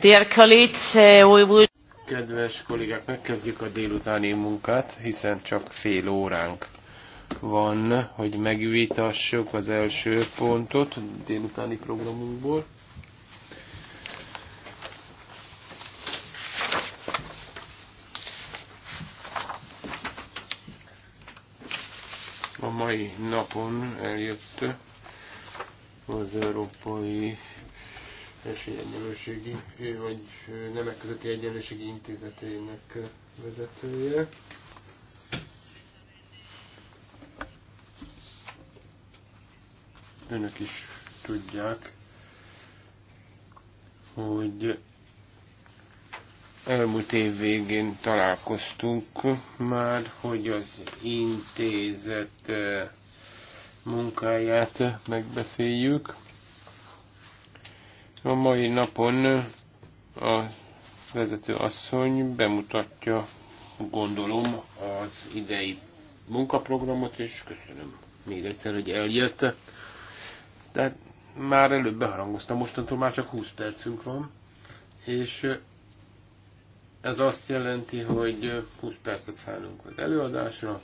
Dear colleagues, uh, we would... Kedves kollégák, megkezdjük a délutáni munkát, hiszen csak fél óránk van, hogy megvitassuk az első pontot délutáni programunkból. A mai napon eljött az Európai egyenlőségi vagy nemek közötti egyenlőségi intézetének vezetője. Önök is tudják, hogy elmúlt év végén találkoztunk már, hogy az intézet munkáját megbeszéljük a mai napon a vezető asszony bemutatja, gondolom, az idei munkaprogramot, és köszönöm még egyszer, hogy eljött. de már előbb beharangoztam, mostantól már csak 20 percünk van, és ez azt jelenti, hogy 20 percet szállunk az előadásra,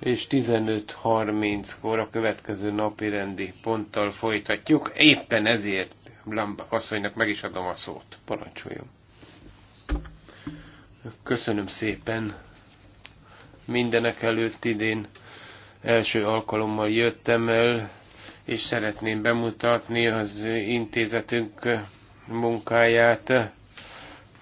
és 15.30-kor a következő napi rendi ponttal folytatjuk. Éppen ezért Blamba asszonynak meg is adom a szót. Parancsoljon. Köszönöm szépen. Mindenek előtt idén első alkalommal jöttem el, és szeretném bemutatni az intézetünk munkáját.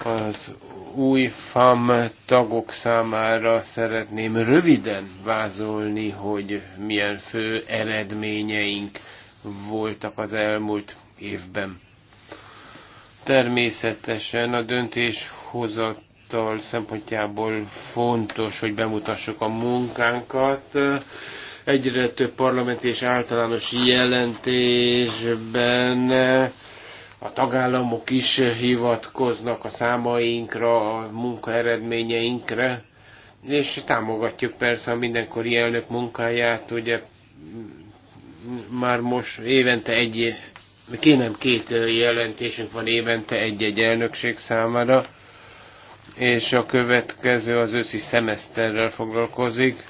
Az új FAM tagok számára szeretném röviden vázolni, hogy milyen fő eredményeink voltak az elmúlt évben. Természetesen a döntéshozattal szempontjából fontos, hogy bemutassuk a munkánkat. Egyre több parlamenti és általános jelentésben a tagállamok is hivatkoznak a számainkra, a munka eredményeinkre, és támogatjuk persze a mindenkori elnök munkáját, ugye már most évente egy Kénem két jelentésünk van évente egy-egy elnökség számára, és a következő az őszi szemeszterrel foglalkozik.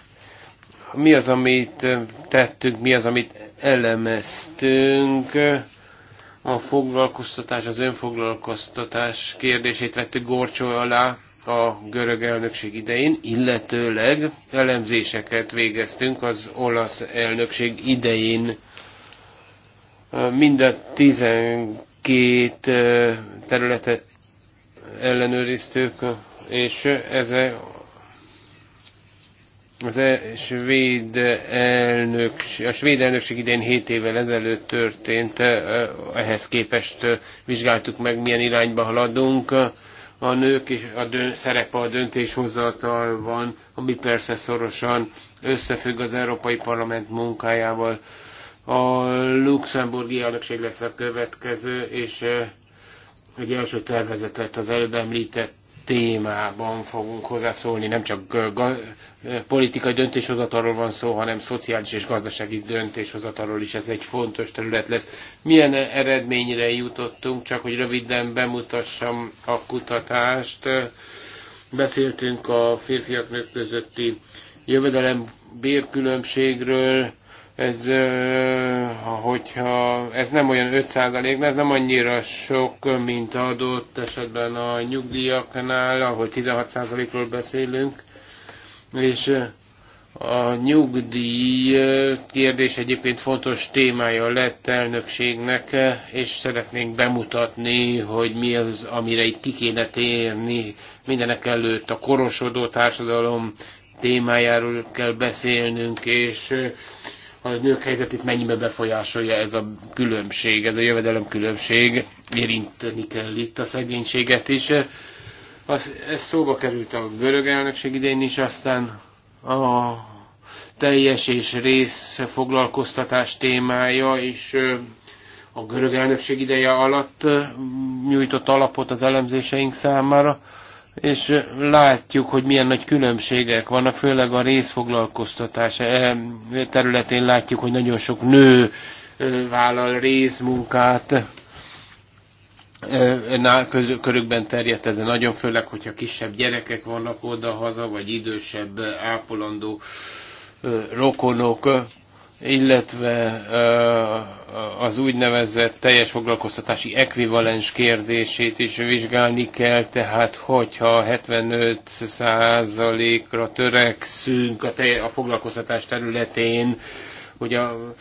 Mi az, amit tettünk, mi az, amit elemeztünk, a foglalkoztatás, az önfoglalkoztatás kérdését vettük gorcsó alá a görög elnökség idején, illetőleg elemzéseket végeztünk az olasz elnökség idején Mind a 12 területet ellenőriztük, és ez az e, svéd elnök, a svéd elnökség idén 7 évvel ezelőtt történt, ehhez képest vizsgáltuk meg, milyen irányba haladunk. A nők és a dön, szerepe a döntéshozatalban, ami persze szorosan összefügg az Európai Parlament munkájával. A luxemburgi elnökség lesz a következő, és eh, egy első tervezetet az előbb említett témában fogunk hozzászólni. Nem csak eh, eh, politikai döntéshozatalról van szó, hanem szociális és gazdasági döntéshozatalról is ez egy fontos terület lesz. Milyen eredményre jutottunk, csak hogy röviden bemutassam a kutatást. Beszéltünk a férfiak nők közötti jövedelem bérkülönbségről, ez, hogyha ez nem olyan 5 százalék, ez nem annyira sok, mint adott esetben a nyugdíjaknál, ahol 16 százalékról beszélünk, és a nyugdíj kérdés egyébként fontos témája lett elnökségnek, és szeretnénk bemutatni, hogy mi az, amire itt ki kéne térni. Mindenek előtt a korosodó társadalom témájáról kell beszélnünk, és a nők helyzetét mennyibe befolyásolja ez a különbség, ez a jövedelem különbség, érinteni kell itt a szegénységet is. Az, ez szóba került a görög elnökség idején is, aztán a teljes és rész foglalkoztatás témája is a görög elnökség ideje alatt nyújtott alapot az elemzéseink számára és látjuk, hogy milyen nagy különbségek vannak, főleg a részfoglalkoztatás eh, területén látjuk, hogy nagyon sok nő vállal részmunkát, körükben terjedt ez nagyon, főleg, hogyha kisebb gyerekek vannak oda-haza, vagy idősebb ápolandó rokonok illetve az úgynevezett teljes foglalkoztatási ekvivalens kérdését is vizsgálni kell, tehát hogyha 75%-ra törekszünk a, a foglalkoztatás területén, hogy a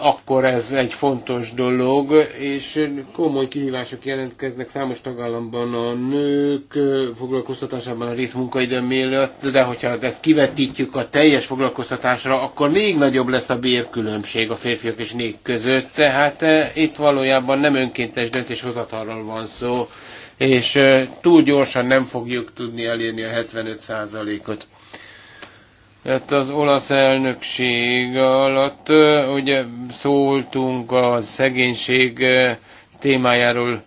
akkor ez egy fontos dolog, és komoly kihívások jelentkeznek számos tagállamban a nők foglalkoztatásában a részmunkaidő miatt, de hogyha ezt kivetítjük a teljes foglalkoztatásra, akkor még nagyobb lesz a bérkülönbség a férfiak és nők között, tehát itt valójában nem önkéntes döntéshozatalról van szó, és túl gyorsan nem fogjuk tudni elérni a 75%-ot. Hát az olasz elnökség alatt ugye szóltunk a szegénység témájáról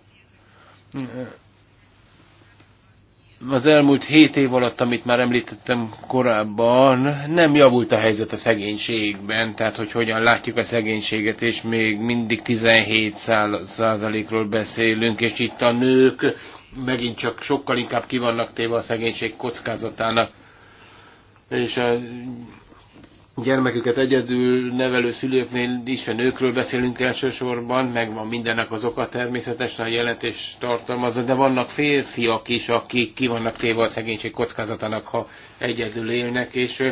az elmúlt hét év alatt, amit már említettem korábban, nem javult a helyzet a szegénységben, tehát hogy hogyan látjuk a szegénységet, és még mindig 17 százalékról beszélünk, és itt a nők megint csak sokkal inkább kivannak téve a szegénység kockázatának és a gyermeküket egyedül nevelő szülőknél is a nőkről beszélünk elsősorban, meg van mindennek az oka természetesen, a jelentés tartalmazza, de vannak férfiak is, akik ki vannak téve a szegénység kockázatának, ha egyedül élnek, és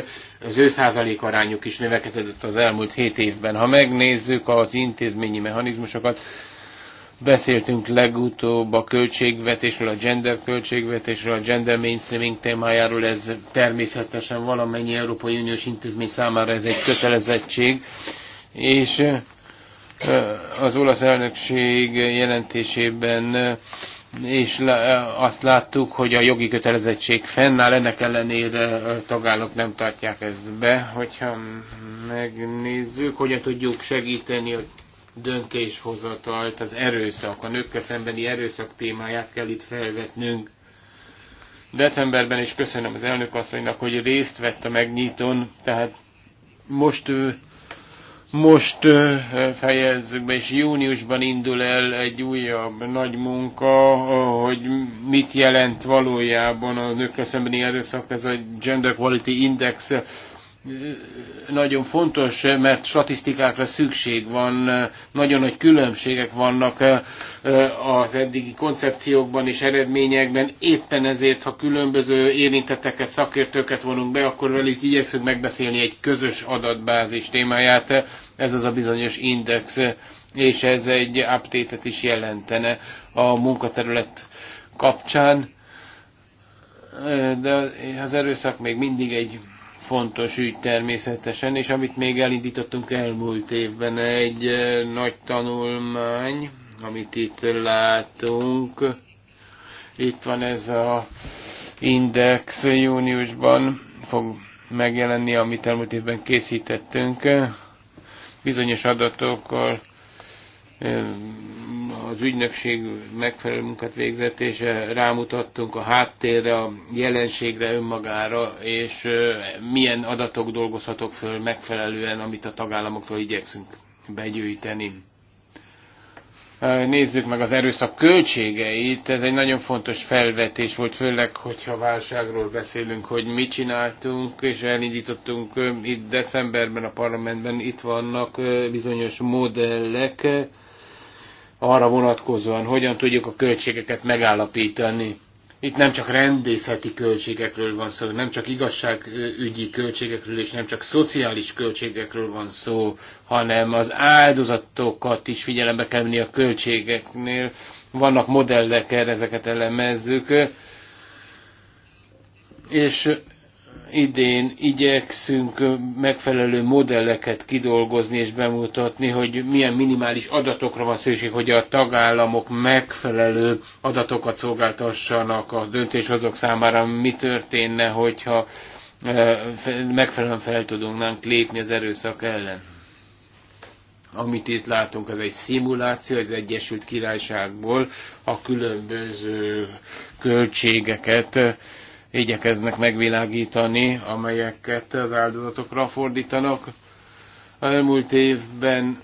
az ő százalék arányuk is növekedett az elmúlt hét évben. Ha megnézzük az intézményi mechanizmusokat, Beszéltünk legutóbb a költségvetésről, a gender költségvetésről, a gender mainstreaming témájáról, ez természetesen valamennyi Európai Uniós intézmény számára ez egy kötelezettség, és az olasz elnökség jelentésében és azt láttuk, hogy a jogi kötelezettség fennáll, ennek ellenére a tagállamok nem tartják ezt be. Hogyha megnézzük, hogyan tudjuk segíteni a döntéshozatalt, az erőszak, a nőkkel szembeni erőszak témáját kell itt felvetnünk. Decemberben is köszönöm az elnök asszonynak, hogy részt vett a megnyitón, tehát most most fejezzük be, és júniusban indul el egy újabb nagy munka, hogy mit jelent valójában a nőkkel szembeni erőszak, ez a Gender Quality Index nagyon fontos, mert statisztikákra szükség van, nagyon nagy különbségek vannak eh, eh, az eddigi koncepciókban és eredményekben. Éppen ezért, ha különböző érintetteket, szakértőket vonunk be, akkor velük igyekszünk megbeszélni egy közös adatbázis témáját. Ez az a bizonyos index, és ez egy update is jelentene a munkaterület kapcsán. Eh, de az erőszak még mindig egy fontos ügy természetesen, és amit még elindítottunk elmúlt évben, egy eh, nagy tanulmány, amit itt látunk. Itt van ez a index júniusban fog megjelenni, amit elmúlt évben készítettünk. Bizonyos adatokkal eh, az ügynökség megfelelő munkát végzett, és rámutattunk a háttérre, a jelenségre, önmagára, és milyen adatok dolgozhatok föl megfelelően, amit a tagállamoktól igyekszünk begyűjteni. Nézzük meg az erőszak költségeit. Ez egy nagyon fontos felvetés volt, főleg, hogyha válságról beszélünk, hogy mit csináltunk, és elindítottunk itt decemberben a parlamentben, itt vannak bizonyos modellek, arra vonatkozóan, hogyan tudjuk a költségeket megállapítani. Itt nem csak rendészeti költségekről van szó, nem csak igazságügyi költségekről, és nem csak szociális költségekről van szó, hanem az áldozatokat is figyelembe kell venni a költségeknél. Vannak modellek ezeket elemezzük. És idén igyekszünk megfelelő modelleket kidolgozni és bemutatni, hogy milyen minimális adatokra van szükség, hogy a tagállamok megfelelő adatokat szolgáltassanak a döntéshozók számára, mi történne, hogyha e, megfelelően fel tudunk lépni az erőszak ellen. Amit itt látunk, az egy szimuláció az Egyesült Királyságból a különböző költségeket igyekeznek megvilágítani, amelyeket az áldozatokra fordítanak. Az elmúlt évben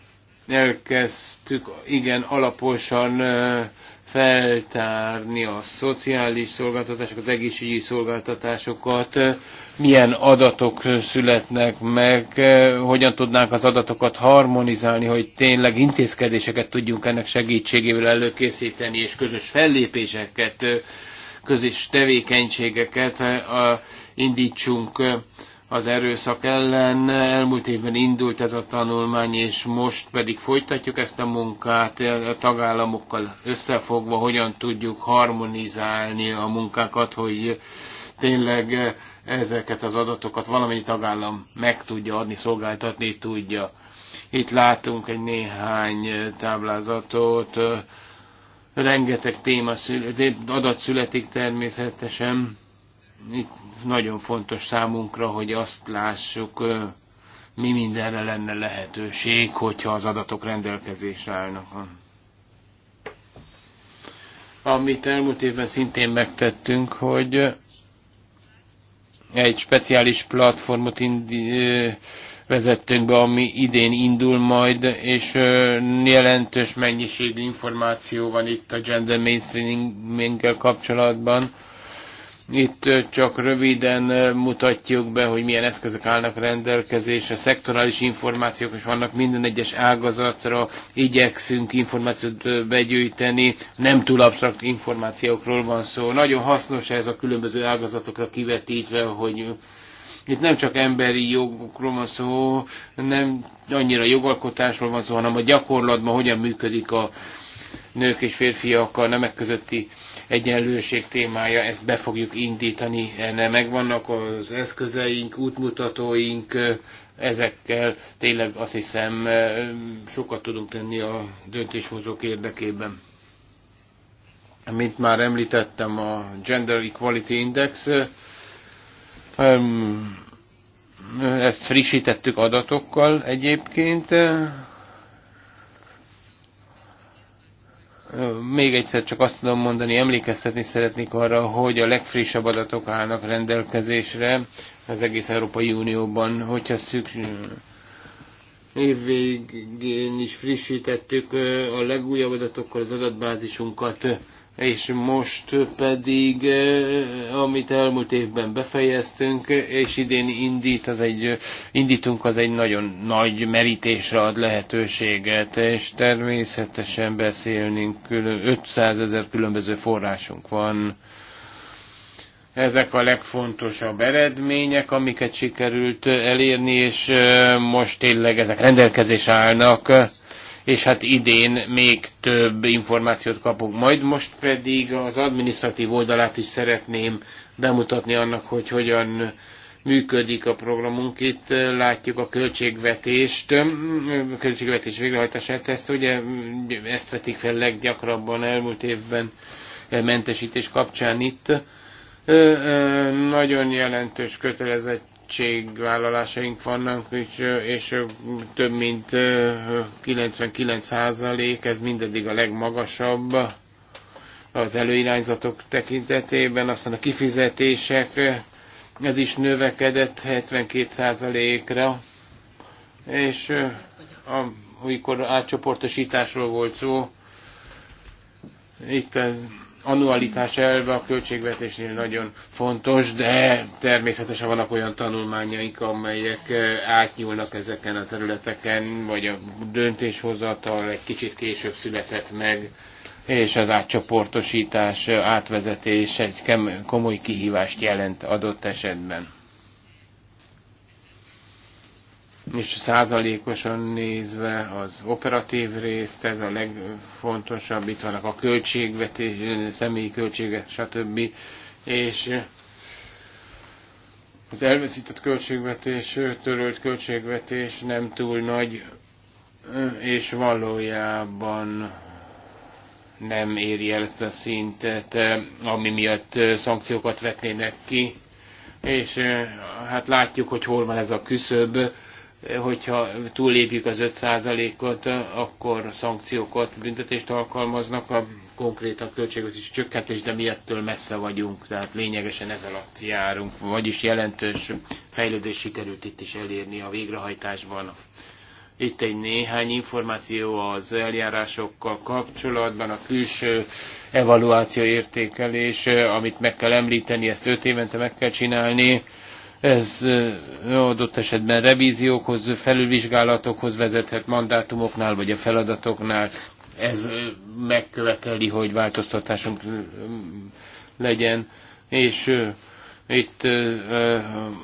elkezdtük igen alaposan feltárni a szociális szolgáltatásokat, az egészségügyi szolgáltatásokat, milyen adatok születnek meg, hogyan tudnánk az adatokat harmonizálni, hogy tényleg intézkedéseket tudjunk ennek segítségével előkészíteni, és közös fellépéseket közös tevékenységeket eh, indítsunk eh, az erőszak ellen. Elmúlt évben indult ez a tanulmány, és most pedig folytatjuk ezt a munkát eh, a tagállamokkal összefogva, hogyan tudjuk harmonizálni a munkákat, hogy tényleg ezeket az adatokat valamennyi tagállam meg tudja adni, szolgáltatni tudja. Itt látunk egy néhány táblázatot, Rengeteg téma, adat születik természetesen. Itt nagyon fontos számunkra, hogy azt lássuk, mi mindenre lenne lehetőség, hogyha az adatok rendelkezésre állnak. Amit elmúlt évben szintén megtettünk, hogy egy speciális platformot indi, vezettünk be, ami idén indul majd, és jelentős mennyiségű információ van itt a gender mainstreaming kapcsolatban. Itt csak röviden mutatjuk be, hogy milyen eszközök állnak rendelkezésre, szektorális információk is vannak minden egyes ágazatra, igyekszünk információt begyűjteni, nem túl absztrakt információkról van szó. Nagyon hasznos ez a különböző ágazatokra kivetítve, hogy itt nem csak emberi jogokról van szó, nem annyira jogalkotásról van szó, hanem a gyakorlatban hogyan működik a nők és férfiak a nemek közötti egyenlőség témája, ezt be fogjuk indítani, erre megvannak az eszközeink, útmutatóink, ezekkel tényleg azt hiszem sokat tudunk tenni a döntéshozók érdekében. Mint már említettem, a Gender Equality Index ezt frissítettük adatokkal egyébként. Még egyszer csak azt tudom mondani, emlékeztetni szeretnék arra, hogy a legfrissebb adatok állnak rendelkezésre az egész Európai Unióban, hogyha szükség évvégén is frissítettük a legújabb adatokkal az adatbázisunkat és most pedig, eh, amit elmúlt évben befejeztünk, és idén indít az egy, indítunk, az egy nagyon nagy merítésre ad lehetőséget, és természetesen beszélnünk, 500 ezer különböző forrásunk van, ezek a legfontosabb eredmények, amiket sikerült elérni, és eh, most tényleg ezek rendelkezés állnak és hát idén még több információt kapunk. Majd most pedig az administratív oldalát is szeretném bemutatni annak, hogy hogyan működik a programunk. Itt látjuk a költségvetést, a költségvetés végrehajtását, ezt ugye ezt vetik fel leggyakrabban elmúlt évben mentesítés kapcsán itt. Nagyon jelentős kötelezett kötelezettségvállalásaink vannak, és, és több mint 99% ez mindeddig a legmagasabb az előirányzatok tekintetében, aztán a kifizetések, ez is növekedett 72%-ra, és amikor átcsoportosításról volt szó, itt az annualitás elve a költségvetésnél nagyon fontos, de természetesen vannak olyan tanulmányaink, amelyek eh, átnyúlnak ezeken a területeken, vagy a döntéshozatal egy kicsit később született meg, és az átcsoportosítás, átvezetés egy komoly kihívást jelent adott esetben. és százalékosan nézve az operatív részt, ez a legfontosabb, itt vannak a költségvetés, személyi költsége, stb. És az elveszített költségvetés, törölt költségvetés nem túl nagy, és valójában nem éri el ezt a szintet, ami miatt szankciókat vetnének ki, és hát látjuk, hogy hol van ez a küszöb, hogyha túllépjük az 5%-ot, akkor szankciókat, büntetést alkalmaznak, a konkrétan költségvetési csökkentés, de mi ettől messze vagyunk, tehát lényegesen ez alatt járunk, vagyis jelentős fejlődés sikerült itt is elérni a végrehajtásban. Itt egy néhány információ az eljárásokkal kapcsolatban, a külső evaluáció értékelés, amit meg kell említeni, ezt 5 évente meg kell csinálni, ez adott esetben revíziókhoz, felülvizsgálatokhoz vezethet mandátumoknál, vagy a feladatoknál. Ez megköveteli, hogy változtatásunk legyen, és itt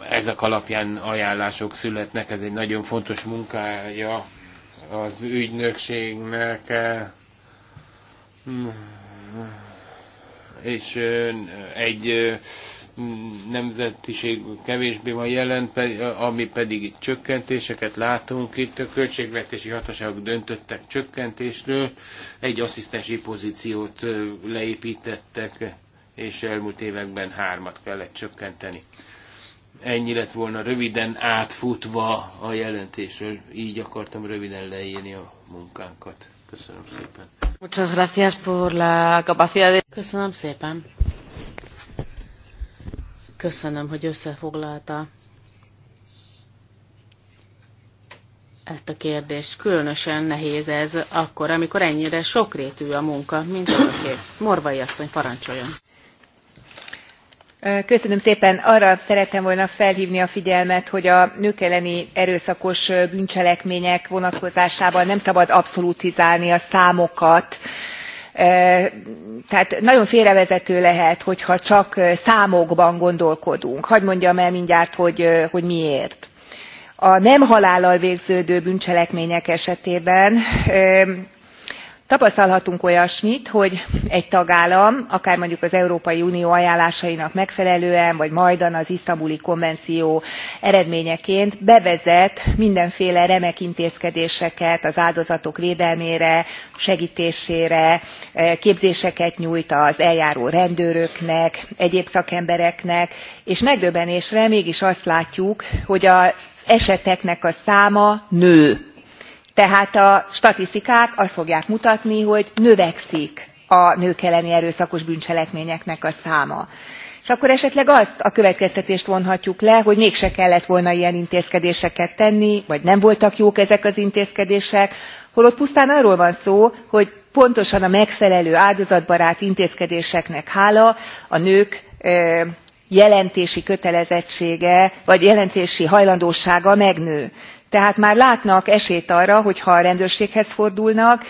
ezek alapján ajánlások születnek, ez egy nagyon fontos munkája az ügynökségnek, mm. és egy nemzetiség kevésbé van jelen, ami pedig itt csökkentéseket látunk. Itt a költségvetési hatóságok döntöttek csökkentésről, egy asszisztensi pozíciót leépítettek, és elmúlt években hármat kellett csökkenteni. Ennyi lett volna röviden átfutva a jelentésről. Így akartam röviden leírni a munkánkat. Köszönöm szépen. Muchas gracias por la capacidad de... Köszönöm szépen Köszönöm, hogy összefoglalta ezt a kérdést. Különösen nehéz ez akkor, amikor ennyire sokrétű a munka, mint önöké. Morvai asszony, parancsoljon! Köszönöm szépen. arra szerettem volna felhívni a figyelmet hogy a nők elleni erőszakos bűncselekmények vonatkozásában nem szabad abszolutizálni a számokat tehát nagyon félrevezető lehet hogyha csak számokban gondolkodunk. hadd mondjam el mindjárt hogy, hogy miért. a nem halállal végződő bűncselekmények esetében tapasztalhatunk olyasmit hogy egy tagállam akár mondjuk az európai unió ajánlásainak megfelelően vagy majdan az isztambuli konvenció eredményeként bevezet mindenféle remek intézkedéseket az áldozatok védelmére segtésére e, képzéseket nyújt az eljáró rendőröknek egyéb szakembereknek és megdöbbenésre mégis azt látjuk hogy az eseteknek a száma nő tehát a statisztikák azt fogják mutatni hogy növekszik a nők elleni erőszakos bűncselekményeknek a száma és akkor esetleg azt a következtetést vonhatjuk le hogy mégse kellett volna ilyen intézkedéseket tenni vagy nem voltak jók ezek az intézkedések holott pusztán arról van szó hogy pontosan a megfelelő áldozatbarát intézkedéseknek hála a nők jelentési kötelezettsége vagy jelentési hajlandósága megnő tehát már látnak esélyt arra hogy ha a rendőrséghez fordulnak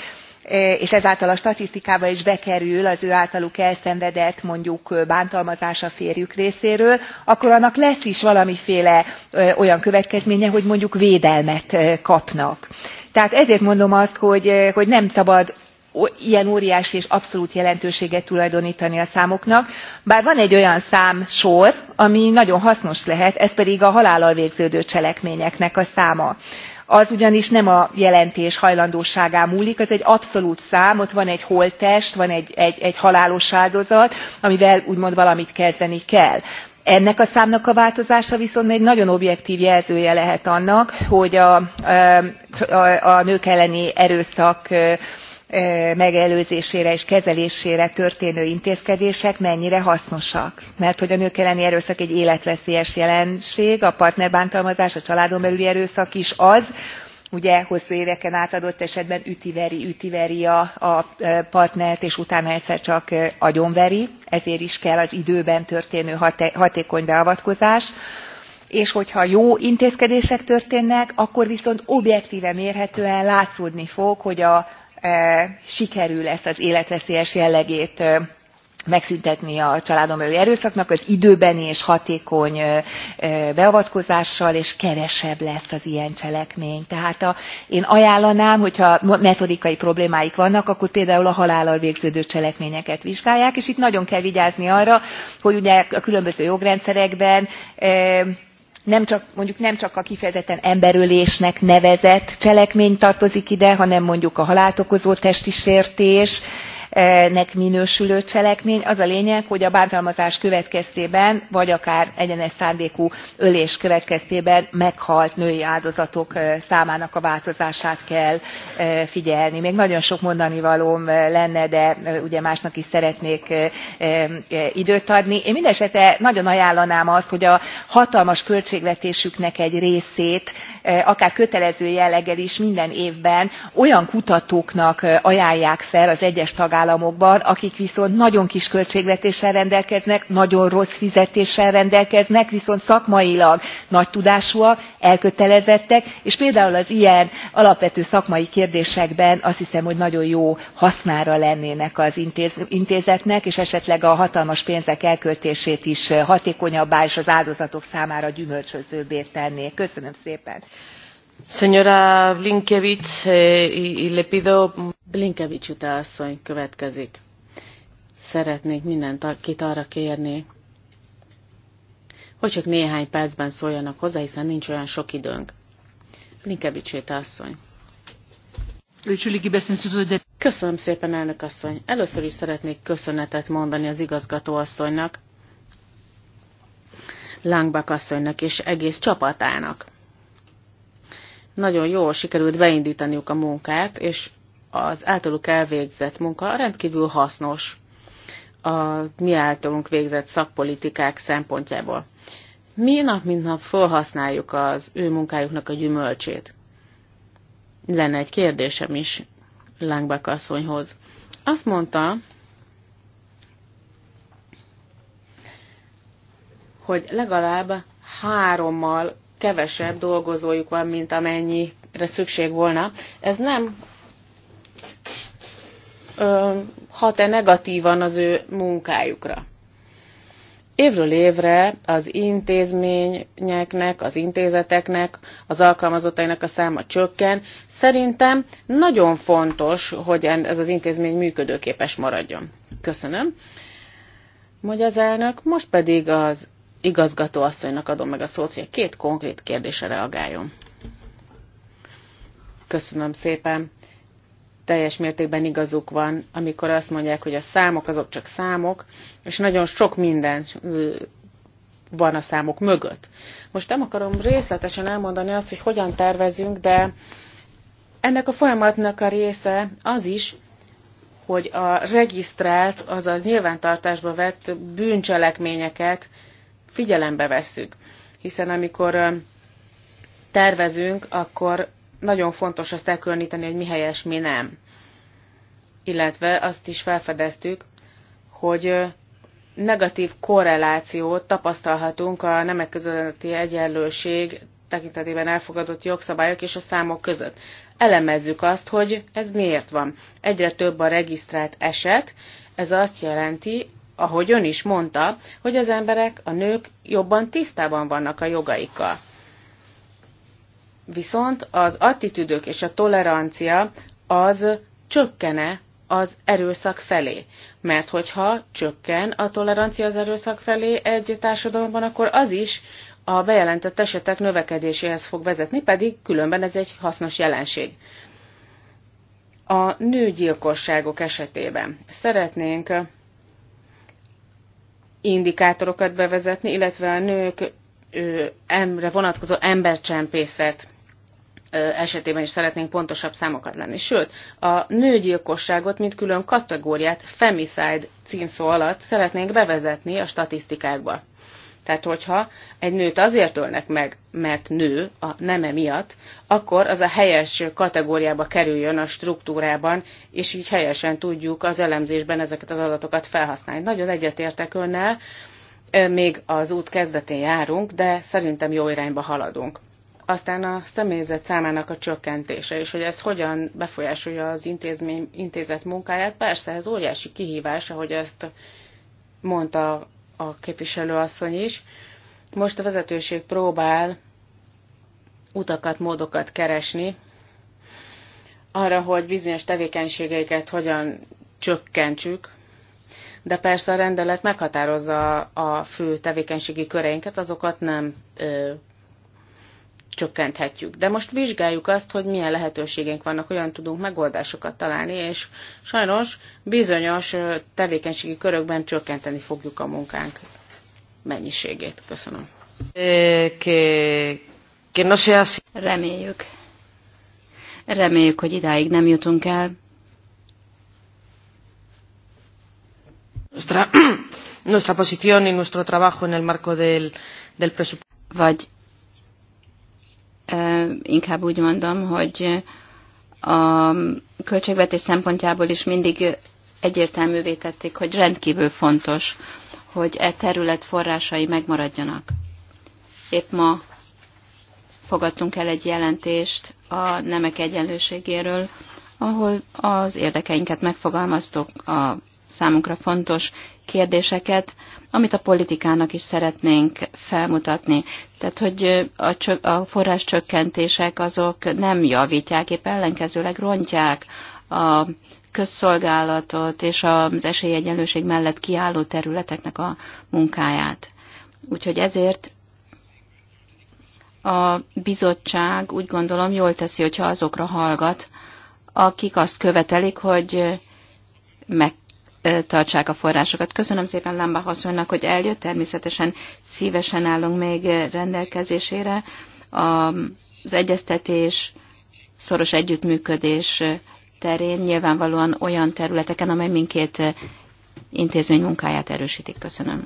e, és ezáltal a statisztikába is bekerül az ő általuk elszenvedett mondjuk bántalmazás a férjük részéről akkor annak lesz is valamiféle e, olyan következménye hogy mondjuk védelmet e, kapnak. tehát ezért mondom azt hogy nem szabad ilyen óriási és abszolút jelentőséget tulajdonítani a számoknak bár van egy olyan számsor ami nagyon hasznos lehet ez pedig a halállal végződő cselekményeknek a száma az ugyanis nem a jelentés hajlandóságán múlik az egy abszolút szám ott van egy holttest van egy, egy, egy halálos áldozat amivel úgymond valamit kezdeni kell. ennek a számnak a változása viszont egy nagyon objektív jelzője lehet annak hogy a, a, a nők elleni erőszak megelőzésére és kezelésére történő intézkedések mennyire hasznosak mert hogy a nők elleni erőszak egy életveszélyes jelenség a partnerbántalmazás a családon belüli erőszak is az ugye hosszú éveken át adott esetben ütiveri ütiveri a, a partnert és utána egyszer csak agyonveri ezért is kell az időben történő haté hatékony beavatkozás és hogyha jó intézkedések történnek akkor viszont objektíven mérhetően látszódni fog hogy a sikerül ezt az életveszélyes jellegét megszüntetni a családon belüli erőszaknak az időbeni és hatékony beavatkozással és kevesebb lesz az ilyen cselekmény. Tehát a, én ajánlanám, hogyha metodikai problémáik vannak, akkor például a halállal végződő cselekményeket vizsgálják, és itt nagyon kell vigyázni arra, hogy ugye a különböző jogrendszerekben nem csak, mondjuk nem csak a kifejezetten emberölésnek nevezett cselekmény tartozik ide hanem mondjuk a halált okozó testi sértés nek minősülő cselekmény az a lényeg hogy a bántalmazás következtében vagy akár egyenes szándékú ölés következtében meghalt női áldozatok számának a változását kell figyelni. még nagyon sok mondanivalóm lenne de ugye másnak is szeretnék időt adni. én mindesetre nagyon ajánlanám azt hogy a hatalmas költségvetésüknek egy részét akár kötelező jelleggel is minden évben olyan kutatóknak ajánlják fel az egyes tagállamokban akik viszont nagyon kis költségvetéssel rendelkeznek nagyon rossz fizetéssel rendelkeznek viszont szakmailag nagy tudásúak elkötelezettek és például az ilyen alapvető szakmai kérdésekben azt hiszem hogy nagyon jó hasznára lennének az intézetnek és esetleg a hatalmas pénzek elköltését is hatékonyabbá és az áldozatok számára gyümölcsözőbbé tenné. köszönöm szépen! Señora Blinkevich, eh, y, y le pido... Blinkevich következik. Szeretnék mindent kit arra kérni, hogy csak néhány percben szóljanak hozzá, hiszen nincs olyan sok időnk. Blinkevich utálasszony. Köszönöm szépen, elnök asszony. Először is szeretnék köszönetet mondani az igazgató asszonynak, Langbak asszonynak és egész csapatának nagyon jól sikerült beindítaniuk a munkát, és az általuk elvégzett munka rendkívül hasznos a mi általunk végzett szakpolitikák szempontjából. Mi nap mint nap felhasználjuk az ő munkájuknak a gyümölcsét. Lenne egy kérdésem is Langbak asszonyhoz. Azt mondta, hogy legalább hárommal kevesebb dolgozójuk van, mint amennyire szükség volna. Ez nem hat-e negatívan az ő munkájukra. Évről évre az intézményeknek, az intézeteknek, az alkalmazottainak a száma csökken. Szerintem nagyon fontos, hogy ez az intézmény működőképes maradjon. Köszönöm. Mondja az elnök, most pedig az igazgató asszonynak adom meg a szót, hogy a két konkrét kérdésre reagáljon. Köszönöm szépen. Teljes mértékben igazuk van, amikor azt mondják, hogy a számok azok csak számok, és nagyon sok minden van a számok mögött. Most nem akarom részletesen elmondani azt, hogy hogyan tervezünk, de ennek a folyamatnak a része az is, hogy a regisztrált, azaz nyilvántartásba vett bűncselekményeket figyelembe vesszük, hiszen amikor tervezünk, akkor nagyon fontos azt elkülöníteni, hogy mi helyes, mi nem. Illetve azt is felfedeztük, hogy negatív korrelációt tapasztalhatunk a nemek közötti egyenlőség tekintetében elfogadott jogszabályok és a számok között. Elemezzük azt, hogy ez miért van. Egyre több a regisztrált eset, ez azt jelenti, ahogy ön is mondta, hogy az emberek, a nők jobban tisztában vannak a jogaikkal. Viszont az attitűdök és a tolerancia az csökkene az erőszak felé. Mert hogyha csökken a tolerancia az erőszak felé egy társadalomban, akkor az is a bejelentett esetek növekedéséhez fog vezetni, pedig különben ez egy hasznos jelenség. A nőgyilkosságok esetében szeretnénk indikátorokat bevezetni, illetve a nők emre vonatkozó embercsempészet esetében is szeretnénk pontosabb számokat lenni. Sőt, a nőgyilkosságot, mint külön kategóriát femicide címszó alatt szeretnénk bevezetni a statisztikákba. Tehát, hogyha egy nőt azért ölnek meg, mert nő a neme miatt, akkor az a helyes kategóriába kerüljön a struktúrában, és így helyesen tudjuk az elemzésben ezeket az adatokat felhasználni. Nagyon egyetértek önnel, még az út kezdetén járunk, de szerintem jó irányba haladunk. Aztán a személyzet számának a csökkentése, és hogy ez hogyan befolyásolja az intézmény, intézet munkáját, persze ez óriási kihívás, ahogy ezt mondta a képviselőasszony is. Most a vezetőség próbál utakat, módokat keresni arra, hogy bizonyos tevékenységeiket hogyan csökkentsük, de persze a rendelet meghatározza a fő tevékenységi köreinket, azokat nem ö, csökkenthetjük. De most vizsgáljuk azt, hogy milyen lehetőségeink vannak, olyan tudunk megoldásokat találni, és sajnos bizonyos tevékenységi körökben csökkenteni fogjuk a munkánk mennyiségét. Köszönöm. Eh, Reméljük. Reméljük, hogy idáig nem jutunk el. Nuestra, posición y nuestro trabajo en el marco del, del presupuesto. Vagy inkább úgy mondom, hogy a költségvetés szempontjából is mindig egyértelművé tették, hogy rendkívül fontos, hogy e terület forrásai megmaradjanak. Épp ma fogadtunk el egy jelentést a nemek egyenlőségéről, ahol az érdekeinket megfogalmaztuk a számunkra fontos kérdéseket, amit a politikának is szeretnénk felmutatni. Tehát, hogy a, csö- a forrás csökkentések azok nem javítják, épp ellenkezőleg rontják a közszolgálatot és az esélyegyenlőség mellett kiálló területeknek a munkáját. Úgyhogy ezért a bizottság úgy gondolom jól teszi, hogyha azokra hallgat, akik azt követelik, hogy meg tartsák a forrásokat. Köszönöm szépen Lamba Haszonnak, hogy eljött, természetesen szívesen állunk még rendelkezésére. Az egyeztetés, szoros együttműködés terén nyilvánvalóan olyan területeken, amely mindkét intézmény munkáját erősítik. Köszönöm.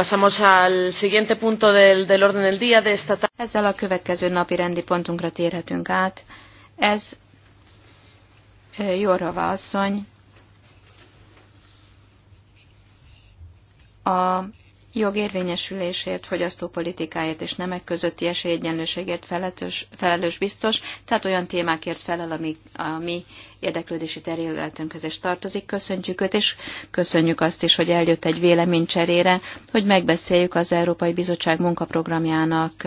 Pasamos al siguiente punto del, del orden del día de esta tarde. Ezzel a következő napi rendi pontunkra térhetünk át. Ez Jorova asszony a jogérvényesülésért, fogyasztópolitikáért és nemek közötti esélyegyenlőségért felelős, felelős biztos, tehát olyan témákért felel, ami a mi érdeklődési területünkhöz is tartozik. Köszöntjük őt, és köszönjük azt is, hogy eljött egy véleménycserére, hogy megbeszéljük az Európai Bizottság munkaprogramjának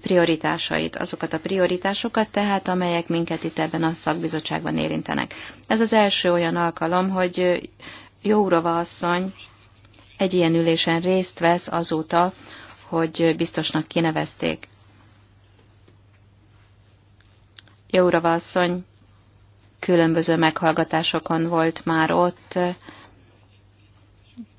prioritásait, azokat a prioritásokat tehát, amelyek minket itt ebben a szakbizottságban érintenek. Ez az első olyan alkalom, hogy Jórova asszony egy ilyen ülésen részt vesz azóta, hogy biztosnak kinevezték. Jóra asszony különböző meghallgatásokon volt már ott,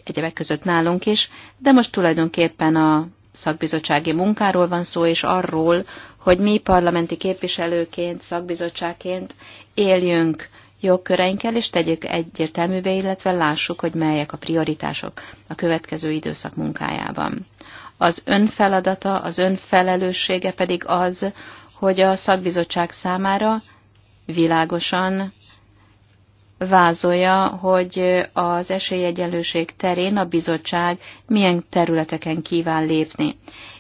egyebek között nálunk is, de most tulajdonképpen a szakbizottsági munkáról van szó, és arról, hogy mi parlamenti képviselőként, szakbizottságként éljünk jogköreinkkel, és tegyük egyértelművé, illetve lássuk, hogy melyek a prioritások a következő időszak munkájában. Az önfeladata, az önfelelőssége pedig az, hogy a szakbizottság számára világosan vázolja, hogy az esélyegyenlőség terén a bizottság milyen területeken kíván lépni.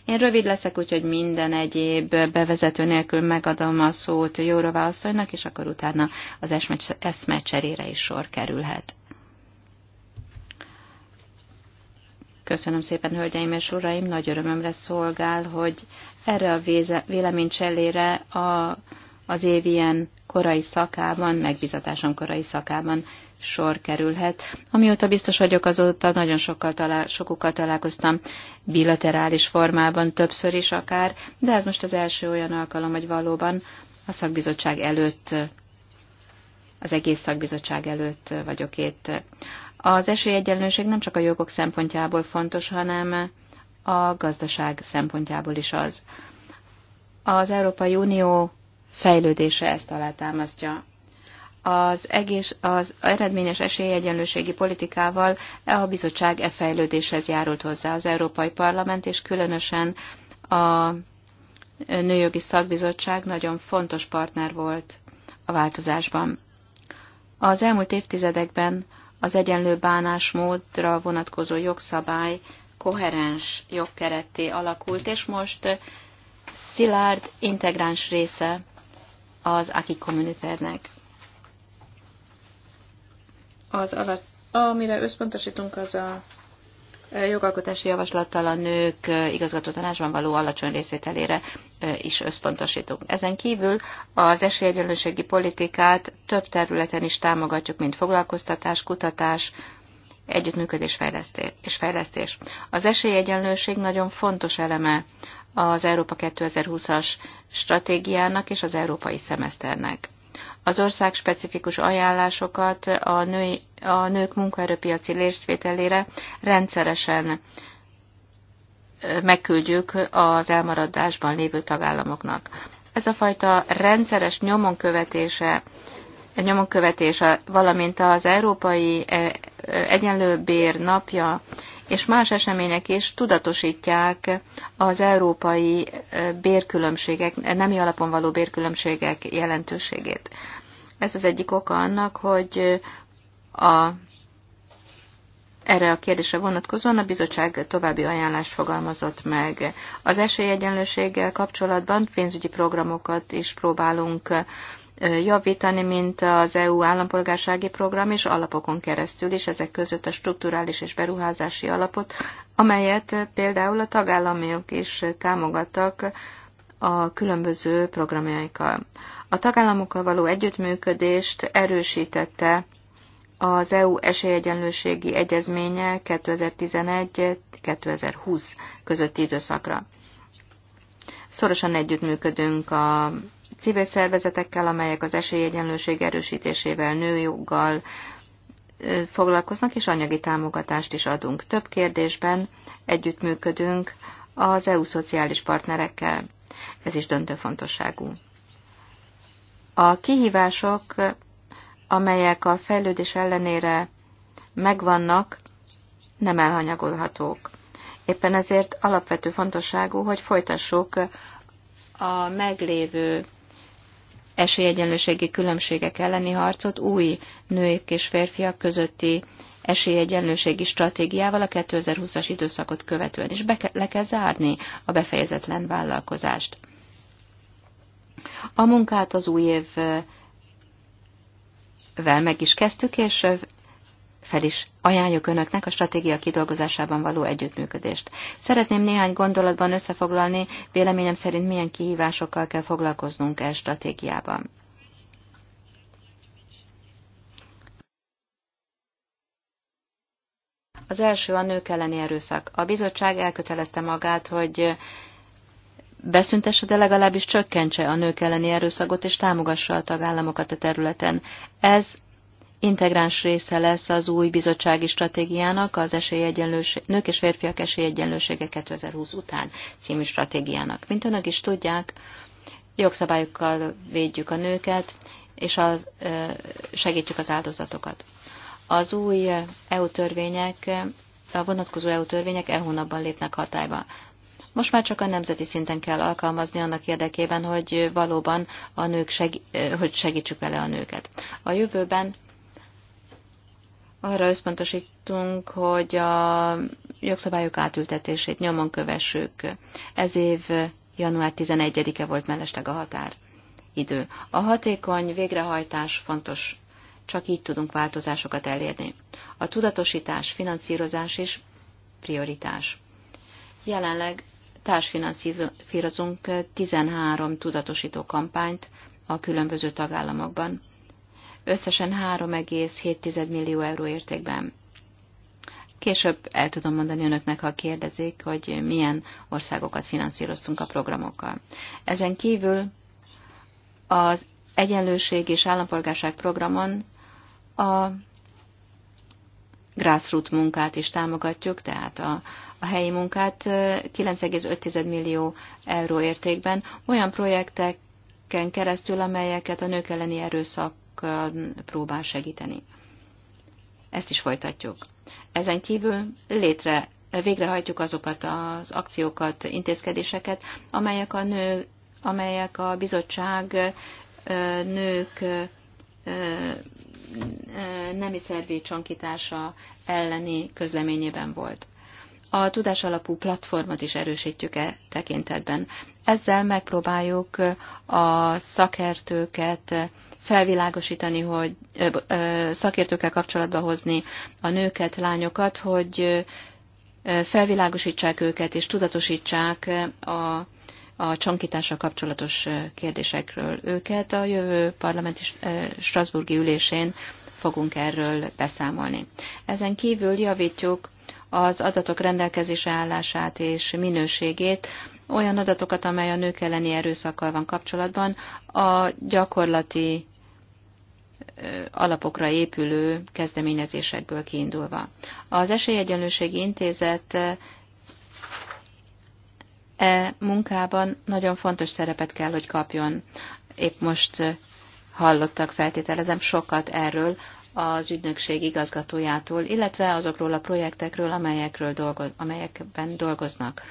Én rövid leszek, úgyhogy minden egyéb bevezető nélkül megadom a szót Jórova asszonynak, és akkor utána az eszmecserére is sor kerülhet. Köszönöm szépen, hölgyeim és uraim, nagy örömömre szolgál, hogy erre a vélemény cselére a, az év ilyen korai szakában, megbizatásom korai szakában sor kerülhet. Amióta biztos vagyok, azóta nagyon sokkal talál, sokukkal találkoztam bilaterális formában, többször is akár, de ez most az első olyan alkalom, hogy valóban a szakbizottság előtt, az egész szakbizottság előtt vagyok itt. Az esélyegyenlőség nem csak a jogok szempontjából fontos, hanem a gazdaság szempontjából is az. Az Európai Unió fejlődése ezt alátámasztja az, egész, az eredményes esélyegyenlőségi politikával a bizottság e fejlődéshez járult hozzá az Európai Parlament, és különösen a Nőjogi Szakbizottság nagyon fontos partner volt a változásban. Az elmúlt évtizedekben az egyenlő bánásmódra vonatkozó jogszabály koherens jogkeretté alakult, és most szilárd, integráns része az aki kommuniternek. Az alatt, amire összpontosítunk, az a e, jogalkotási javaslattal a nők e, igazgató tanácsban való alacsony részvételére e, is összpontosítunk. Ezen kívül az esélyegyenlőségi politikát több területen is támogatjuk, mint foglalkoztatás, kutatás, együttműködés és fejlesztés. Az esélyegyenlőség nagyon fontos eleme az Európa 2020-as stratégiának és az európai szemeszternek az ország specifikus ajánlásokat a, női, a nők munkaerőpiaci részvételére rendszeresen megküldjük az elmaradásban lévő tagállamoknak. Ez a fajta rendszeres nyomon követése, nyomon követése, valamint az Európai Bér napja és más események is tudatosítják az európai bérkülönbségek, nemi alapon való bérkülönbségek jelentőségét. Ez az egyik oka annak, hogy a, erre a kérdésre vonatkozóan a bizottság további ajánlást fogalmazott meg. Az esélyegyenlőséggel kapcsolatban pénzügyi programokat is próbálunk javítani, mint az EU állampolgársági program és alapokon keresztül is, ezek között a strukturális és beruházási alapot, amelyet például a tagállamok is támogattak a különböző programjaikkal. A tagállamokkal való együttműködést erősítette az EU esélyegyenlőségi egyezménye 2011-2020 közötti időszakra. Szorosan együttműködünk a civil szervezetekkel, amelyek az esélyegyenlőség erősítésével, nőjoggal foglalkoznak, és anyagi támogatást is adunk. Több kérdésben együttműködünk az EU szociális partnerekkel. Ez is döntő fontosságú. A kihívások, amelyek a fejlődés ellenére megvannak, nem elhanyagolhatók. Éppen ezért alapvető fontosságú, hogy folytassuk a meglévő esélyegyenlőségi különbségek elleni harcot új nők és férfiak közötti esélyegyenlőségi stratégiával a 2020-as időszakot követően is be, le kell zárni a befejezetlen vállalkozást. A munkát az új évvel meg is kezdtük, és fel is ajánljuk önöknek a stratégia kidolgozásában való együttműködést. Szeretném néhány gondolatban összefoglalni, véleményem szerint milyen kihívásokkal kell foglalkoznunk e stratégiában. Az első a nők elleni erőszak. A bizottság elkötelezte magát, hogy beszüntesse, de legalábbis csökkentse a nők elleni erőszakot, és támogassa a tagállamokat a területen. Ez integráns része lesz az új bizottsági stratégiának, az esélyegyenlőség, nők és férfiak esélyegyenlősége 2020 után című stratégiának. Mint önök is tudják, jogszabályokkal védjük a nőket, és az, segítjük az áldozatokat. Az új EU törvények, a vonatkozó EU törvények e hónapban lépnek hatályba. Most már csak a nemzeti szinten kell alkalmazni annak érdekében, hogy valóban a nők seg, hogy segítsük vele a nőket. A jövőben arra összpontosítunk, hogy a jogszabályok átültetését nyomon kövessük. Ez év január 11-e volt mellesleg a határ idő. A hatékony végrehajtás fontos, csak így tudunk változásokat elérni. A tudatosítás, finanszírozás is prioritás. Jelenleg társfinanszírozunk 13 tudatosító kampányt a különböző tagállamokban összesen 3,7 millió euró értékben. Később el tudom mondani önöknek, ha kérdezik, hogy milyen országokat finanszíroztunk a programokkal. Ezen kívül az Egyenlőség és Állampolgárság programon a grassroot munkát is támogatjuk, tehát a, a helyi munkát 9,5 millió euró értékben olyan projekteken keresztül, amelyeket a nők elleni erőszak próbál segíteni. Ezt is folytatjuk. Ezen kívül létre végrehajtjuk azokat az akciókat, intézkedéseket, amelyek a nő, amelyek a bizottság nők nemi szervi csonkítása elleni közleményében volt a tudásalapú platformot is erősítjük e tekintetben. Ezzel megpróbáljuk a szakértőket felvilágosítani, hogy ö, ö, szakértőkkel kapcsolatba hozni a nőket, lányokat, hogy felvilágosítsák őket és tudatosítsák a, a csonkítással kapcsolatos kérdésekről őket. A jövő parlamenti Strasburgi ülésén fogunk erről beszámolni. Ezen kívül javítjuk az adatok rendelkezése állását és minőségét, olyan adatokat, amely a nők elleni erőszakkal van kapcsolatban, a gyakorlati alapokra épülő kezdeményezésekből kiindulva. Az Esélyegyenlőségi Intézet e munkában nagyon fontos szerepet kell, hogy kapjon. Épp most hallottak, feltételezem, sokat erről az ügynökség igazgatójától, illetve azokról a projektekről, amelyekről dolgoz, amelyekben dolgoznak.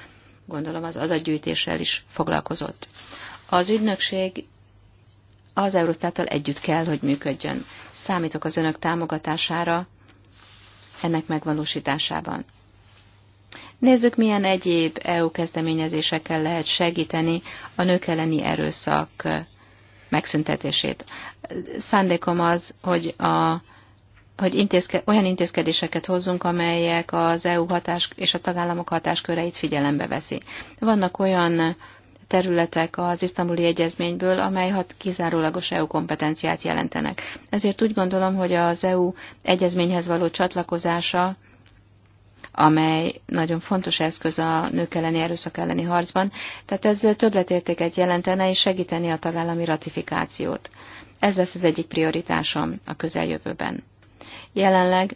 Gondolom az adatgyűjtéssel is foglalkozott. Az ügynökség az Eurostáttal együtt kell, hogy működjön. Számítok az önök támogatására ennek megvalósításában. Nézzük, milyen egyéb EU kezdeményezésekkel lehet segíteni a nők elleni erőszak megszüntetését. Szándékom az, hogy a hogy intézke, olyan intézkedéseket hozzunk, amelyek az EU hatás és a tagállamok hatásköreit figyelembe veszi. Vannak olyan területek az isztambuli egyezményből, amely hat kizárólagos EU kompetenciát jelentenek. Ezért úgy gondolom, hogy az EU egyezményhez való csatlakozása, amely nagyon fontos eszköz a nők elleni erőszak elleni harcban, tehát ez többletértéket jelentene és segíteni a tagállami ratifikációt. Ez lesz az egyik prioritásom a közeljövőben. Jelenleg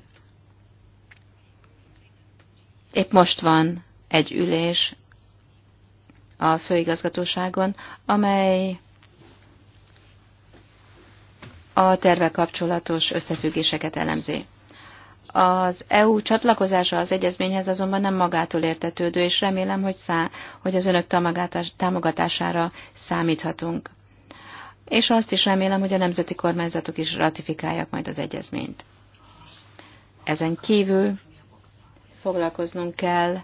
épp most van egy ülés a főigazgatóságon, amely a terve kapcsolatos összefüggéseket elemzi. Az EU csatlakozása az egyezményhez azonban nem magától értetődő, és remélem, hogy, szá, hogy az önök támogatására számíthatunk. És azt is remélem, hogy a nemzeti kormányzatok is ratifikálják majd az egyezményt. Ezen kívül foglalkoznunk kell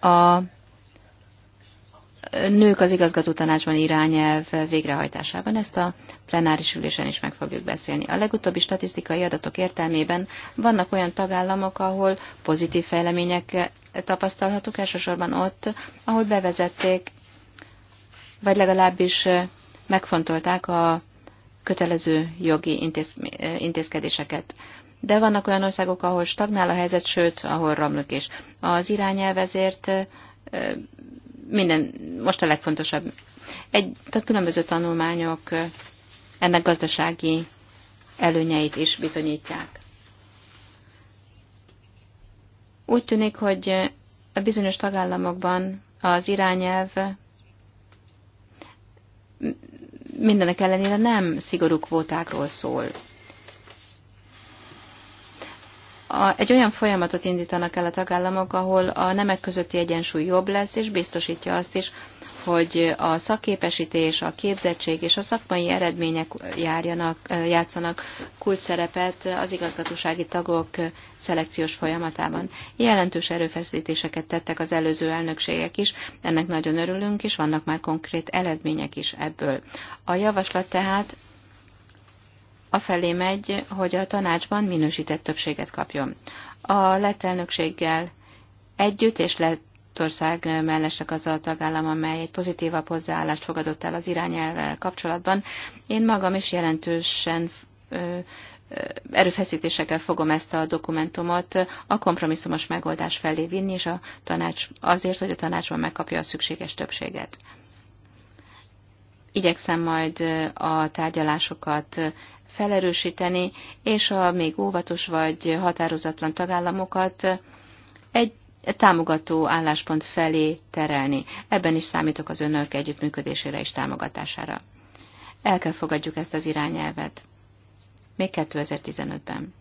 a nők az igazgató tanácsban irányelv végrehajtásában. Ezt a plenáris ülésen is meg fogjuk beszélni. A legutóbbi statisztikai adatok értelmében vannak olyan tagállamok, ahol pozitív fejlemények tapasztalhatók, elsősorban ott, ahol bevezették, vagy legalábbis megfontolták a kötelező jogi intéz, intézkedéseket. De vannak olyan országok, ahol stagnál a helyzet, sőt, ahol romlik is. Az irányelv ezért minden, most a legfontosabb. Egy, tehát különböző tanulmányok ennek gazdasági előnyeit is bizonyítják. Úgy tűnik, hogy a bizonyos tagállamokban az irányelv mindenek ellenére nem szigorú kvótákról szól. A, egy olyan folyamatot indítanak el a tagállamok, ahol a nemek közötti egyensúly jobb lesz, és biztosítja azt is, hogy a szakképesítés, a képzettség és a szakmai eredmények járjanak, játszanak kult szerepet az igazgatósági tagok szelekciós folyamatában. Jelentős erőfeszítéseket tettek az előző elnökségek is, ennek nagyon örülünk, és vannak már konkrét eredmények is ebből. A javaslat tehát afelé megy, hogy a tanácsban minősített többséget kapjon. A lett elnökséggel együtt és lett Lettország mellesek az a tagállam, amely egy pozitívabb hozzáállást fogadott el az irányelvvel kapcsolatban. Én magam is jelentősen erőfeszítésekkel fogom ezt a dokumentumot a kompromisszumos megoldás felé vinni, és a tanács, azért, hogy a tanácsban megkapja a szükséges többséget. Igyekszem majd a tárgyalásokat felerősíteni, és a még óvatos vagy határozatlan tagállamokat egy támogató álláspont felé terelni. Ebben is számítok az önök együttműködésére és támogatására. El kell fogadjuk ezt az irányelvet. Még 2015-ben.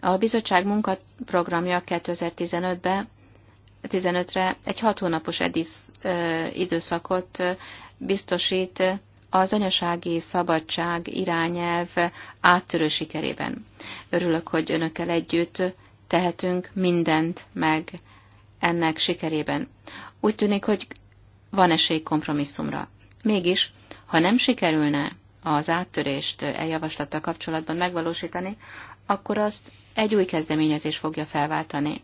A bizottság munkaprogramja 2015-ben 15-re egy hat hónapos edis időszakot biztosít az anyasági szabadság irányelv áttörő sikerében. Örülök, hogy önökkel együtt tehetünk mindent meg ennek sikerében. Úgy tűnik, hogy van esély kompromisszumra. Mégis, ha nem sikerülne az áttörést eljavaslattal kapcsolatban megvalósítani, akkor azt egy új kezdeményezés fogja felváltani.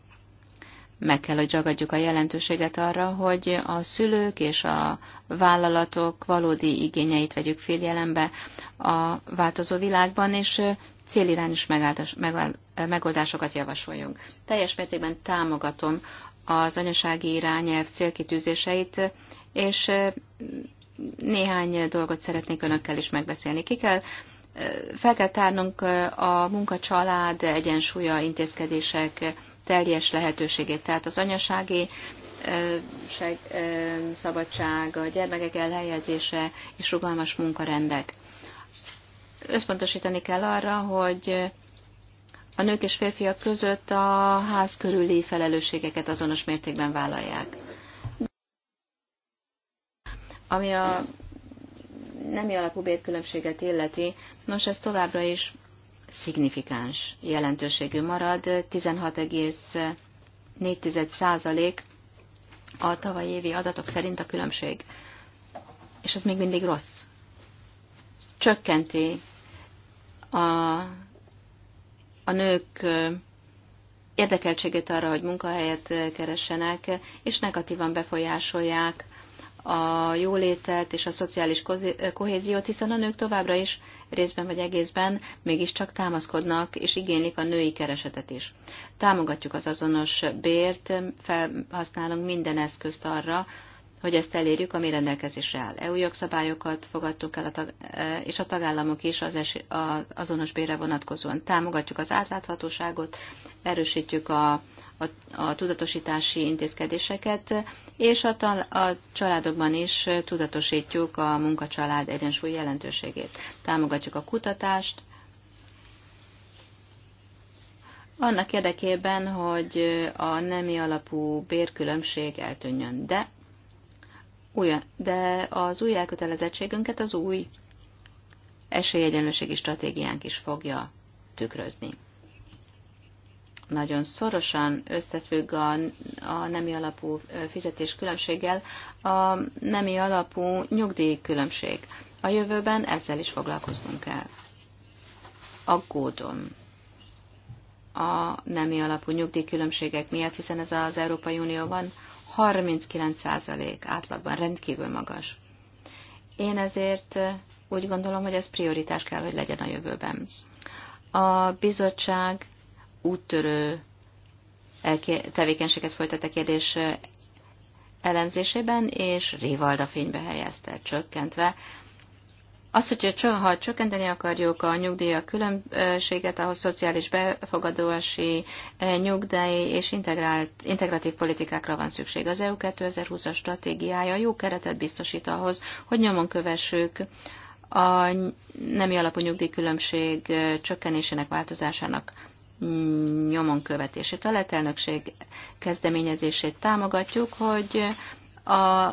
Meg kell, hogy ragadjuk a jelentőséget arra, hogy a szülők és a vállalatok valódi igényeit vegyük figyelembe a változó világban, és célirányos eh, megoldásokat javasoljunk. Teljes mértékben támogatom az anyasági irányelv célkitűzéseit, és eh, néhány dolgot szeretnék önökkel is megbeszélni. Ki kell, eh, fel kell tárnunk a munkacsalád egyensúlya intézkedések teljes lehetőségét, tehát az anyasági szabadság, a gyermekek elhelyezése és rugalmas munkarendek összpontosítani kell arra, hogy a nők és férfiak között a ház körüli felelősségeket azonos mértékben vállalják. Ami a nemi alapú bérkülönbséget illeti, nos ez továbbra is szignifikáns jelentőségű marad, 16,4% a tavalyi évi adatok szerint a különbség. És ez még mindig rossz. Csökkenti a, a nők érdekeltségét arra, hogy munkahelyet keressenek, és negatívan befolyásolják a jólétet és a szociális kohéziót, hiszen a nők továbbra is részben vagy egészben mégiscsak támaszkodnak és igénylik a női keresetet is. Támogatjuk az azonos bért, felhasználunk minden eszközt arra, hogy ezt elérjük, ami rendelkezésre áll. EU jogszabályokat fogadtunk el, a tag, e, és a tagállamok is az es, a, azonos bére vonatkozóan támogatjuk az átláthatóságot, erősítjük a, a, a tudatosítási intézkedéseket, és a, a családokban is tudatosítjuk a munkacsalád egyensúly jelentőségét. Támogatjuk a kutatást, annak érdekében, hogy a nemi alapú bérkülönbség eltűnjön. De Ugyan, de az új elkötelezettségünket az új esélyegyenlőségi stratégiánk is fogja tükrözni. Nagyon szorosan összefügg a, a nemi alapú fizetés különbséggel a nemi alapú nyugdíj különbség. A jövőben ezzel is foglalkoznunk kell. Aggódom a nemi alapú nyugdíjkülönbségek miatt, hiszen ez az Európai Unióban 39% átlagban rendkívül magas. Én ezért úgy gondolom, hogy ez prioritás kell, hogy legyen a jövőben. A bizottság úttörő tevékenységet folytat a kérdés elemzésében, és Rivalda fénybe helyezte, csökkentve az, hogyha ha csökkenteni akarjuk a nyugdíja különbséget, ahhoz szociális befogadóasi eh, nyugdíj és integrált, integratív politikákra van szükség. Az EU 2020-as stratégiája jó keretet biztosít ahhoz, hogy nyomon kövessük a nemi alapú nyugdíjkülönbség eh, csökkenésének változásának nyomon követését. A letelnökség kezdeményezését támogatjuk, hogy a,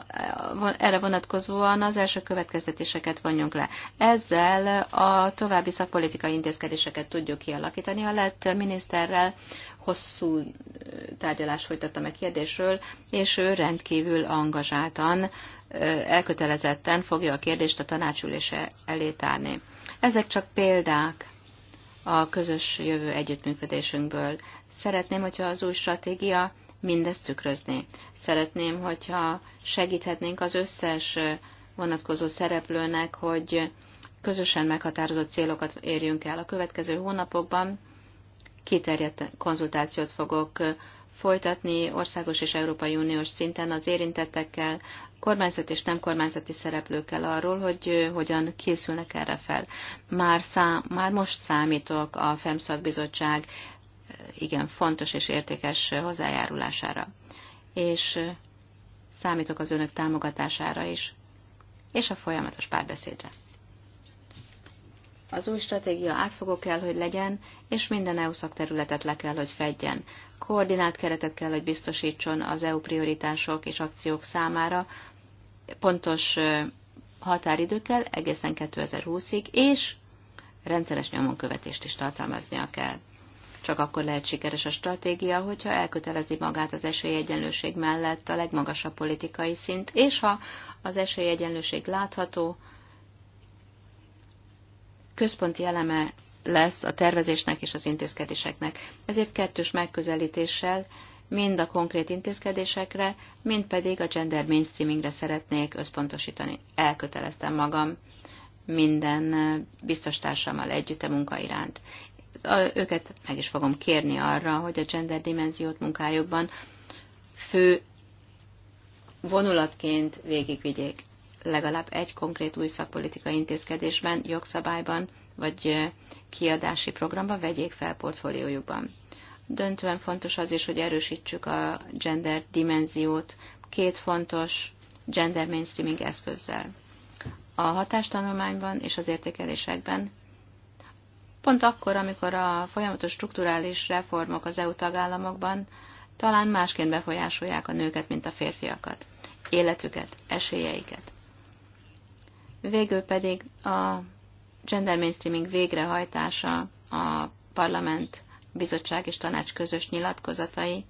erre vonatkozóan az első következtetéseket vonjunk le. Ezzel a további szakpolitikai intézkedéseket tudjuk kialakítani. A lett miniszterrel hosszú tárgyalást folytattam a kérdésről, és ő rendkívül angazsáltan, elkötelezetten fogja a kérdést a tanácsülése elé tárni. Ezek csak példák a közös jövő együttműködésünkből. Szeretném, hogyha az új stratégia mindezt tükrözni. Szeretném, hogyha segíthetnénk az összes vonatkozó szereplőnek, hogy közösen meghatározott célokat érjünk el. A következő hónapokban kiterjedt konzultációt fogok folytatni országos és Európai Uniós szinten az érintettekkel, kormányzat és nem kormányzati szereplőkkel arról, hogy hogyan készülnek erre fel. Már, szám, már most számítok a FEMSZAK bizottság igen fontos és értékes hozzájárulására. És számítok az önök támogatására is, és a folyamatos párbeszédre. Az új stratégia átfogó kell, hogy legyen, és minden EU szakterületet le kell, hogy fedjen. Koordinált keretet kell, hogy biztosítson az EU prioritások és akciók számára, pontos határidőkkel egészen 2020-ig, és rendszeres nyomon követést is tartalmaznia kell. Csak akkor lehet sikeres a stratégia, hogyha elkötelezi magát az esélyegyenlőség mellett a legmagasabb politikai szint, és ha az esélyegyenlőség látható, központi eleme lesz a tervezésnek és az intézkedéseknek. Ezért kettős megközelítéssel mind a konkrét intézkedésekre, mind pedig a gender mainstreamingre szeretnék összpontosítani. Elköteleztem magam minden biztos társammal együtt a munka iránt őket meg is fogom kérni arra, hogy a gender dimenziót munkájukban fő vonulatként végigvigyék legalább egy konkrét új szakpolitikai intézkedésben, jogszabályban vagy kiadási programban vegyék fel portfóliójukban. Döntően fontos az is, hogy erősítsük a gender dimenziót két fontos gender mainstreaming eszközzel. A hatástanulmányban és az értékelésekben Pont akkor, amikor a folyamatos strukturális reformok az EU tagállamokban talán másként befolyásolják a nőket, mint a férfiakat, életüket, esélyeiket. Végül pedig a gender mainstreaming végrehajtása a parlament, bizottság és tanács közös nyilatkozatai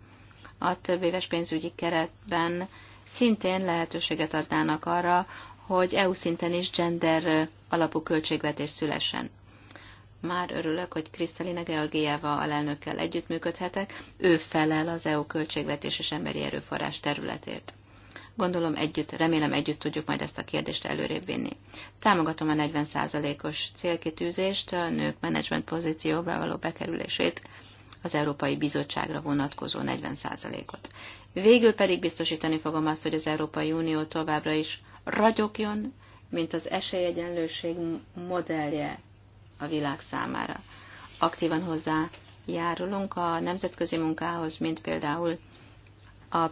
a több éves pénzügyi keretben szintén lehetőséget adnának arra, hogy EU szinten is gender alapú költségvetés szülessen már örülök, hogy Krisztalina Georgieva alelnökkel együttműködhetek, ő felel az EU költségvetés és emberi erőforrás területért. Gondolom együtt, remélem együtt tudjuk majd ezt a kérdést előrébb vinni. Támogatom a 40%-os célkitűzést, a nők menedzsment pozícióba való bekerülését, az Európai Bizottságra vonatkozó 40%-ot. Végül pedig biztosítani fogom azt, hogy az Európai Unió továbbra is ragyogjon, mint az esélyegyenlőség modellje a világ számára. Aktívan hozzá járulunk a nemzetközi munkához, mint például a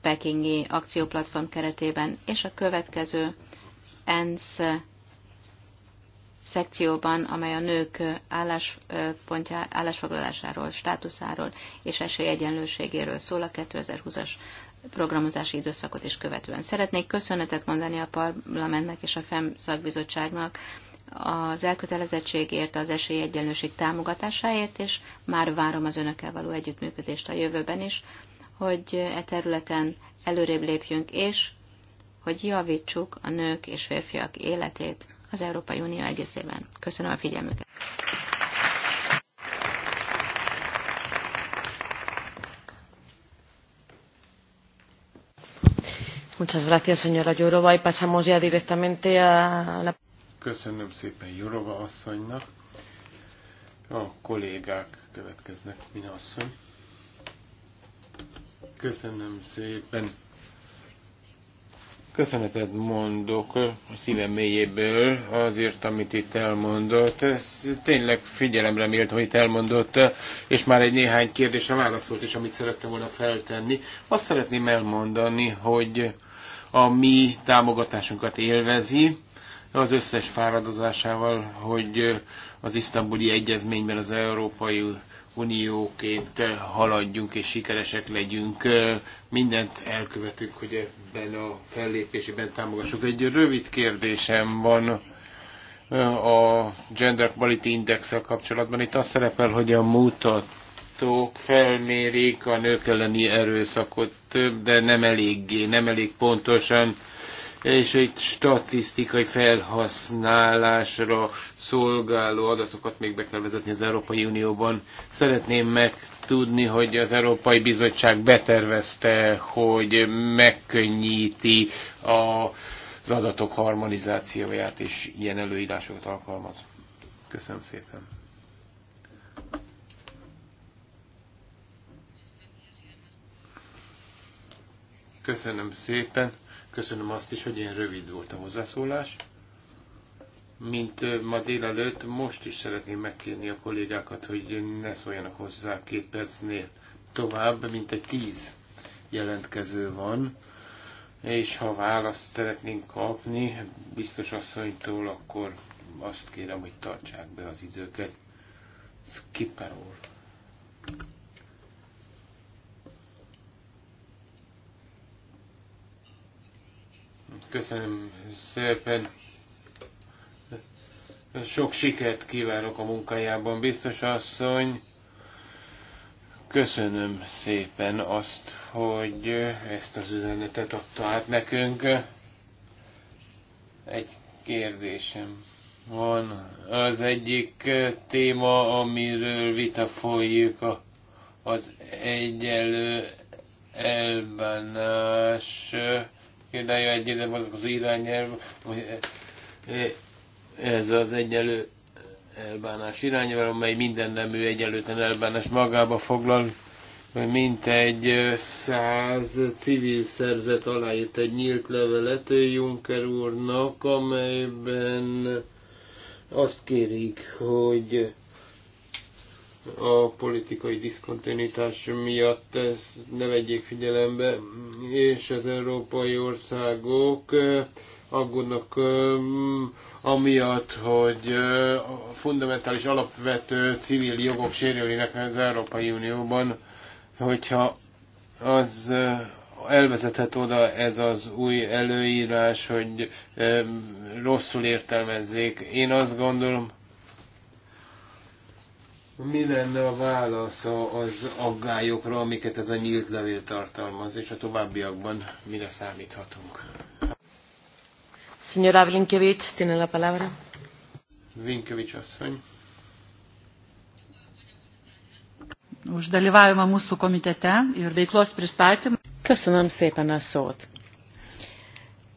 Pekingi akcióplatform keretében, és a következő ENSZ szekcióban, amely a nők álláspontja, állásfoglalásáról, státuszáról és esélyegyenlőségéről szól a 2020-as programozási időszakot is követően. Szeretnék köszönetet mondani a parlamentnek és a FEM szakbizottságnak az elkötelezettségért, az esélyegyenlőség támogatásáért, és már várom az önökkel való együttműködést a jövőben is, hogy e területen előrébb lépjünk, és hogy javítsuk a nők és férfiak életét az Európai Unió egészében. Köszönöm a figyelmüket! Muchas gracias, señora Yorova. Y pasamos ya directamente a la. Köszönöm szépen Jurova asszonynak. A kollégák következnek, Mina asszony. Köszönöm szépen. Köszönetet mondok a szívem mélyéből azért, amit itt elmondott. Ez tényleg figyelemre mért, amit elmondott, és már egy néhány kérdésre válasz volt is, amit szerettem volna feltenni. Azt szeretném elmondani, hogy a mi támogatásunkat élvezi, az összes fáradozásával, hogy az isztambuli egyezményben az Európai Unióként haladjunk és sikeresek legyünk. Mindent elkövetünk, hogy ebben a fellépésében támogassuk. Egy rövid kérdésem van a Gender Quality index kapcsolatban. Itt azt szerepel, hogy a mutatók felmérik a nők elleni erőszakot, de nem eléggé, nem elég pontosan és egy statisztikai felhasználásra szolgáló adatokat még be kell vezetni az Európai Unióban. Szeretném megtudni, hogy az Európai Bizottság betervezte, hogy megkönnyíti a az adatok harmonizációját és ilyen előírásokat alkalmaz. Köszönöm szépen. Köszönöm szépen. Köszönöm azt is, hogy ilyen rövid volt a hozzászólás. Mint ma délelőtt, most is szeretném megkérni a kollégákat, hogy ne szóljanak hozzá két percnél tovább, mint egy tíz jelentkező van, és ha választ szeretnénk kapni biztos asszonytól, akkor azt kérem, hogy tartsák be az időket. Skipper úr. Köszönöm szépen. Sok sikert kívánok a munkájában, biztos asszony. Köszönöm szépen azt, hogy ezt az üzenetet adta át nekünk. Egy kérdésem van. Az egyik téma, amiről vita folyik, az egyelő elbánás példája egy ide az irányelv, ez az egyenlő elbánás irányelv, amely minden nemű egyenlőtlen elbánás magába foglal, mint egy száz civil szerzet aláírt egy nyílt levelet Juncker úrnak, amelyben azt kérik, hogy a politikai diszkontinuitás miatt ezt ne vegyék figyelembe, és az európai országok aggódnak amiatt, hogy a fundamentális alapvető civil jogok sérülnek az Európai Unióban, hogyha az elvezethet oda ez az új előírás, hogy rosszul értelmezzék. Én azt gondolom, mi lenne a válasz az aggályokra, amiket ez a nyílt levél tartalmaz, és a továbbiakban mire számíthatunk? Signora Blinkevics, tiene la palabra. Blinkevics asszony. Už dalyvavimą mūsų komitete ir veiklos pristatymą. Köszönöm szépen a szót.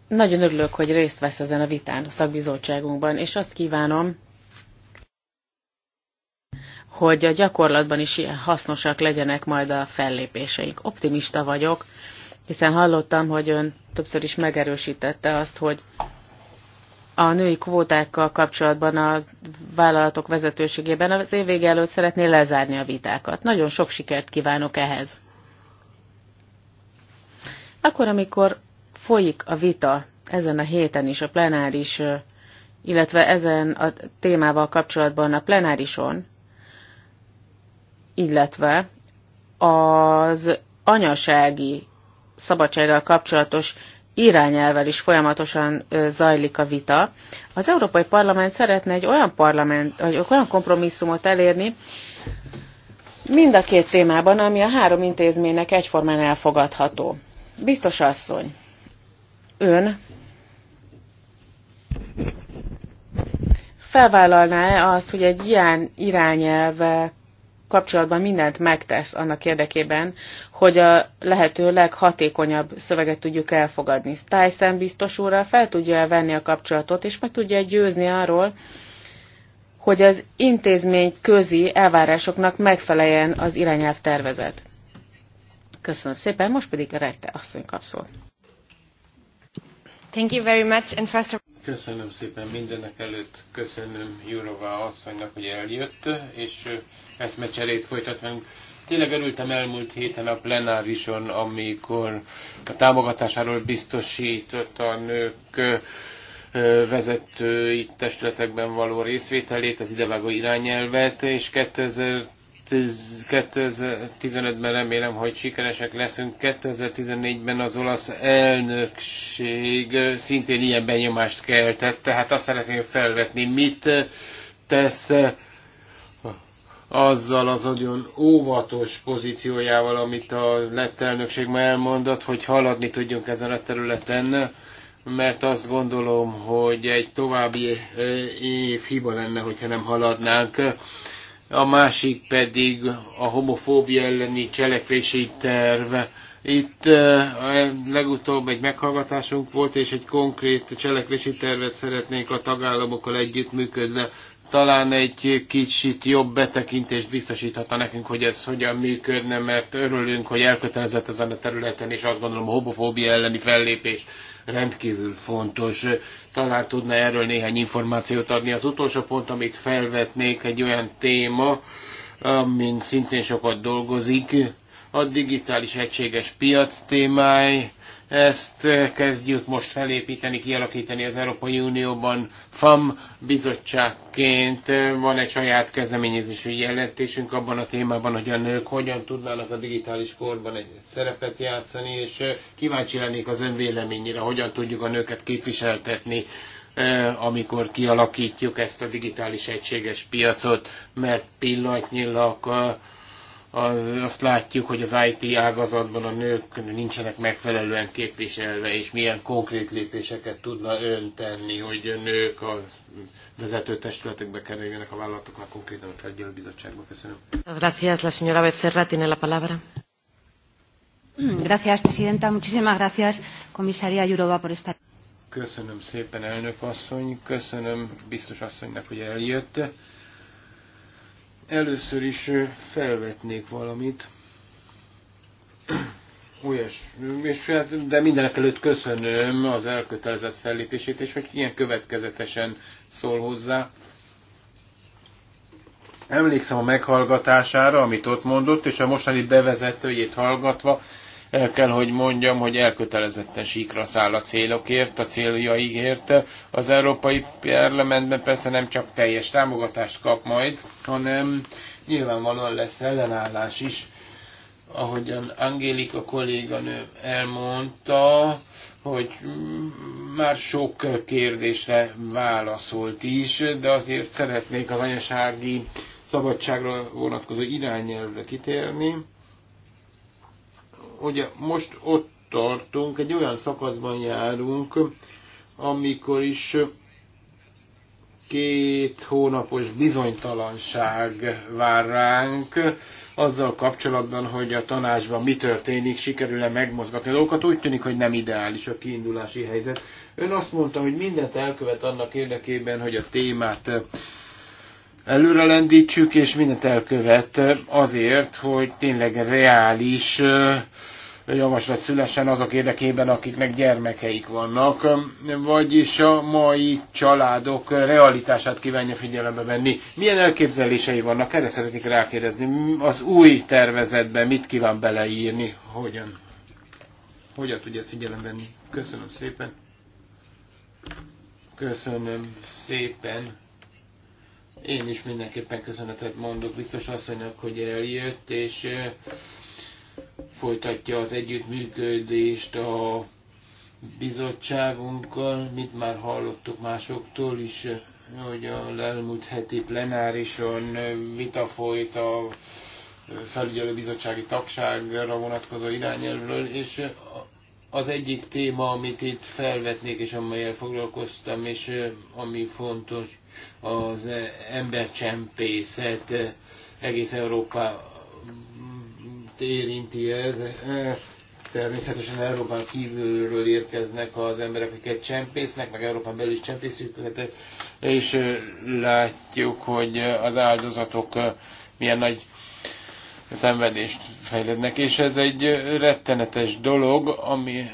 Nagyon örülök, hogy részt vesz ezen a vitán a szakbizottságunkban, és azt kívánom, hogy a gyakorlatban is ilyen hasznosak legyenek majd a fellépéseink. Optimista vagyok, hiszen hallottam, hogy ön többször is megerősítette azt, hogy a női kvótákkal kapcsolatban a vállalatok vezetőségében az év vége előtt szeretné lezárni a vitákat. Nagyon sok sikert kívánok ehhez. Akkor, amikor folyik a vita ezen a héten is, a plenáris, illetve ezen a témával kapcsolatban a plenárison, illetve az anyasági szabadsággal kapcsolatos irányelvel is folyamatosan zajlik a vita. Az Európai Parlament szeretne egy olyan parlament, vagy olyan kompromisszumot elérni, mind a két témában, ami a három intézménynek egyformán elfogadható. Biztos asszony, ön felvállalná-e azt, hogy egy ilyen irányelvvel kapcsolatban mindent megtesz annak érdekében, hogy a lehető leghatékonyabb szöveget tudjuk elfogadni. Tyson biztos úrral fel tudja venni a kapcsolatot, és meg tudja győzni arról, hogy az intézmény közi elvárásoknak megfeleljen az irányelv tervezet. Köszönöm szépen, most pedig a rejte asszony kapszol. Thank you very much, and first of... Köszönöm szépen mindenek előtt, köszönöm Jurova asszonynak, hogy eljött, és eszmecserét folytat velünk. Tényleg örültem elmúlt héten a plenárison, amikor a támogatásáról biztosított a nők vezetői testületekben való részvételét, az idevágó irányelvet, és 2000 2015-ben remélem, hogy sikeresek leszünk. 2014-ben az olasz elnökség szintén ilyen benyomást keltett, tehát azt szeretném felvetni, mit tesz azzal az nagyon óvatos pozíciójával, amit a lett elnökség ma elmondott, hogy haladni tudjunk ezen a területen, mert azt gondolom, hogy egy további eh, év hiba lenne, hogyha nem haladnánk a másik pedig a homofóbia elleni cselekvési terv. Itt eh, legutóbb egy meghallgatásunk volt, és egy konkrét cselekvési tervet szeretnénk a tagállamokkal együttműködve. Talán egy kicsit jobb betekintést biztosíthatna nekünk, hogy ez hogyan működne, mert örülünk, hogy elkötelezett ezen a területen, és azt gondolom a homofóbia elleni fellépés rendkívül fontos. Talán tudna erről néhány információt adni. Az utolsó pont, amit felvetnék, egy olyan téma, amin szintén sokat dolgozik, a digitális egységes piac témája. Ezt kezdjük most felépíteni, kialakítani az Európai Unióban FAM bizottságként. Van egy saját kezdeményezésű jelentésünk abban a témában, hogy a nők hogyan tudnának a digitális korban egy szerepet játszani, és kíváncsi lennék az önvéleményére, hogyan tudjuk a nőket képviseltetni eh, amikor kialakítjuk ezt a digitális egységes piacot, mert pillanatnyilag eh, az, azt látjuk, hogy az IT ágazatban a nők nincsenek megfelelően képviselve, és milyen konkrét lépéseket tudna ön tenni, hogy a nők a vezető testületekbe kerüljenek a vállalatoknak konkrétan a felgyelő bizottságba. Köszönöm. Gracias, la señora Becerra tiene la palabra. Gracias, presidenta. Muchísimas gracias, comisaria Jurova, por estar. Köszönöm szépen, elnök asszony. Köszönöm biztos asszonynak, hogy eljött. Először is felvetnék valamit. Olyas. És hát, de mindenek előtt köszönöm az elkötelezett fellépését, és hogy ilyen következetesen szól hozzá. Emlékszem a meghallgatására, amit ott mondott, és a mostani bevezetőjét hallgatva el kell, hogy mondjam, hogy elkötelezetten síkra száll a célokért, a céljaiért. Az Európai Parlamentben persze nem csak teljes támogatást kap majd, hanem nyilvánvalóan lesz ellenállás is. Ahogyan Angélika kolléganő elmondta, hogy már sok kérdésre válaszolt is, de azért szeretnék az anyasági szabadságra vonatkozó irányelvre kitérni Ugye most ott tartunk, egy olyan szakaszban járunk, amikor is két hónapos bizonytalanság vár ránk, azzal kapcsolatban, hogy a tanácsban mi történik, sikerül-e megmozgatni a dolgokat, úgy tűnik, hogy nem ideális a kiindulási helyzet. Ön azt mondta, hogy mindent elkövet annak érdekében, hogy a témát előre lendítsük, és mindent elkövet azért, hogy tényleg reális javaslat szülessen azok érdekében, akiknek gyermekeik vannak, vagyis a mai családok realitását kívánja figyelembe venni. Milyen elképzelései vannak? Erre szeretnék rákérdezni. Az új tervezetben mit kíván beleírni? Hogyan? Hogyan tudja ezt figyelembe venni? Köszönöm szépen. Köszönöm szépen. Én is mindenképpen köszönetet mondok biztos asszonynak, hogy eljött, és eh, folytatja az együttműködést a bizottságunkkal, mit már hallottuk másoktól is, eh, hogy a elmúlt heti plenárison eh, vita folyt a felügyelőbizottsági tagságra vonatkozó irányelvről, és az egyik téma, amit itt felvetnék, és amelyel foglalkoztam, és ami fontos, az embercsempészet. Egész Európa érinti ez. Természetesen Európán kívülről érkeznek az emberek, akiket csempésznek, meg Európán belül is csempészük őket, hát, és látjuk, hogy az áldozatok milyen nagy szenvedést fejlődnek és ez egy rettenetes dolog, ami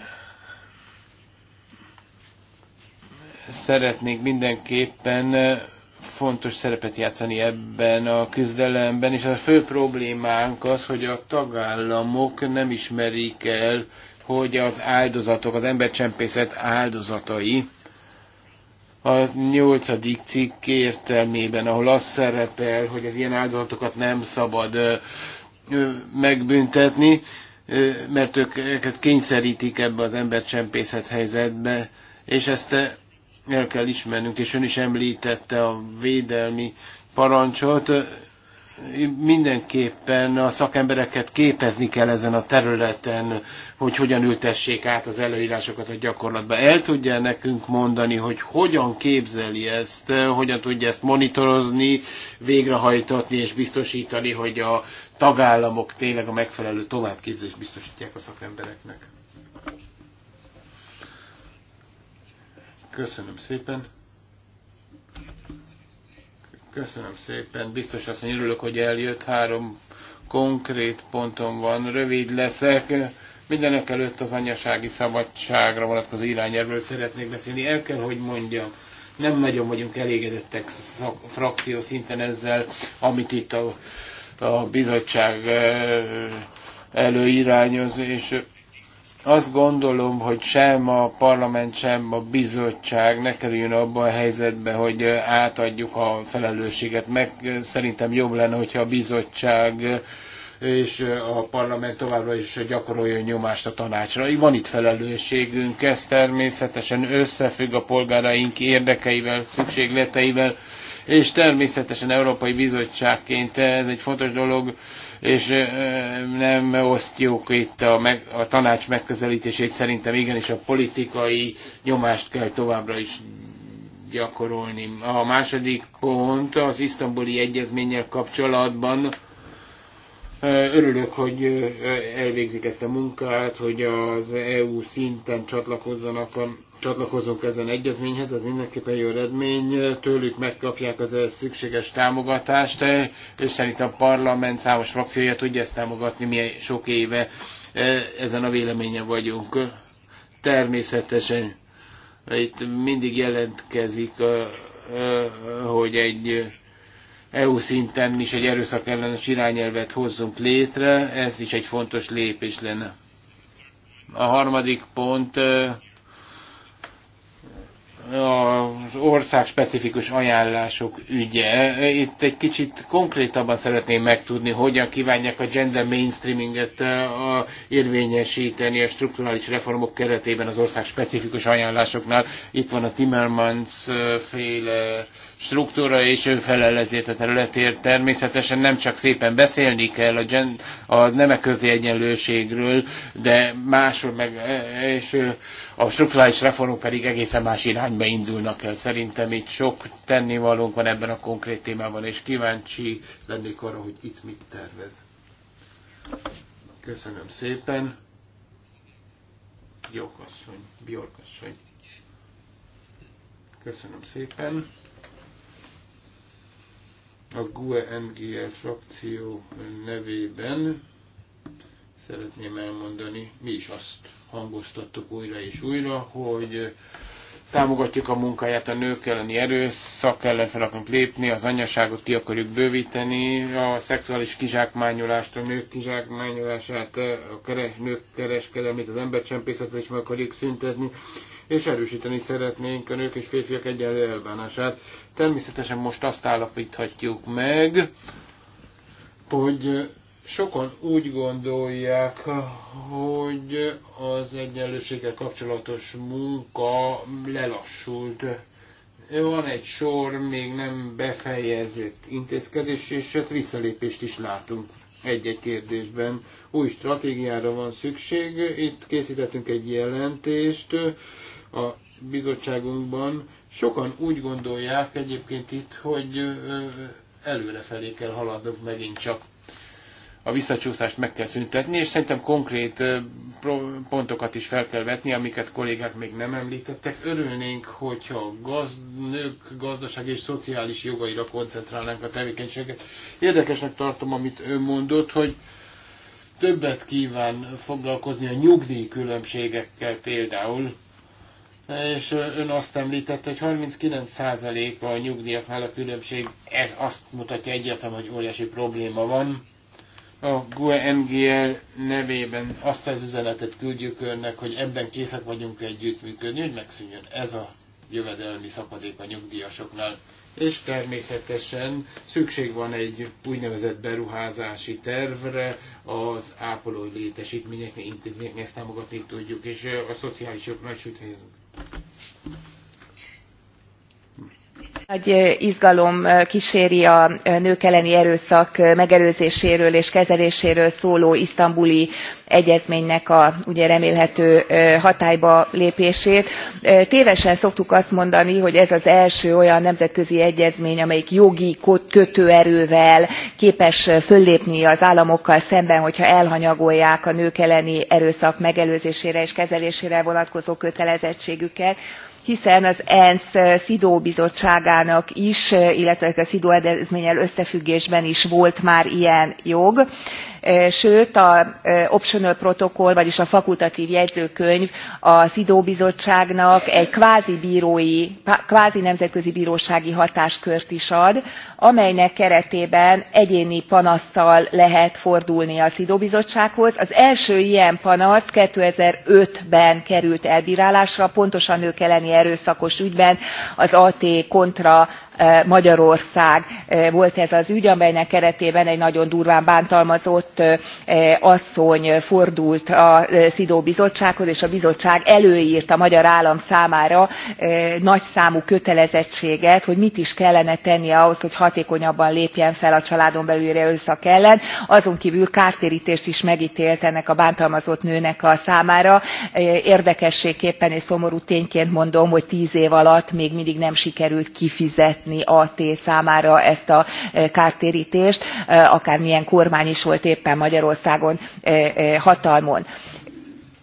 szeretnék mindenképpen fontos szerepet játszani ebben a küzdelemben, és a fő problémánk az, hogy a tagállamok nem ismerik el, hogy az áldozatok, az embercsempészet áldozatai, a nyolcadik cikk értelmében, ahol az szerepel, hogy az ilyen áldozatokat nem szabad megbüntetni, mert ők, őket kényszerítik ebbe az embercsempészet helyzetbe, és ezt el kell ismernünk, és ön is említette a védelmi parancsot, mindenképpen a szakembereket képezni kell ezen a területen, hogy hogyan ültessék át az előírásokat a gyakorlatba. El tudja nekünk mondani, hogy hogyan képzeli ezt, hogyan tudja ezt monitorozni, végrehajtatni és biztosítani, hogy a tagállamok tényleg a megfelelő továbbképzést biztosítják a szakembereknek. Köszönöm szépen. Köszönöm szépen. Biztos azt, mondja, örülök, hogy eljött. Három konkrét pontom van. Rövid leszek. Mindenek előtt az anyasági szabadságra vonatkozó irányelvről szeretnék beszélni. El kell, hogy mondjam, nem nagyon vagyunk elégedettek frakció szinten ezzel, amit itt a a bizottság eh, előirányoz, és azt gondolom, hogy sem a parlament, sem a bizottság ne kerüljön abba a helyzetbe, hogy eh, átadjuk a felelősséget. Meg eh, szerintem jobb lenne, hogyha a bizottság és a parlament továbbra is gyakorolja nyomást a tanácsra. Van itt felelősségünk, ez természetesen összefügg a polgáraink érdekeivel, szükségleteivel, és természetesen Európai Bizottságként ez egy fontos dolog, és nem osztjuk itt a, meg, a tanács megközelítését, szerintem igenis a politikai nyomást kell továbbra is gyakorolni. A második pont az isztambuli egyezménnyel kapcsolatban Eh, örülök, hogy eh, elvégzik ezt a munkát, hogy az EU szinten csatlakozzanak a csatlakozunk ezen egyezményhez, az mindenképpen jó eredmény, tőlük megkapják az eh, szükséges támogatást, és szerintem a parlament számos frakciója tudja ezt támogatni, mi sok éve ezen a véleményen vagyunk. Természetesen itt mindig jelentkezik, hogy egy EU szinten is egy erőszak ellenes irányelvet hozzunk létre, ez is egy fontos lépés lenne. A harmadik pont az ország specifikus ajánlások ügye. Itt egy kicsit konkrétabban szeretném megtudni, hogyan kívánják a gender mainstreaminget érvényesíteni a strukturális reformok keretében az ország specifikus ajánlásoknál. Itt van a Timmermans féle struktúra és ő a területért. Természetesen nem csak szépen beszélni kell a, gen, a nemek közé egyenlőségről, de másról meg, és a strukturális reformok pedig egészen más irányba indulnak el. Szerintem itt sok tennivalónk van ebben a konkrét témában, és kíváncsi lennék arra, hogy itt mit tervez. Köszönöm szépen. Jókasszony, Biorkasszony. Köszönöm szépen a GUE NGL e frakció nevében szeretném elmondani, mi is azt hangoztattuk újra és újra, hogy támogatjuk a munkáját a nők elleni erőszak ellen fel akarunk lépni, az anyaságot ki akarjuk bővíteni, a szexuális kizsákmányolást, a nők kizsákmányolását, a keres, nők kereskedelmét, az embercsempészetet is meg akarjuk szüntetni, és erősíteni szeretnénk a nők és férfiak egyenlő elbánását. Természetesen most azt állapíthatjuk meg, hogy sokan úgy gondolják, hogy az egyenlőséggel kapcsolatos munka lelassult. Van egy sor még nem befejezett intézkedés, és hát visszalépést is látunk egy-egy kérdésben. Új stratégiára van szükség, itt készítettünk egy jelentést, a bizottságunkban. Sokan úgy gondolják egyébként itt, hogy előrefelé kell haladnunk megint csak. A visszacsúszást meg kell szüntetni, és szerintem konkrét pontokat is fel kell vetni, amiket kollégák még nem említettek. Örülnénk, hogyha gaz, nők gazdaság és szociális jogaira koncentrálnánk a tevékenységet. Érdekesnek tartom, amit ő mondott, hogy többet kíván foglalkozni a nyugdíj különbségekkel például, és ön azt említette, hogy 39% a nyugdíjaknál a különbség, ez azt mutatja egyetem hogy óriási probléma van. A GUE ngl nevében azt az üzenetet küldjük önnek, hogy ebben készek vagyunk együttműködni, hogy megszűnjön ez a jövedelmi szakadék a nyugdíjasoknál és természetesen szükség van egy úgynevezett beruházási tervre, az ápoló létesítményeknek, intézményeknek ezt támogatni tudjuk, és a szociális jognak süthetünk nagy izgalom kséri a nők elleni erőszak megelőzéséről és kezeléséről szóló isztambuli egyezménynek a ugye remélhető hatályba lépését. tévesen szoktuk azt mondani hogy ez az első olyan nemzetközi egyezmény amelyik jogi kötőerővel képes föllépni az államokkal szemben hogyha elhanyagolják a nők elleni erőszak megelőzésére és kezelésére vonatkozó kötelezettségüket hiszen az ensz szidó bizottságának is illetve a szidó egyezménnyel összefüggésben is volt már ilyen jog. E, sőt az e, optional protokoll vagyis a fakultatv jegyzőkönyv a sido bizottságnak egy kvázi brói kvázi nemzetközi brósági hatáskört is ad amelynek keretében egyéni panasszal lehet fordulni a sido bizottsághoz. az első ilyen panasz two thousand and five ben került elbrálásra pontosan nők elleni erőszakos ügyben az at contra E, magyarország e, volt ez az ügy amelynek keretében egy nagyon durván bántalmazott e, asszony fordult a szidó bizottsághoz és a bizottság előrt a magyar állam számára nagyszámú kötelezettséget hogy mit is kellene tennie ahhoz hogy hatékonyabban lépjen fel a családon belüli erőszak ellen azonkvül kártértést is megtélt ennek a bántalmazott nőnek a számára érdekességképpen és szomorú tényként mondom hogy ten év alatt még mindig nem sikerült kifizetni fizetni a t számára ezt a e, kártértést e, akármilyen kormány is volt éppen magyarországon e, hatalmon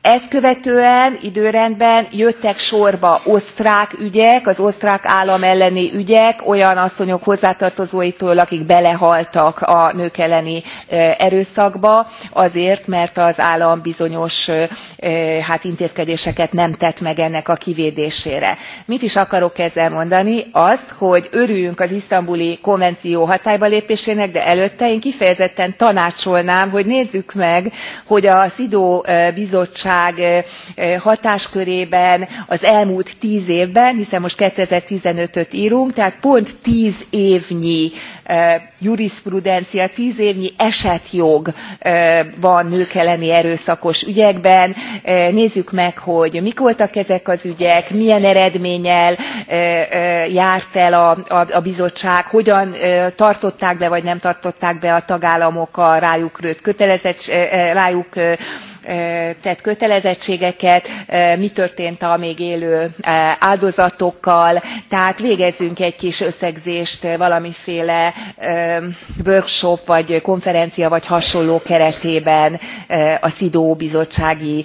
ezt követően időrendben jöttek sorba osztrák ügyek az osztrák állam elleni ügyek olyan asszonyok hozzátartozóitól akik belehaltak a nők elleni erőszakba azért mert az állam bizonyos hát intézkedéseket nem tett meg ennek a kivédésére. mit is akarok ezzel mondani? azt hogy örüljünk az isztambuli konvenció lépésének, de előtte én kifejezetten tanácsolnám hogy nézzük meg hogy a sido bizottság bizottság hatáskörében az elmúlt tz évben hiszen most two thousand and fifteen öt runk tehát pont tz évnyi jurisprudencia tz évnyi esetjog van nők elleni erőszakos ügyekben nézzük meg hogy mik voltak ezek az ügyek milyen eredménnyel járt el a, bizottság hogyan tartották be vagy nem tartották be a tagállamok a rájuk rótt kötelezett rájuk tett kötelezettségeket mi történt a még élő áldozatokkal tehát végezzünk egy kis összegzést valamiféle workshop vagy konferencia vagy hasonló keretében a sido bizottsági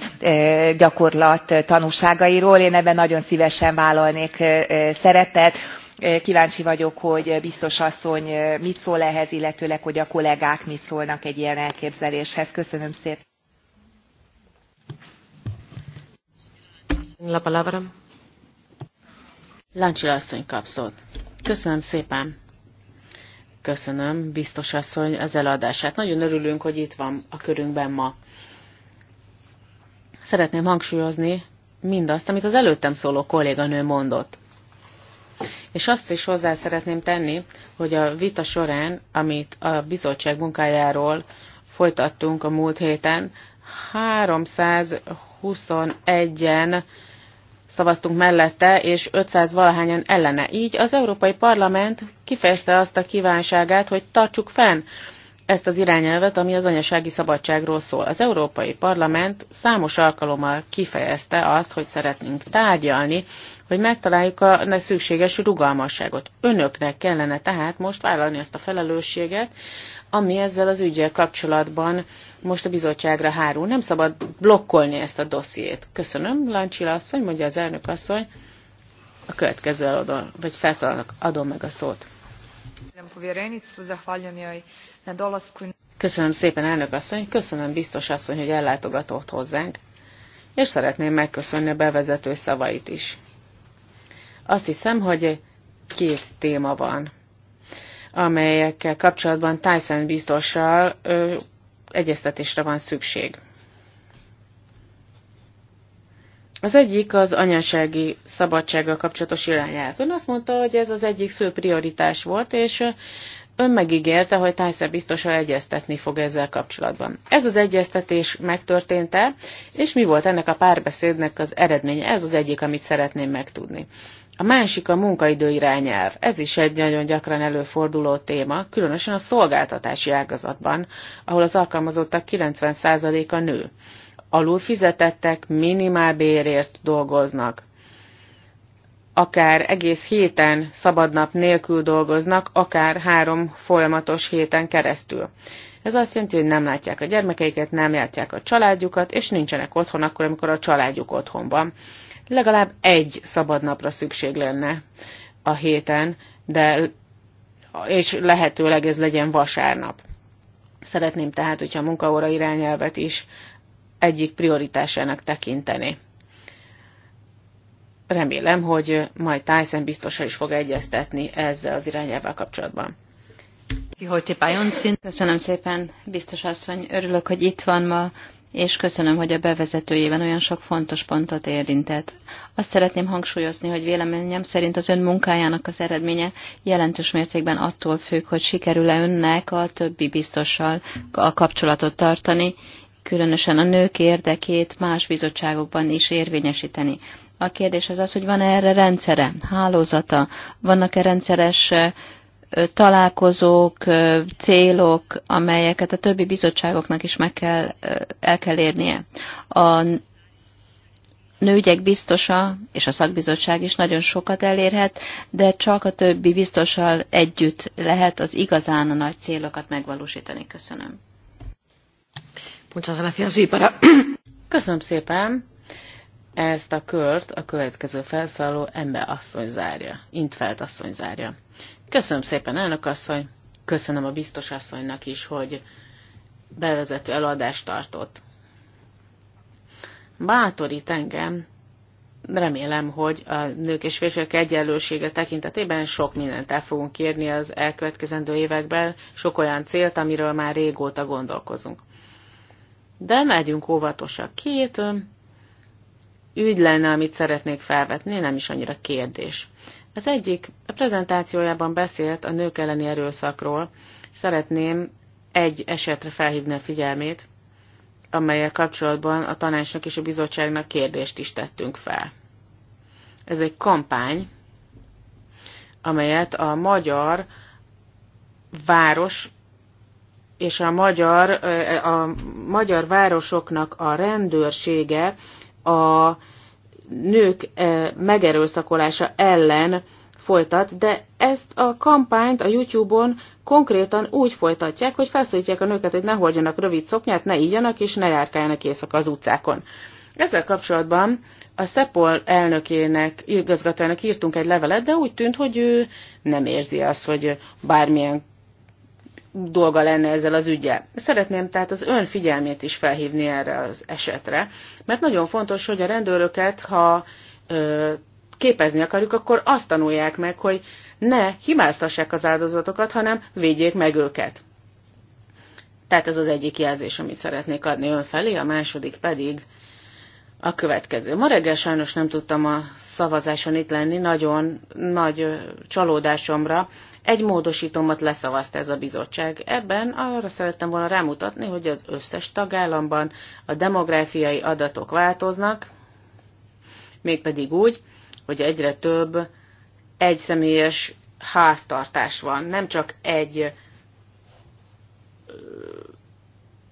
gyakorlat tanúságairól. én ebben nagyon szívesen vállalnék szerepet Kíváncsi vagyok hogy biztos asszony mit szól ehhez illetőleg hogy a kollégák mit szólnak egy ilyen elképzeléshez. köszönöm szépen! La palabra. Láncsila asszony kapszott. Köszönöm szépen. Köszönöm, biztos asszony, az eladását. Nagyon örülünk, hogy itt van a körünkben ma. Szeretném hangsúlyozni mindazt, amit az előttem szóló kolléganő mondott. És azt is hozzá szeretném tenni, hogy a vita során, amit a bizottság munkájáról folytattunk a múlt héten, 321-en szavaztunk mellette, és 500 valahányan ellene. Így az Európai Parlament kifejezte azt a kívánságát, hogy tartsuk fenn ezt az irányelvet, ami az anyasági szabadságról szól. Az Európai Parlament számos alkalommal kifejezte azt, hogy szeretnénk tárgyalni, hogy megtaláljuk a szükséges rugalmasságot. Önöknek kellene tehát most vállalni ezt a felelősséget, ami ezzel az ügyel kapcsolatban most a bizottságra hárul. Nem szabad blokkolni ezt a dossziét. Köszönöm, Lancsila asszony, mondja az elnök asszony. A következő adom, vagy felszólalnak, adom meg a szót. Köszönöm szépen, elnök asszony, köszönöm biztos asszony, hogy ellátogatott hozzánk, és szeretném megköszönni a bevezető szavait is. Azt hiszem, hogy két téma van, amelyekkel kapcsolatban Tyson biztossal egyeztetésre van szükség. Az egyik az anyasági szabadsággal kapcsolatos irányelv. Ön azt mondta, hogy ez az egyik fő prioritás volt, és ön megígérte, hogy Tyson biztosan egyeztetni fog ezzel kapcsolatban. Ez az egyeztetés megtörtént-e, és mi volt ennek a párbeszédnek az eredménye? Ez az egyik, amit szeretném megtudni. A másik a munkaidő irányelv. Ez is egy nagyon gyakran előforduló téma, különösen a szolgáltatási ágazatban, ahol az alkalmazottak 90%-a nő. Alul fizetettek, bérért dolgoznak. Akár egész héten szabadnap nélkül dolgoznak, akár három folyamatos héten keresztül. Ez azt jelenti, hogy nem látják a gyermekeiket, nem látják a családjukat, és nincsenek otthon akkor, amikor a családjuk otthon van legalább egy szabad napra szükség lenne a héten, de és lehetőleg ez legyen vasárnap. Szeretném tehát, hogyha a munkaóra irányelvet is egyik prioritásának tekinteni. Remélem, hogy majd Tyson biztosra is fog egyeztetni ezzel az irányelvvel kapcsolatban. Köszönöm szépen, biztos asszony. Örülök, hogy itt van ma és köszönöm, hogy a bevezetőjében olyan sok fontos pontot érintett. Azt szeretném hangsúlyozni, hogy véleményem szerint az ön munkájának az eredménye jelentős mértékben attól függ, hogy sikerül-e önnek a többi biztossal a kapcsolatot tartani, különösen a nők érdekét más bizottságokban is érvényesíteni. A kérdés az az, hogy van-e erre rendszere, hálózata, vannak-e rendszeres találkozók, célok, amelyeket a többi bizottságoknak is meg kell, el kell érnie. A nőgyek biztosa, és a szakbizottság is nagyon sokat elérhet, de csak a többi biztossal együtt lehet az igazán a nagy célokat megvalósítani. Köszönöm. Köszönöm szépen. Ezt a kört a következő felszálló ember asszony zárja, Intfeld asszony zárja. Köszönöm szépen, elnök asszony. Köszönöm a biztos asszonynak is, hogy bevezető előadást tartott. Bátorít engem, remélem, hogy a nők és férfiak egyenlősége tekintetében sok mindent el fogunk kérni az elkövetkezendő években, sok olyan célt, amiről már régóta gondolkozunk. De megyünk óvatosak. Két ügy lenne, amit szeretnék felvetni, nem is annyira kérdés. Az egyik a prezentációjában beszélt a nők elleni erőszakról. Szeretném egy esetre felhívni a figyelmét, amelyel kapcsolatban a tanácsnak és a bizottságnak kérdést is tettünk fel. Ez egy kampány, amelyet a magyar város és a magyar, a magyar városoknak a rendőrsége a nők eh, megerőszakolása ellen folytat, de ezt a kampányt a YouTube-on konkrétan úgy folytatják, hogy felszólítják a nőket, hogy ne hordjanak rövid szoknyát, ne ígyanak és ne járkáljanak éjszaka az utcákon. Ezzel kapcsolatban a Szepol elnökének, igazgatójának írtunk egy levelet, de úgy tűnt, hogy ő nem érzi azt, hogy bármilyen dolga lenne ezzel az ügyel. Szeretném tehát az ön figyelmét is felhívni erre az esetre, mert nagyon fontos, hogy a rendőröket, ha ö, képezni akarjuk, akkor azt tanulják meg, hogy ne hibáztassák az áldozatokat, hanem védjék meg őket. Tehát ez az egyik jelzés, amit szeretnék adni ön felé, a második pedig a következő. Ma reggel sajnos nem tudtam a szavazáson itt lenni, nagyon nagy csalódásomra egy módosítomat leszavazta ez a bizottság. Ebben arra szerettem volna rámutatni, hogy az összes tagállamban a demográfiai adatok változnak, mégpedig úgy, hogy egyre több egyszemélyes háztartás van. Nem csak egy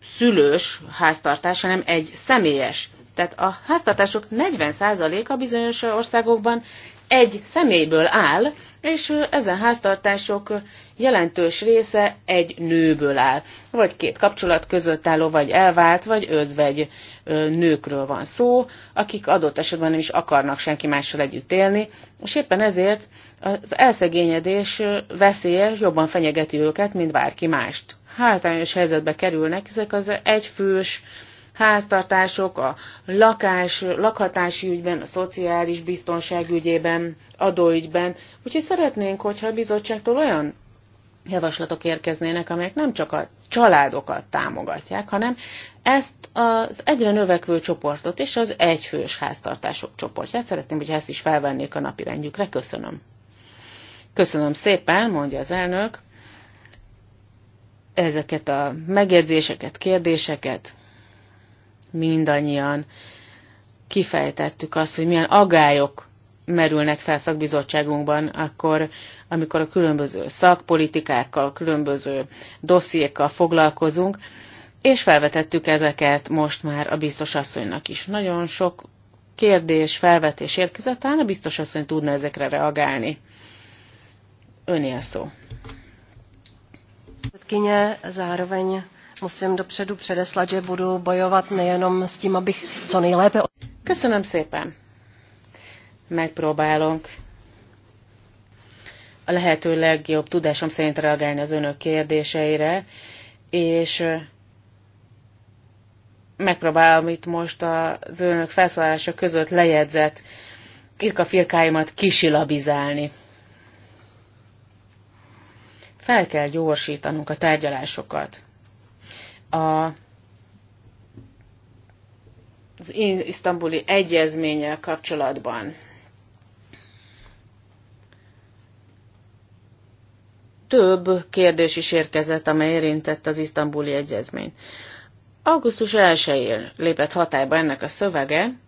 szülős háztartás, hanem egy személyes. Tehát a háztartások 40%-a bizonyos országokban egy személyből áll, és ezen háztartások jelentős része egy nőből áll. Vagy két kapcsolat között álló, vagy elvált, vagy özvegy nőkről van szó, akik adott esetben nem is akarnak senki mással együtt élni, és éppen ezért az elszegényedés veszélye jobban fenyegeti őket, mint bárki mást. Hátrányos helyzetbe kerülnek ezek az egyfős, háztartások a lakás, lakhatási ügyben, a szociális biztonság ügyében, adóügyben. Úgyhogy szeretnénk, hogyha a bizottságtól olyan javaslatok érkeznének, amelyek nem csak a családokat támogatják, hanem ezt az egyre növekvő csoportot és az egyfős háztartások csoportját. Szeretném, hogy ezt is felvennék a napirendjükre. Köszönöm. Köszönöm szépen, mondja az elnök, ezeket a megjegyzéseket, kérdéseket mindannyian kifejtettük azt, hogy milyen agályok merülnek fel szakbizottságunkban, akkor, amikor a különböző szakpolitikákkal, különböző dossziékkal foglalkozunk, és felvetettük ezeket most már a biztos asszonynak is. Nagyon sok kérdés, felvetés érkezett, talán a biztos asszony tudna ezekre reagálni. Önél szó. az zároveň musím dopředu předeslat, že budu bojovat nejenom s tím, abych co nejlépe... Köszönöm szépen! Megpróbálunk a lehető legjobb tudásom szerint reagálni az önök kérdéseire, és megpróbálom itt most az önök felszólása között lejegyzett irkafirkáimat kisilabizálni. Fel kell gyorsítanunk a tárgyalásokat a, az isztambuli egyezménnyel kapcsolatban. Több kérdés is érkezett, amely érintett az isztambuli egyezményt. Augusztus 1-én lépett hatályba ennek a szövege,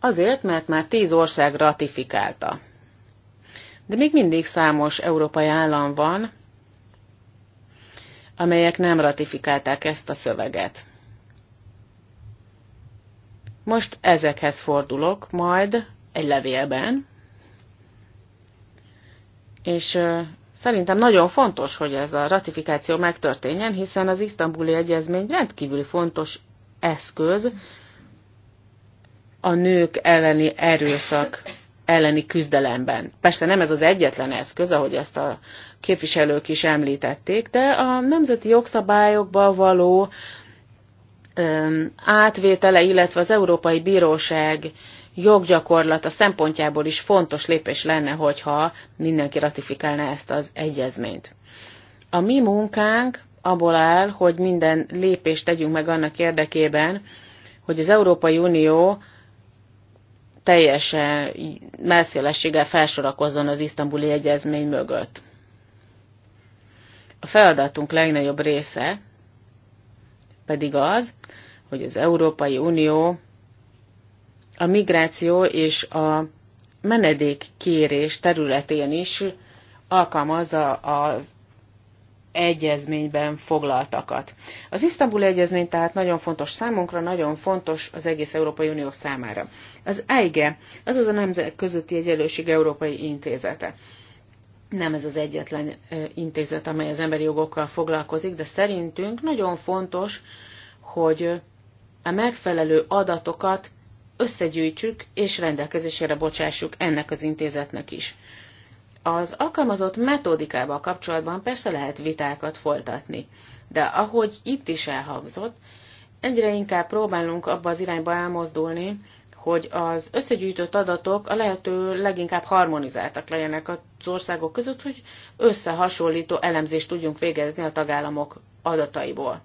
azért, mert már tíz ország ratifikálta. De még mindig számos európai állam van, amelyek nem ratifikálták ezt a szöveget. Most ezekhez fordulok, majd egy levélben, és Szerintem nagyon fontos, hogy ez a ratifikáció megtörténjen, hiszen az isztambuli egyezmény rendkívül fontos eszköz a nők elleni erőszak elleni küzdelemben. Persze nem ez az egyetlen eszköz, ahogy ezt a képviselők is említették, de a nemzeti jogszabályokba való átvétele, illetve az Európai Bíróság joggyakorlata szempontjából is fontos lépés lenne, hogyha mindenki ratifikálná ezt az egyezményt. A mi munkánk abból áll, hogy minden lépést tegyünk meg annak érdekében, hogy az Európai Unió teljesen messzélességgel felsorakozzon az isztambuli egyezmény mögött. A feladatunk legnagyobb része pedig az, hogy az Európai Unió a migráció és a menedékkérés területén is alkalmazza az egyezményben foglaltakat. Az Isztambul egyezmény tehát nagyon fontos számunkra, nagyon fontos az egész Európai Unió számára. Az EIGE, az az a Nemzet Közötti Egyenlőség Európai Intézete. Nem ez az egyetlen intézet, amely az emberi jogokkal foglalkozik, de szerintünk nagyon fontos, hogy a megfelelő adatokat összegyűjtsük és rendelkezésére bocsássuk ennek az intézetnek is. Az alkalmazott metódikával kapcsolatban persze lehet vitákat folytatni, de ahogy itt is elhangzott, egyre inkább próbálunk abba az irányba elmozdulni, hogy az összegyűjtött adatok a lehető leginkább harmonizáltak legyenek az országok között, hogy összehasonlító elemzést tudjunk végezni a tagállamok adataiból.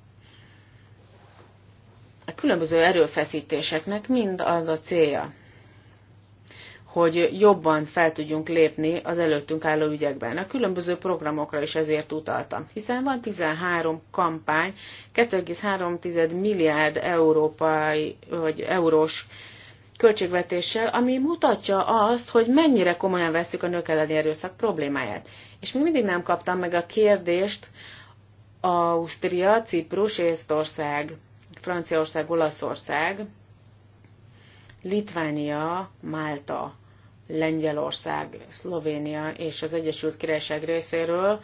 A különböző erőfeszítéseknek mind az a célja, hogy jobban fel tudjunk lépni az előttünk álló ügyekben. A különböző programokra is ezért utaltam, hiszen van 13 kampány, 2,3 milliárd európai vagy eurós költségvetéssel, ami mutatja azt, hogy mennyire komolyan veszük a nők elleni erőszak problémáját. És még mindig nem kaptam meg a kérdést Ausztria, Ciprus, Észtország, Franciaország, Olaszország, Litvánia, Málta Lengyelország, Szlovénia és az Egyesült Királyság részéről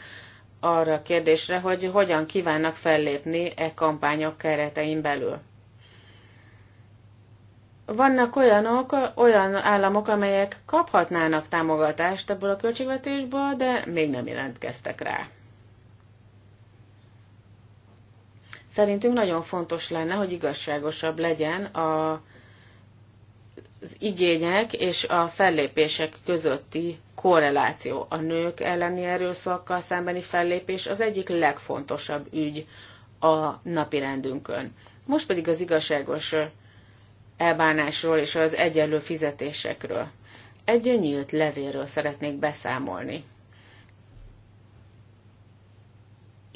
arra a kérdésre, hogy hogyan kívánnak fellépni e kampányok keretein belül. Vannak olyanok, olyan államok, amelyek kaphatnának támogatást ebből a költségvetésből, de még nem jelentkeztek rá. Szerintünk nagyon fontos lenne, hogy igazságosabb legyen a az igények és a fellépések közötti korreláció. A nők elleni erőszakkal szembeni fellépés az egyik legfontosabb ügy a napirendünkön. Most pedig az igazságos elbánásról és az egyenlő fizetésekről. Egy nyílt levéről szeretnék beszámolni.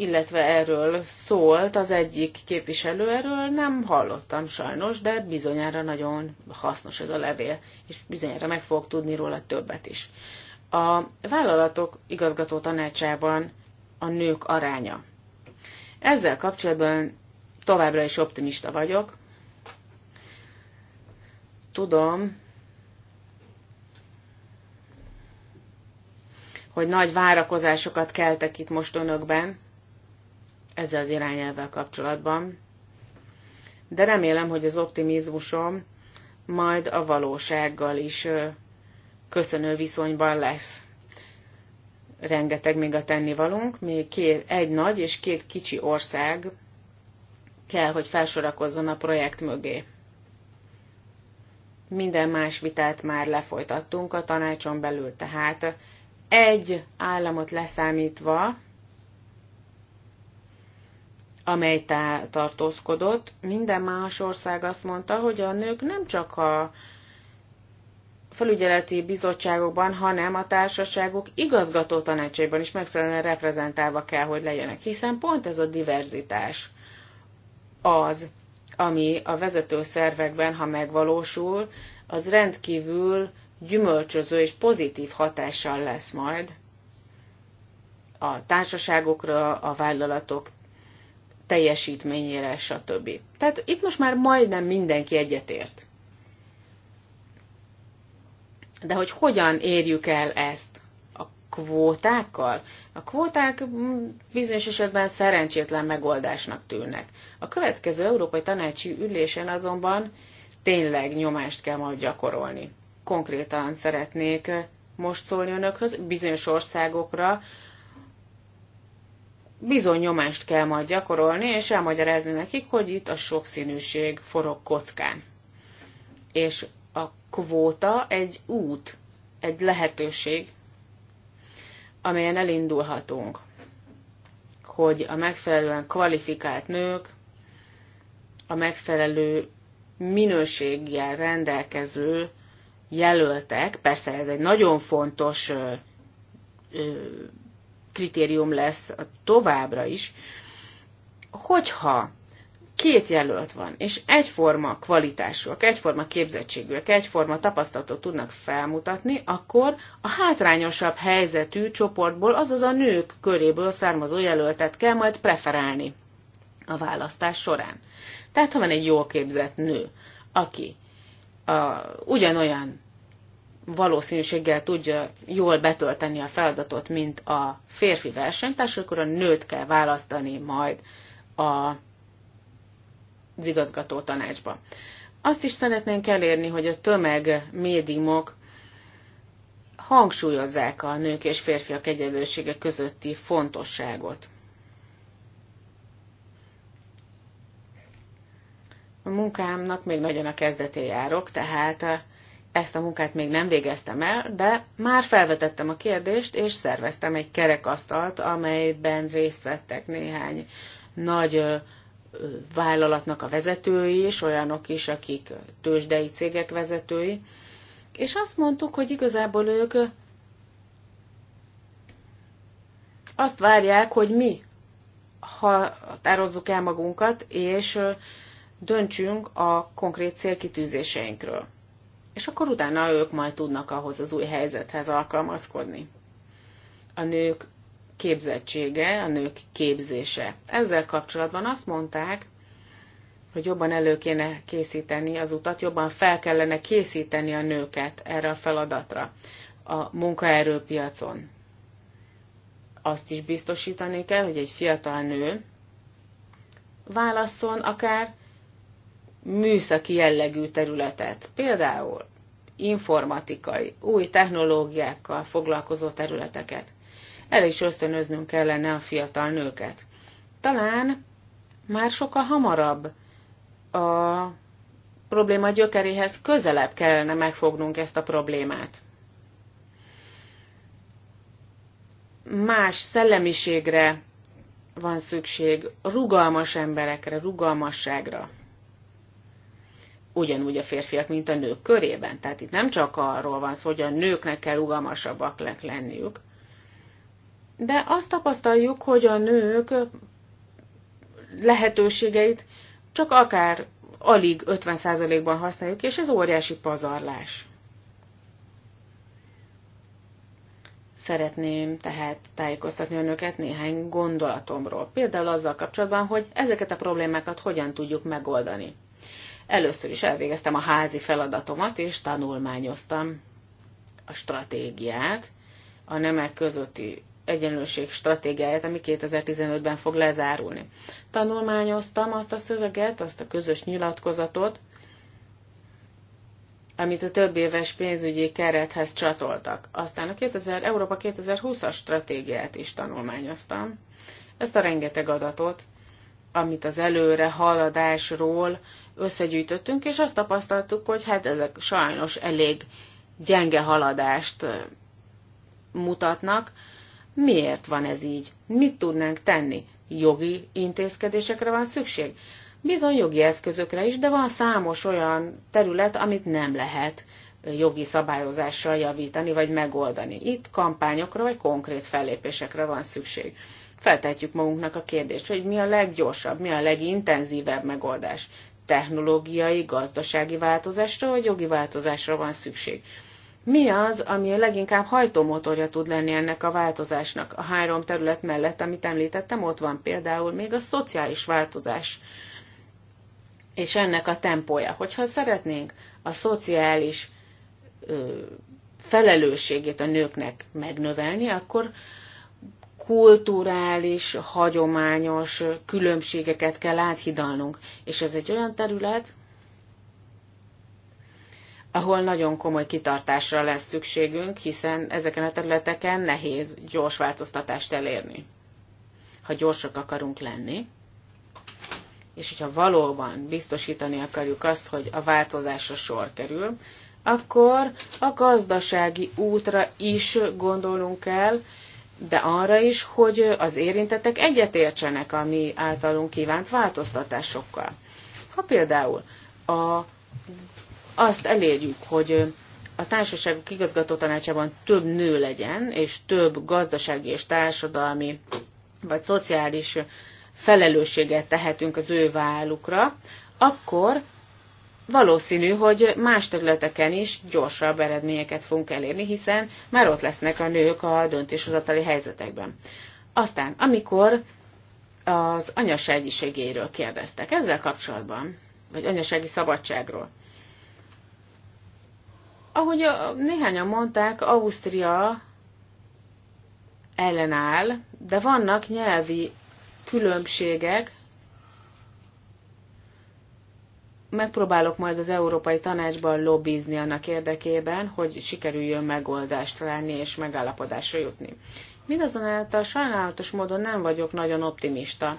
illetve erről szólt az egyik képviselő, erről nem hallottam sajnos, de bizonyára nagyon hasznos ez a levél, és bizonyára meg fogok tudni róla többet is. A vállalatok igazgató tanácsában a nők aránya. Ezzel kapcsolatban továbbra is optimista vagyok. Tudom, hogy nagy várakozásokat keltek itt most önökben, ezzel az irányelvvel kapcsolatban, de remélem, hogy az optimizmusom majd a valósággal is köszönő viszonyban lesz. Rengeteg még a tennivalunk, még két, egy nagy és két kicsi ország kell, hogy felsorakozzon a projekt mögé. Minden más vitát már lefolytattunk a tanácson belül, tehát egy államot leszámítva, amely tá- tartózkodott. Minden más ország azt mondta, hogy a nők nem csak a felügyeleti bizottságokban, hanem a társaságok igazgató tanácsaiban is megfelelően reprezentálva kell, hogy legyenek, hiszen pont ez a diverzitás az, ami a vezető szervekben, ha megvalósul, az rendkívül gyümölcsöző és pozitív hatással lesz majd a társaságokra, a vállalatok teljesítményére, stb. Tehát itt most már majdnem mindenki egyetért. De hogy hogyan érjük el ezt? A kvótákkal? A kvóták bizonyos esetben szerencsétlen megoldásnak tűnnek. A következő Európai Tanácsi ülésen azonban tényleg nyomást kell majd gyakorolni. Konkrétan szeretnék most szólni önökhöz, bizonyos országokra, bizony nyomást kell majd gyakorolni, és elmagyarázni nekik, hogy itt a sokszínűség forog kockán. És a kvóta egy út, egy lehetőség, amelyen elindulhatunk, hogy a megfelelően kvalifikált nők, a megfelelő minőséggel rendelkező jelöltek, persze ez egy nagyon fontos ö, ö, kritérium lesz továbbra is, hogyha két jelölt van, és egyforma kvalitásúak, egyforma képzettségűek, egyforma tapasztalatot tudnak felmutatni, akkor a hátrányosabb helyzetű csoportból, azaz a nők köréből származó jelöltet kell majd preferálni a választás során. Tehát, ha van egy jól képzett nő, aki a, ugyanolyan valószínűséggel tudja jól betölteni a feladatot, mint a férfi versenytárs, akkor a nőt kell választani majd a, az igazgató tanácsba. Azt is szeretnénk elérni, hogy a tömeg médiumok hangsúlyozzák a nők és férfiak egyenlősége közötti fontosságot. A munkámnak még nagyon a kezdetén járok, tehát ezt a munkát még nem végeztem el, de már felvetettem a kérdést, és szerveztem egy kerekasztalt, amelyben részt vettek néhány nagy vállalatnak a vezetői, és olyanok is, akik tőzsdei cégek vezetői. És azt mondtuk, hogy igazából ők azt várják, hogy mi határozzuk el magunkat, és döntsünk a konkrét célkitűzéseinkről és akkor utána ők majd tudnak ahhoz az új helyzethez alkalmazkodni. A nők képzettsége, a nők képzése. Ezzel kapcsolatban azt mondták, hogy jobban elő kéne készíteni az utat, jobban fel kellene készíteni a nőket erre a feladatra a munkaerőpiacon. Azt is biztosítani kell, hogy egy fiatal nő válasszon akár műszaki jellegű területet, például informatikai, új technológiákkal foglalkozó területeket. El is ösztönöznünk kellene a fiatal nőket. Talán már sokkal hamarabb a probléma gyökeréhez közelebb kellene megfognunk ezt a problémát. Más szellemiségre van szükség, rugalmas emberekre, rugalmasságra ugyanúgy a férfiak, mint a nők körében. Tehát itt nem csak arról van szó, hogy a nőknek kell rugalmasabbak lenniük, de azt tapasztaljuk, hogy a nők lehetőségeit csak akár alig 50%-ban használjuk, és ez óriási pazarlás. Szeretném tehát tájékoztatni önöket néhány gondolatomról, például azzal kapcsolatban, hogy ezeket a problémákat hogyan tudjuk megoldani. Először is elvégeztem a házi feladatomat, és tanulmányoztam a stratégiát, a nemek közötti egyenlőség stratégiáját, ami 2015-ben fog lezárulni. Tanulmányoztam azt a szöveget, azt a közös nyilatkozatot, amit a több éves pénzügyi kerethez csatoltak. Aztán a 2000, Európa 2020-as stratégiát is tanulmányoztam. Ezt a rengeteg adatot, amit az előre haladásról, összegyűjtöttünk, és azt tapasztaltuk, hogy hát ezek sajnos elég gyenge haladást mutatnak. Miért van ez így? Mit tudnánk tenni? Jogi intézkedésekre van szükség? Bizony jogi eszközökre is, de van számos olyan terület, amit nem lehet jogi szabályozással javítani vagy megoldani. Itt kampányokra vagy konkrét fellépésekre van szükség. Feltetjük magunknak a kérdést, hogy mi a leggyorsabb, mi a legintenzívebb megoldás technológiai, gazdasági változásra vagy jogi változásra van szükség. Mi az, ami a leginkább hajtómotorja tud lenni ennek a változásnak? A három terület mellett, amit említettem, ott van például még a szociális változás és ennek a tempója. Hogyha szeretnénk a szociális ö, felelősségét a nőknek megnövelni, akkor kulturális, hagyományos különbségeket kell áthidalnunk. És ez egy olyan terület, ahol nagyon komoly kitartásra lesz szükségünk, hiszen ezeken a területeken nehéz gyors változtatást elérni. Ha gyorsak akarunk lenni, és hogyha valóban biztosítani akarjuk azt, hogy a változásra sor kerül, akkor a gazdasági útra is gondolunk el, de arra is, hogy az érintettek egyetértsenek a mi általunk kívánt változtatásokkal. Ha például a, azt elérjük, hogy a társaságok igazgató tanácsában több nő legyen, és több gazdasági és társadalmi vagy szociális felelősséget tehetünk az ő vállukra, akkor valószínű, hogy más területeken is gyorsabb eredményeket fogunk elérni, hiszen már ott lesznek a nők a döntéshozatali helyzetekben. Aztán, amikor az anyasági segélyről kérdeztek ezzel kapcsolatban, vagy anyasági szabadságról. Ahogy néhányan mondták, Ausztria ellenáll, de vannak nyelvi különbségek, megpróbálok majd az Európai Tanácsban lobbizni annak érdekében, hogy sikerüljön megoldást találni és megállapodásra jutni. Mindazonáltal sajnálatos módon nem vagyok nagyon optimista.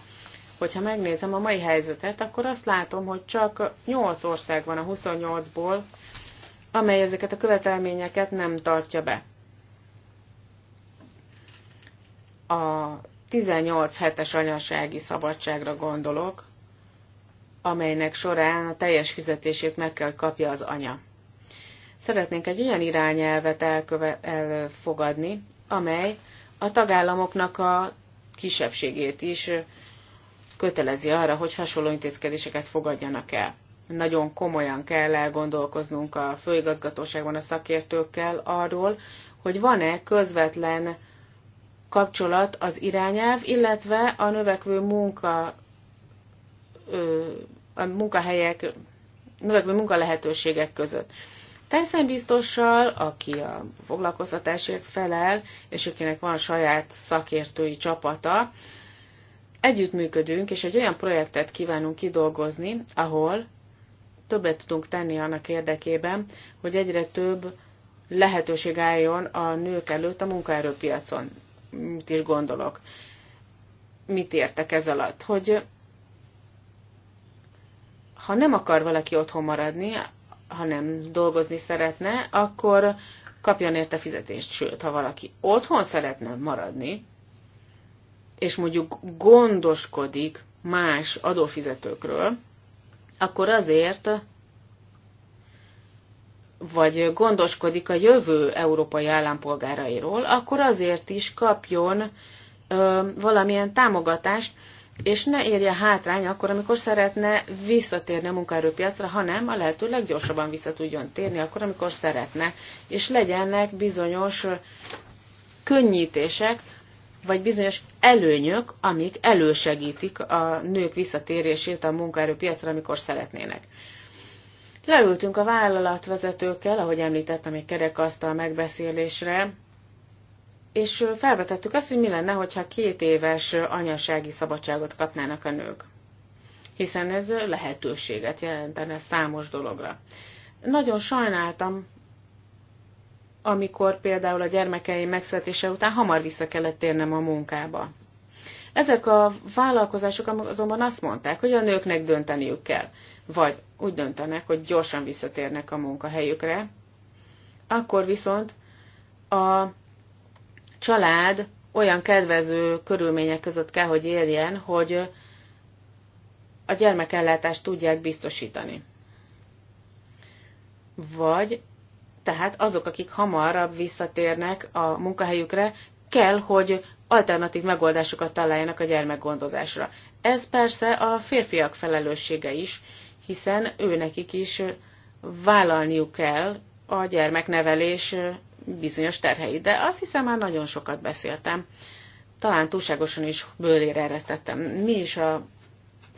Hogyha megnézem a mai helyzetet, akkor azt látom, hogy csak 8 ország van a 28-ból, amely ezeket a követelményeket nem tartja be. A 18 hetes anyasági szabadságra gondolok, amelynek során a teljes fizetését meg kell kapja az anya. Szeretnénk egy olyan irányelvet elköve- elfogadni, amely a tagállamoknak a kisebbségét is kötelezi arra, hogy hasonló intézkedéseket fogadjanak el. Nagyon komolyan kell elgondolkoznunk a főigazgatóságban a szakértőkkel arról, hogy van-e közvetlen kapcsolat az irányelv, illetve a növekvő munka a munkahelyek, növekvő munkalehetőségek között. Teljesen biztossal, aki a foglalkoztatásért felel, és akinek van saját szakértői csapata, együttműködünk, és egy olyan projektet kívánunk kidolgozni, ahol többet tudunk tenni annak érdekében, hogy egyre több lehetőség álljon a nők előtt a munkaerőpiacon. Mit is gondolok? Mit értek ez alatt? Hogy ha nem akar valaki otthon maradni, ha nem dolgozni szeretne, akkor kapjon érte fizetést. Sőt, ha valaki otthon szeretne maradni, és mondjuk gondoskodik más adófizetőkről, akkor azért, vagy gondoskodik a jövő európai állampolgárairól, akkor azért is kapjon ö, valamilyen támogatást, és ne érje hátrány akkor, amikor szeretne visszatérni a munkaerőpiacra, hanem a lehető leggyorsabban vissza tudjon térni akkor, amikor szeretne, és legyenek bizonyos könnyítések, vagy bizonyos előnyök, amik elősegítik a nők visszatérését a munkaerőpiacra, amikor szeretnének. Leültünk a vállalatvezetőkkel, ahogy említettem, egy kerekasztal megbeszélésre, és felvetettük azt, hogy mi lenne, hogyha két éves anyasági szabadságot kapnának a nők. Hiszen ez lehetőséget jelentene számos dologra. Nagyon sajnáltam, amikor például a gyermekeim megszületése után hamar vissza kellett térnem a munkába. Ezek a vállalkozások azonban azt mondták, hogy a nőknek dönteniük kell, vagy úgy döntenek, hogy gyorsan visszatérnek a munkahelyükre, akkor viszont a család olyan kedvező körülmények között kell, hogy éljen, hogy a gyermekellátást tudják biztosítani. Vagy tehát azok, akik hamarabb visszatérnek a munkahelyükre, kell, hogy alternatív megoldásokat találjanak a gyermekgondozásra. Ez persze a férfiak felelőssége is, hiszen őnekik is vállalniuk kell a gyermeknevelés bizonyos terhei. De azt hiszem már nagyon sokat beszéltem. Talán túlságosan is bőlére eresztettem. Mi is a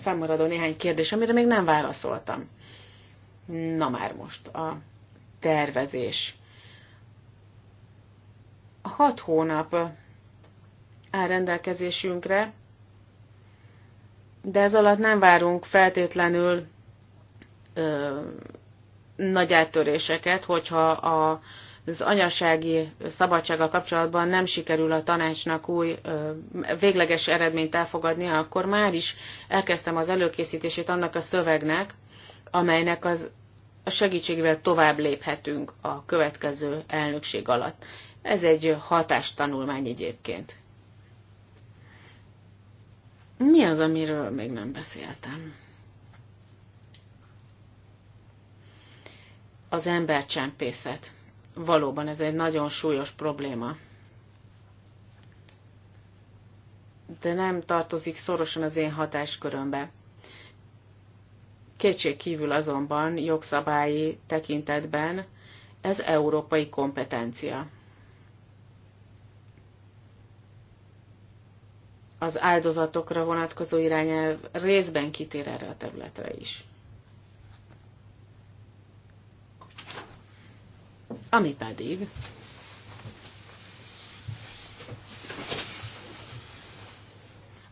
fennmaradó néhány kérdés, amire még nem válaszoltam. Na már most, a tervezés. Hat hónap áll rendelkezésünkre, de ez alatt nem várunk feltétlenül ö, nagy áttöréseket, hogyha a az anyasági szabadsággal kapcsolatban nem sikerül a tanácsnak új végleges eredményt elfogadnia, akkor már is elkezdtem az előkészítését annak a szövegnek, amelynek az a segítségével tovább léphetünk a következő elnökség alatt. Ez egy hatástanulmány egyébként. Mi az, amiről még nem beszéltem? Az embercsempészet valóban ez egy nagyon súlyos probléma. De nem tartozik szorosan az én hatáskörömbe. Kétség kívül azonban jogszabályi tekintetben ez európai kompetencia. Az áldozatokra vonatkozó irányelv részben kitér erre a területre is. Ami pedig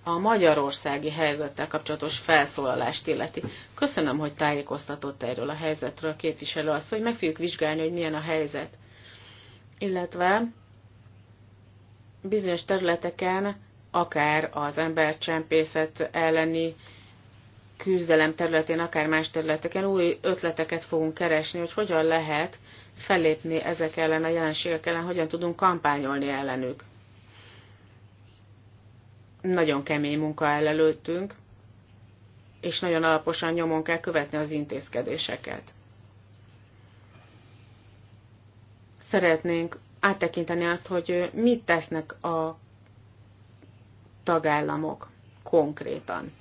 a magyarországi helyzettel kapcsolatos felszólalást illeti. Köszönöm, hogy tájékoztatott erről a helyzetről a képviselő azt, hogy meg fogjuk vizsgálni, hogy milyen a helyzet. Illetve bizonyos területeken akár az embercsempészet elleni küzdelem területén, akár más területeken új ötleteket fogunk keresni, hogy hogyan lehet fellépni ezek ellen a jelenségek ellen, hogyan tudunk kampányolni ellenük. Nagyon kemény munka előttünk, és nagyon alaposan nyomon kell követni az intézkedéseket. Szeretnénk áttekinteni azt, hogy mit tesznek a tagállamok konkrétan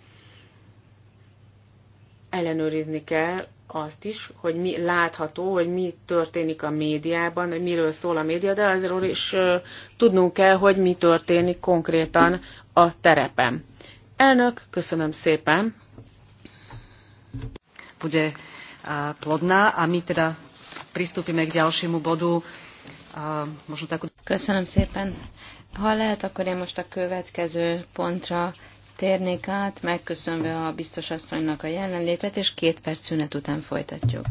ellenőrizni kell azt is, hogy mi látható, hogy mi történik a médiában, hogy miről szól a média, de azért is tudnunk kell, hogy mi történik konkrétan a terepen. Elnök, köszönöm szépen. Bude plodná, a mi teda pristupíme k ďalšiemu bodu. Köszönöm szépen. Ha lehet, akkor én most a következő pontra térnék át, megköszönve a biztos asszonynak a jelenlétet, és két perc szünet után folytatjuk.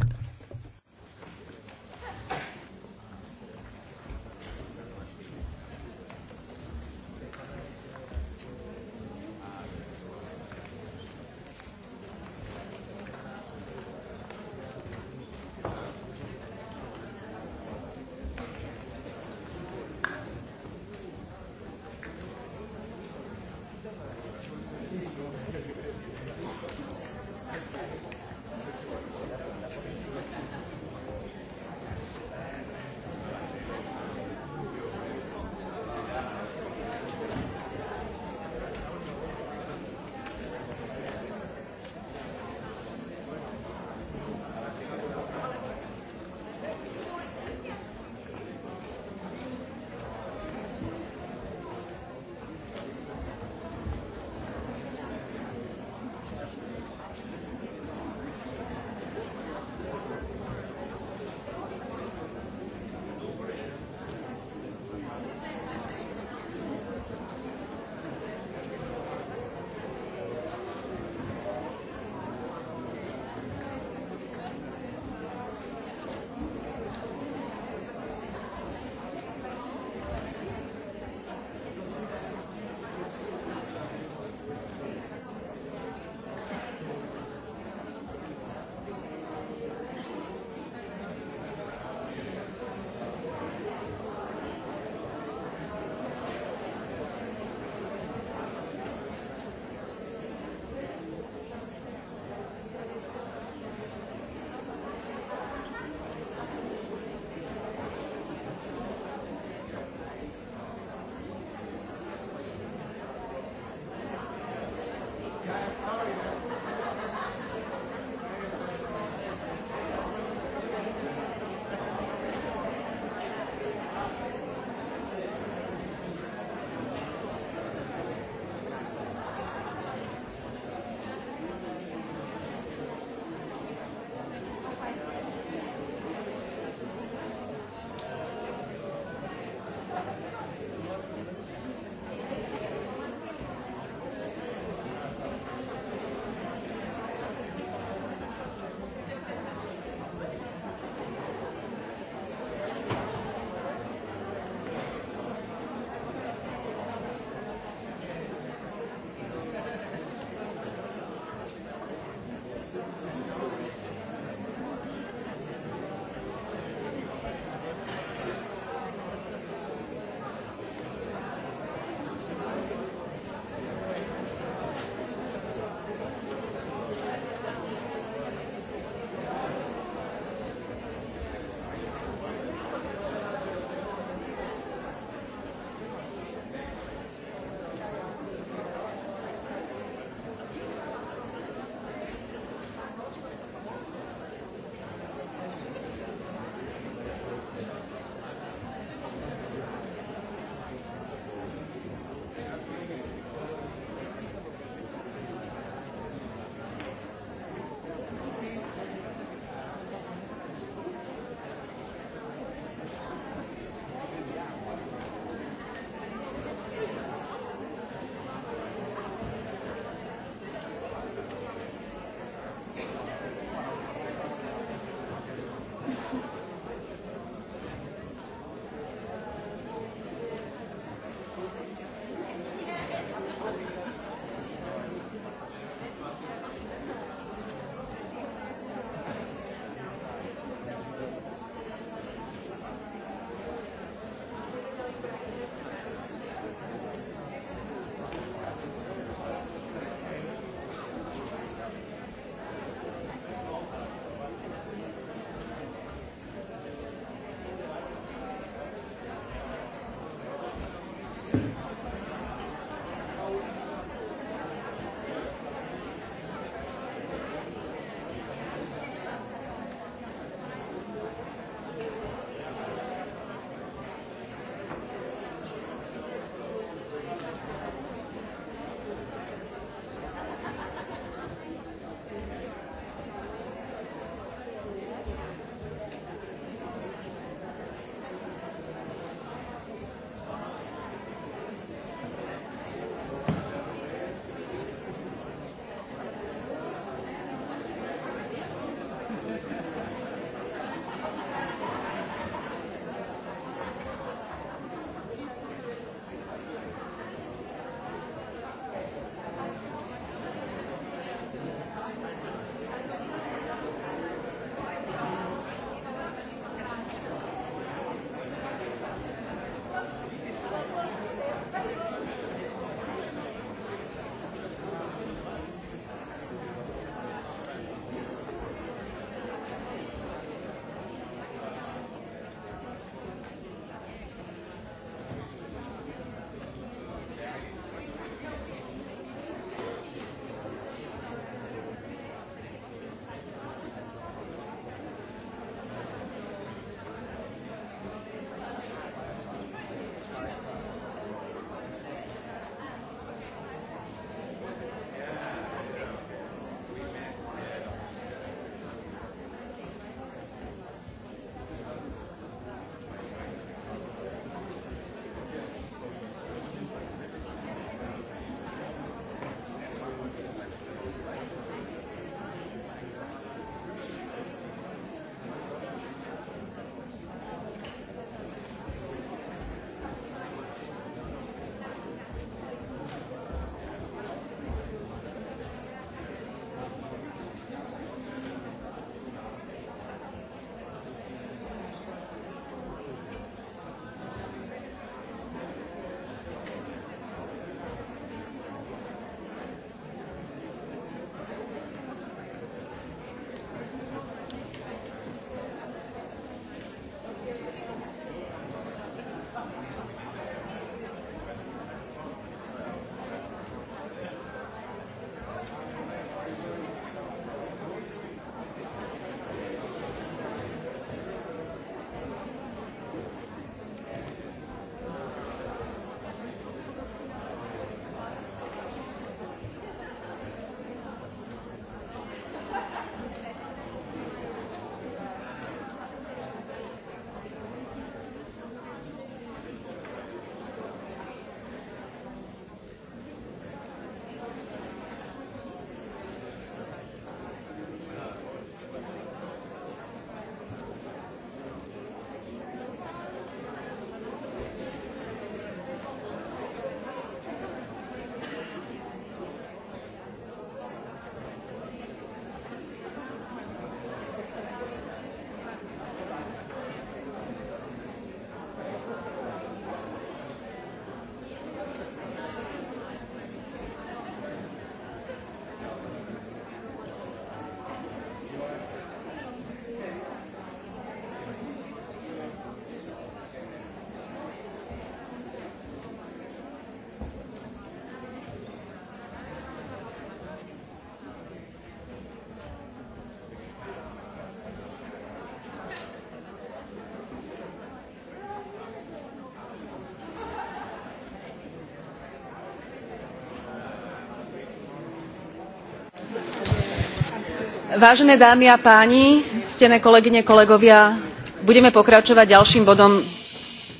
vážené dámy a páni ctené kolegyne kolegovia budeme pokračovať ďalším bodom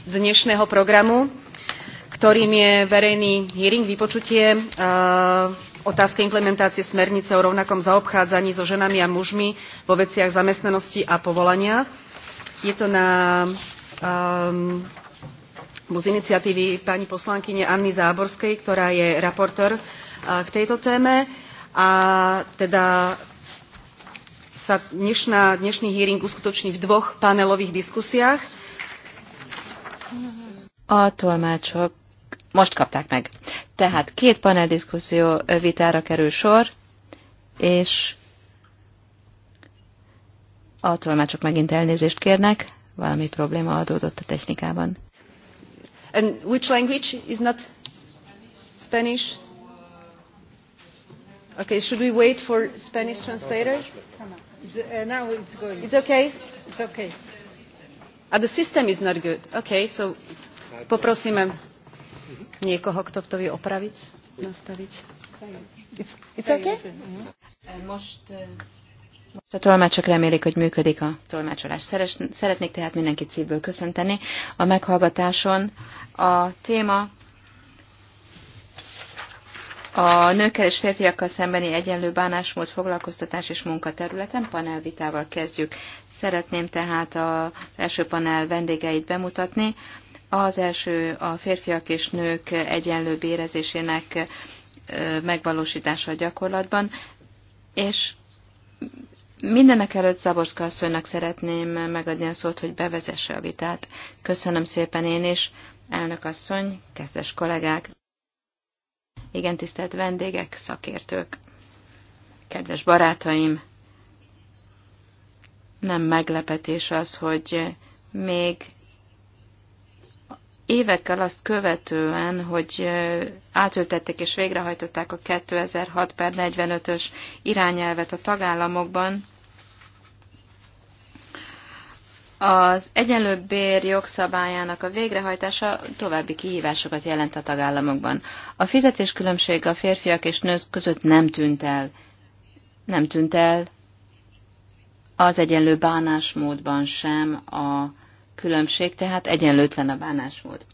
dnešného programu ktorým je verejný hearing vypočutie v e, implementácie smernice o rovnakom zaobchádzaní so ženami a mužmi vo veciach zamestnanosti a povolania. je to na um, z iniciatívy pani poslankyne Anny Záborskej, ktorá je raportor e, k tejto téme a teda sa dnešná, dnešný hearing uskutoční v dvoch panelových diskusiách. A tolmácsok most kapták meg. Tehát két panel diskuszió vitára kerül sor, és a tolmácsok megint elnézést kérnek, valami probléma adódott a technikában. And which language is not Spanish? Okay, should we wait for Spanish translators? Come on. Uh, now it's going. It's okay? It's okay. A ah, the system is not good. Okay, so poprosíme niekoho, kto to vie opraviť, nastaviť. It's, it's okay? Mhm. Uh, most, uh, most a tolmácsok remélik, hogy működik a tolmácsolás. Szeretnék tehát mindenkit szívből köszönteni a meghallgatáson. A téma a nőkkel és férfiakkal szembeni egyenlő bánásmód foglalkoztatás és munkaterületen panelvitával kezdjük. Szeretném tehát az első panel vendégeit bemutatni. Az első a férfiak és nők egyenlő bérezésének megvalósítása a gyakorlatban, és mindenek előtt Zaborszka asszonynak szeretném megadni a szót, hogy bevezesse a vitát. Köszönöm szépen én is, elnök asszony, kezdes kollégák! igen tisztelt vendégek, szakértők, kedves barátaim, nem meglepetés az, hogy még évekkel azt követően, hogy átültették és végrehajtották a 2006 per 45-ös irányelvet a tagállamokban, Az egyenlő bér jogszabályának a végrehajtása további kihívásokat jelent a tagállamokban. A fizetés különbség a férfiak és nők között nem tűnt el. Nem tűnt el az egyenlő bánásmódban sem a különbség, tehát egyenlőtlen a bánásmód.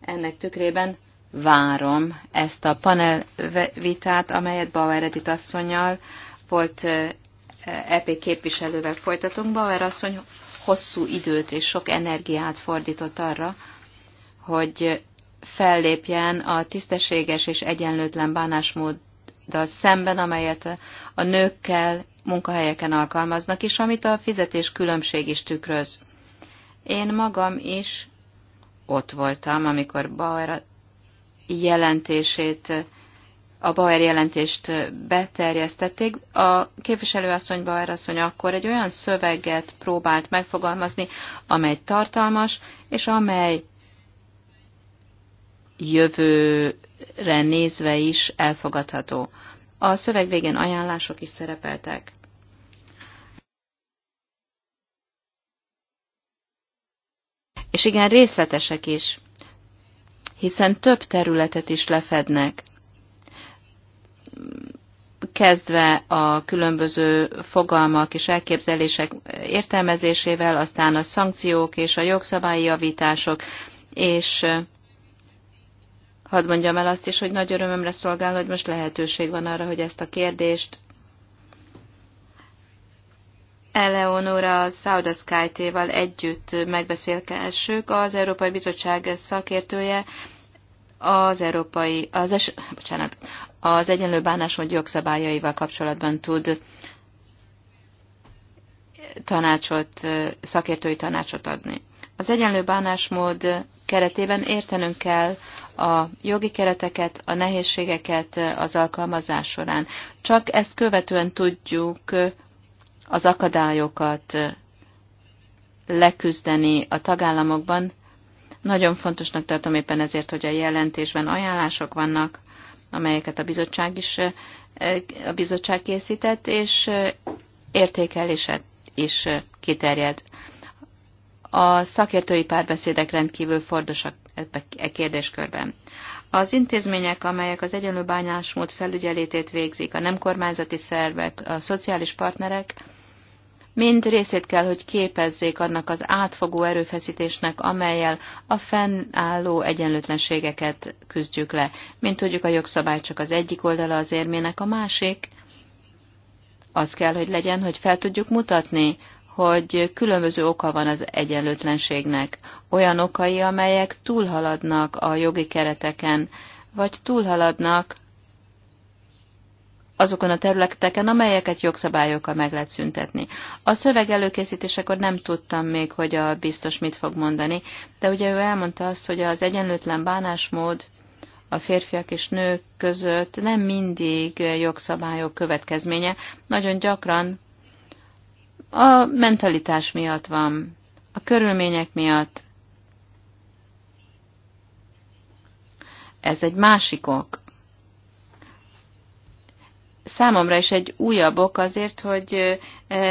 Ennek tükrében várom ezt a panelvitát, amelyet Bauer Edith asszonyjal volt EP képviselővel folytatunk. Bauer asszony hosszú időt és sok energiát fordított arra, hogy fellépjen a tisztességes és egyenlőtlen bánásmóddal szemben, amelyet a nőkkel munkahelyeken alkalmaznak, és amit a fizetés különbség is tükröz. Én magam is ott voltam, amikor Bauer jelentését a Bauer jelentést beterjesztették. A képviselőasszony Bauer asszony akkor egy olyan szöveget próbált megfogalmazni, amely tartalmas, és amely jövőre nézve is elfogadható. A szöveg végén ajánlások is szerepeltek. És igen, részletesek is, hiszen több területet is lefednek kezdve a különböző fogalmak és elképzelések értelmezésével, aztán a szankciók és a jogszabályi javítások, és hadd mondjam el azt is, hogy nagy örömömre szolgál, hogy most lehetőség van arra, hogy ezt a kérdést Eleonora Skyté-val együtt megbeszélkessük, az Európai Bizottság szakértője, az európai, az es, bocsánat, az egyenlő bánásmód jogszabályaival kapcsolatban tud tanácsot, szakértői tanácsot adni. Az egyenlő bánásmód keretében értenünk kell a jogi kereteket, a nehézségeket az alkalmazás során. Csak ezt követően tudjuk az akadályokat leküzdeni a tagállamokban. Nagyon fontosnak tartom éppen ezért, hogy a jelentésben ajánlások vannak amelyeket a bizottság is a bizottság készített, és értékelése is kiterjed. A szakértői párbeszédek rendkívül fordosak e kérdéskörben. Az intézmények, amelyek az egyenlő bányásmód felügyelétét végzik, a nem kormányzati szervek, a szociális partnerek, mind részét kell, hogy képezzék annak az átfogó erőfeszítésnek, amelyel a fennálló egyenlőtlenségeket küzdjük le. Mint tudjuk, a jogszabály csak az egyik oldala az érmének, a másik az kell, hogy legyen, hogy fel tudjuk mutatni, hogy különböző oka van az egyenlőtlenségnek. Olyan okai, amelyek túlhaladnak a jogi kereteken, vagy túlhaladnak azokon a területeken, amelyeket jogszabályokkal meg lehet szüntetni. A szöveg előkészítésekor nem tudtam még, hogy a biztos mit fog mondani, de ugye ő elmondta azt, hogy az egyenlőtlen bánásmód a férfiak és nők között nem mindig jogszabályok következménye, nagyon gyakran a mentalitás miatt van, a körülmények miatt. Ez egy másik ok számomra is egy újabb ok azért, hogy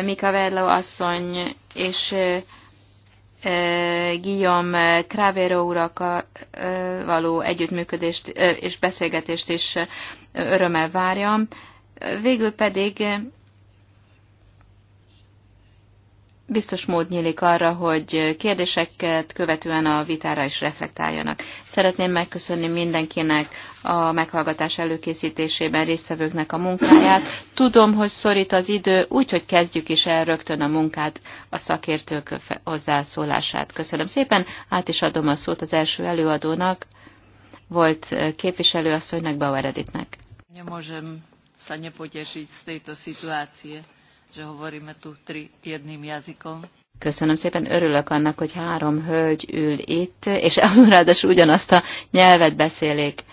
Mika Verlo asszony és Guillaume Cravero urak való együttműködést és beszélgetést is örömmel várjam. Végül pedig biztos mód nyílik arra, hogy kérdéseket követően a vitára is reflektáljanak. Szeretném megköszönni mindenkinek a meghallgatás előkészítésében résztvevőknek a munkáját. Tudom, hogy szorít az idő, úgyhogy kezdjük is el rögtön a munkát, a szakértők hozzászólását. Köszönöm szépen, át is adom a szót az első előadónak, volt eh, képviselőasszonynak, Bauer Editnek. Nie możemy tudom, hogy ezt a situácie že hovoríme tu tri jedným jazykom. Köszönöm szépen, örülök annak, hogy három hölgy ül itt, és azon ráadásul ugyanazt a nyelvet beszélik.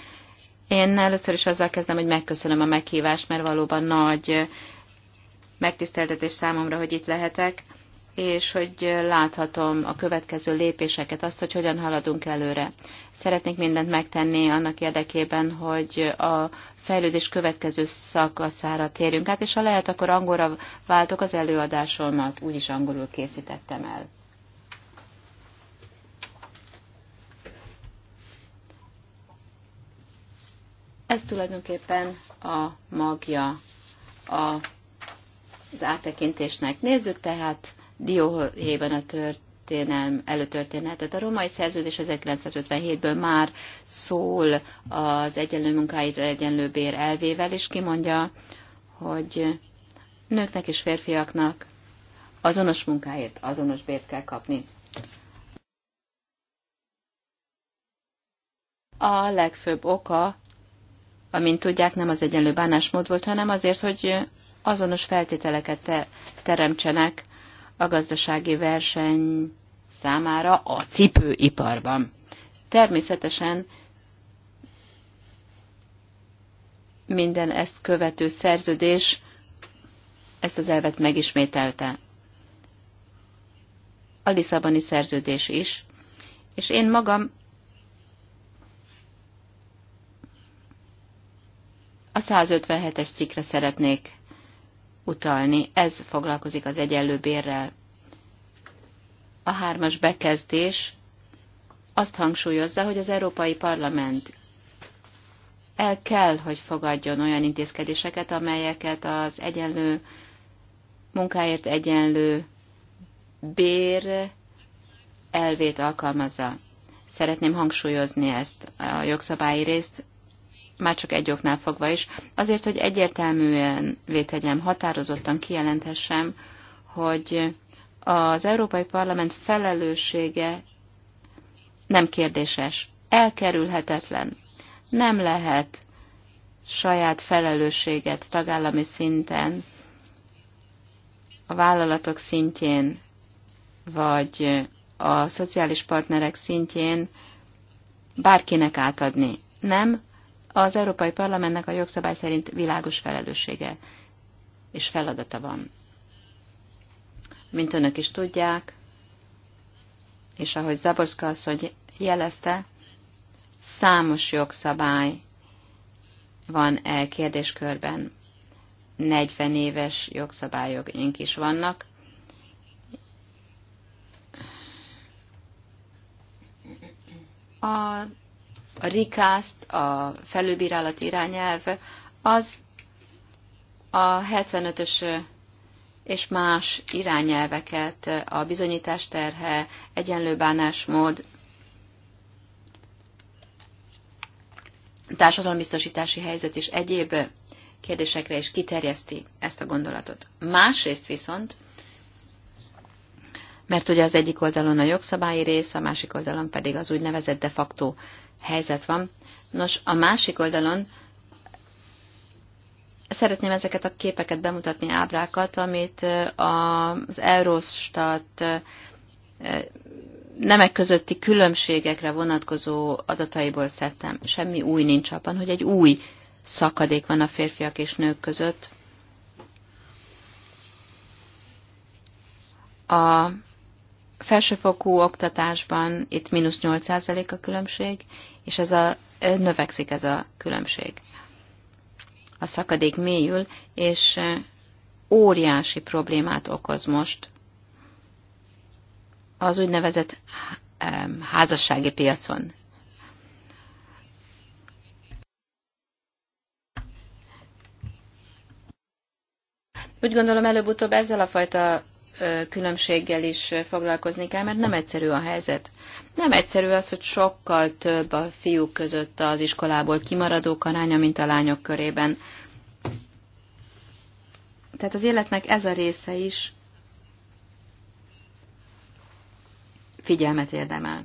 Én először is azzal kezdem, hogy megköszönöm a meghívást, mert valóban nagy megtiszteltetés számomra, hogy itt lehetek és hogy láthatom a következő lépéseket, azt, hogy hogyan haladunk előre. Szeretnénk mindent megtenni annak érdekében, hogy a fejlődés következő szakaszára térjünk át, és ha lehet, akkor angolra váltok az előadásomat, úgyis angolul készítettem el. Ez tulajdonképpen a magja a, az áttekintésnek. Nézzük tehát dióhéjban a történelm, előtörténetet. A romai szerződés 1957-ből már szól az egyenlő munkáidra egyenlő bér elvével, és kimondja, hogy nőknek és férfiaknak azonos munkáért azonos bért kell kapni. A legfőbb oka, amint tudják, nem az egyenlő bánásmód volt, hanem azért, hogy azonos feltételeket te- teremtsenek a gazdasági verseny számára a cipőiparban. Természetesen minden ezt követő szerződés ezt az elvet megismételte. A Lisszaboni szerződés is, és én magam a 157-es cikkre szeretnék utalni. Ez foglalkozik az egyenlő bérrel. A hármas bekezdés azt hangsúlyozza, hogy az Európai Parlament el kell, hogy fogadjon olyan intézkedéseket, amelyeket az egyenlő munkáért egyenlő bér elvét alkalmazza. Szeretném hangsúlyozni ezt a jogszabályi részt, már csak egy oknál fogva is, azért, hogy egyértelműen vétegyem, határozottan kijelenthessem, hogy az Európai Parlament felelőssége nem kérdéses, elkerülhetetlen. Nem lehet saját felelősséget tagállami szinten, a vállalatok szintjén, vagy a szociális partnerek szintjén bárkinek átadni. Nem, az Európai Parlamentnek a jogszabály szerint világos felelőssége és feladata van. Mint önök is tudják, és ahogy Zaborszka asszony jelezte, számos jogszabály van e kérdéskörben. 40 éves jogszabályok is vannak, a a rikászt, a felülbírálat irányelv, az a 75-ös és más irányelveket, a bizonyítás terhe, egyenlő bánásmód, társadalombiztosítási helyzet és egyéb kérdésekre is kiterjeszti ezt a gondolatot. Másrészt viszont, mert ugye az egyik oldalon a jogszabályi rész, a másik oldalon pedig az úgynevezett de facto helyzet van. Nos, a másik oldalon szeretném ezeket a képeket bemutatni, ábrákat, amit az Eurostat nemek közötti különbségekre vonatkozó adataiból szedtem. Semmi új nincs abban, hogy egy új szakadék van a férfiak és nők között. A felsőfokú oktatásban itt mínusz 8% a különbség, és ez a, növekszik ez a különbség. A szakadék mélyül, és óriási problémát okoz most az úgynevezett házassági piacon. Úgy gondolom előbb-utóbb ezzel a fajta különbséggel is foglalkozni kell, mert nem egyszerű a helyzet. Nem egyszerű az, hogy sokkal több a fiúk között az iskolából kimaradók aránya, mint a lányok körében. Tehát az életnek ez a része is figyelmet érdemel.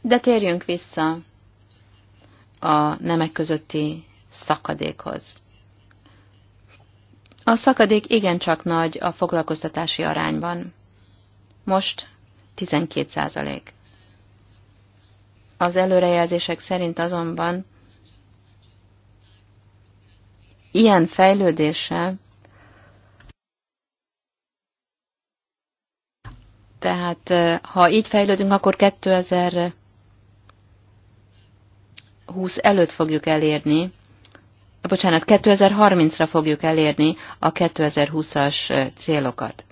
De térjünk vissza a nemek közötti szakadékhoz. A szakadék igencsak nagy a foglalkoztatási arányban. Most 12 százalék. Az előrejelzések szerint azonban ilyen fejlődéssel, tehát ha így fejlődünk, akkor 2020 előtt fogjuk elérni bocsánat, 2030-ra fogjuk elérni a 2020-as célokat.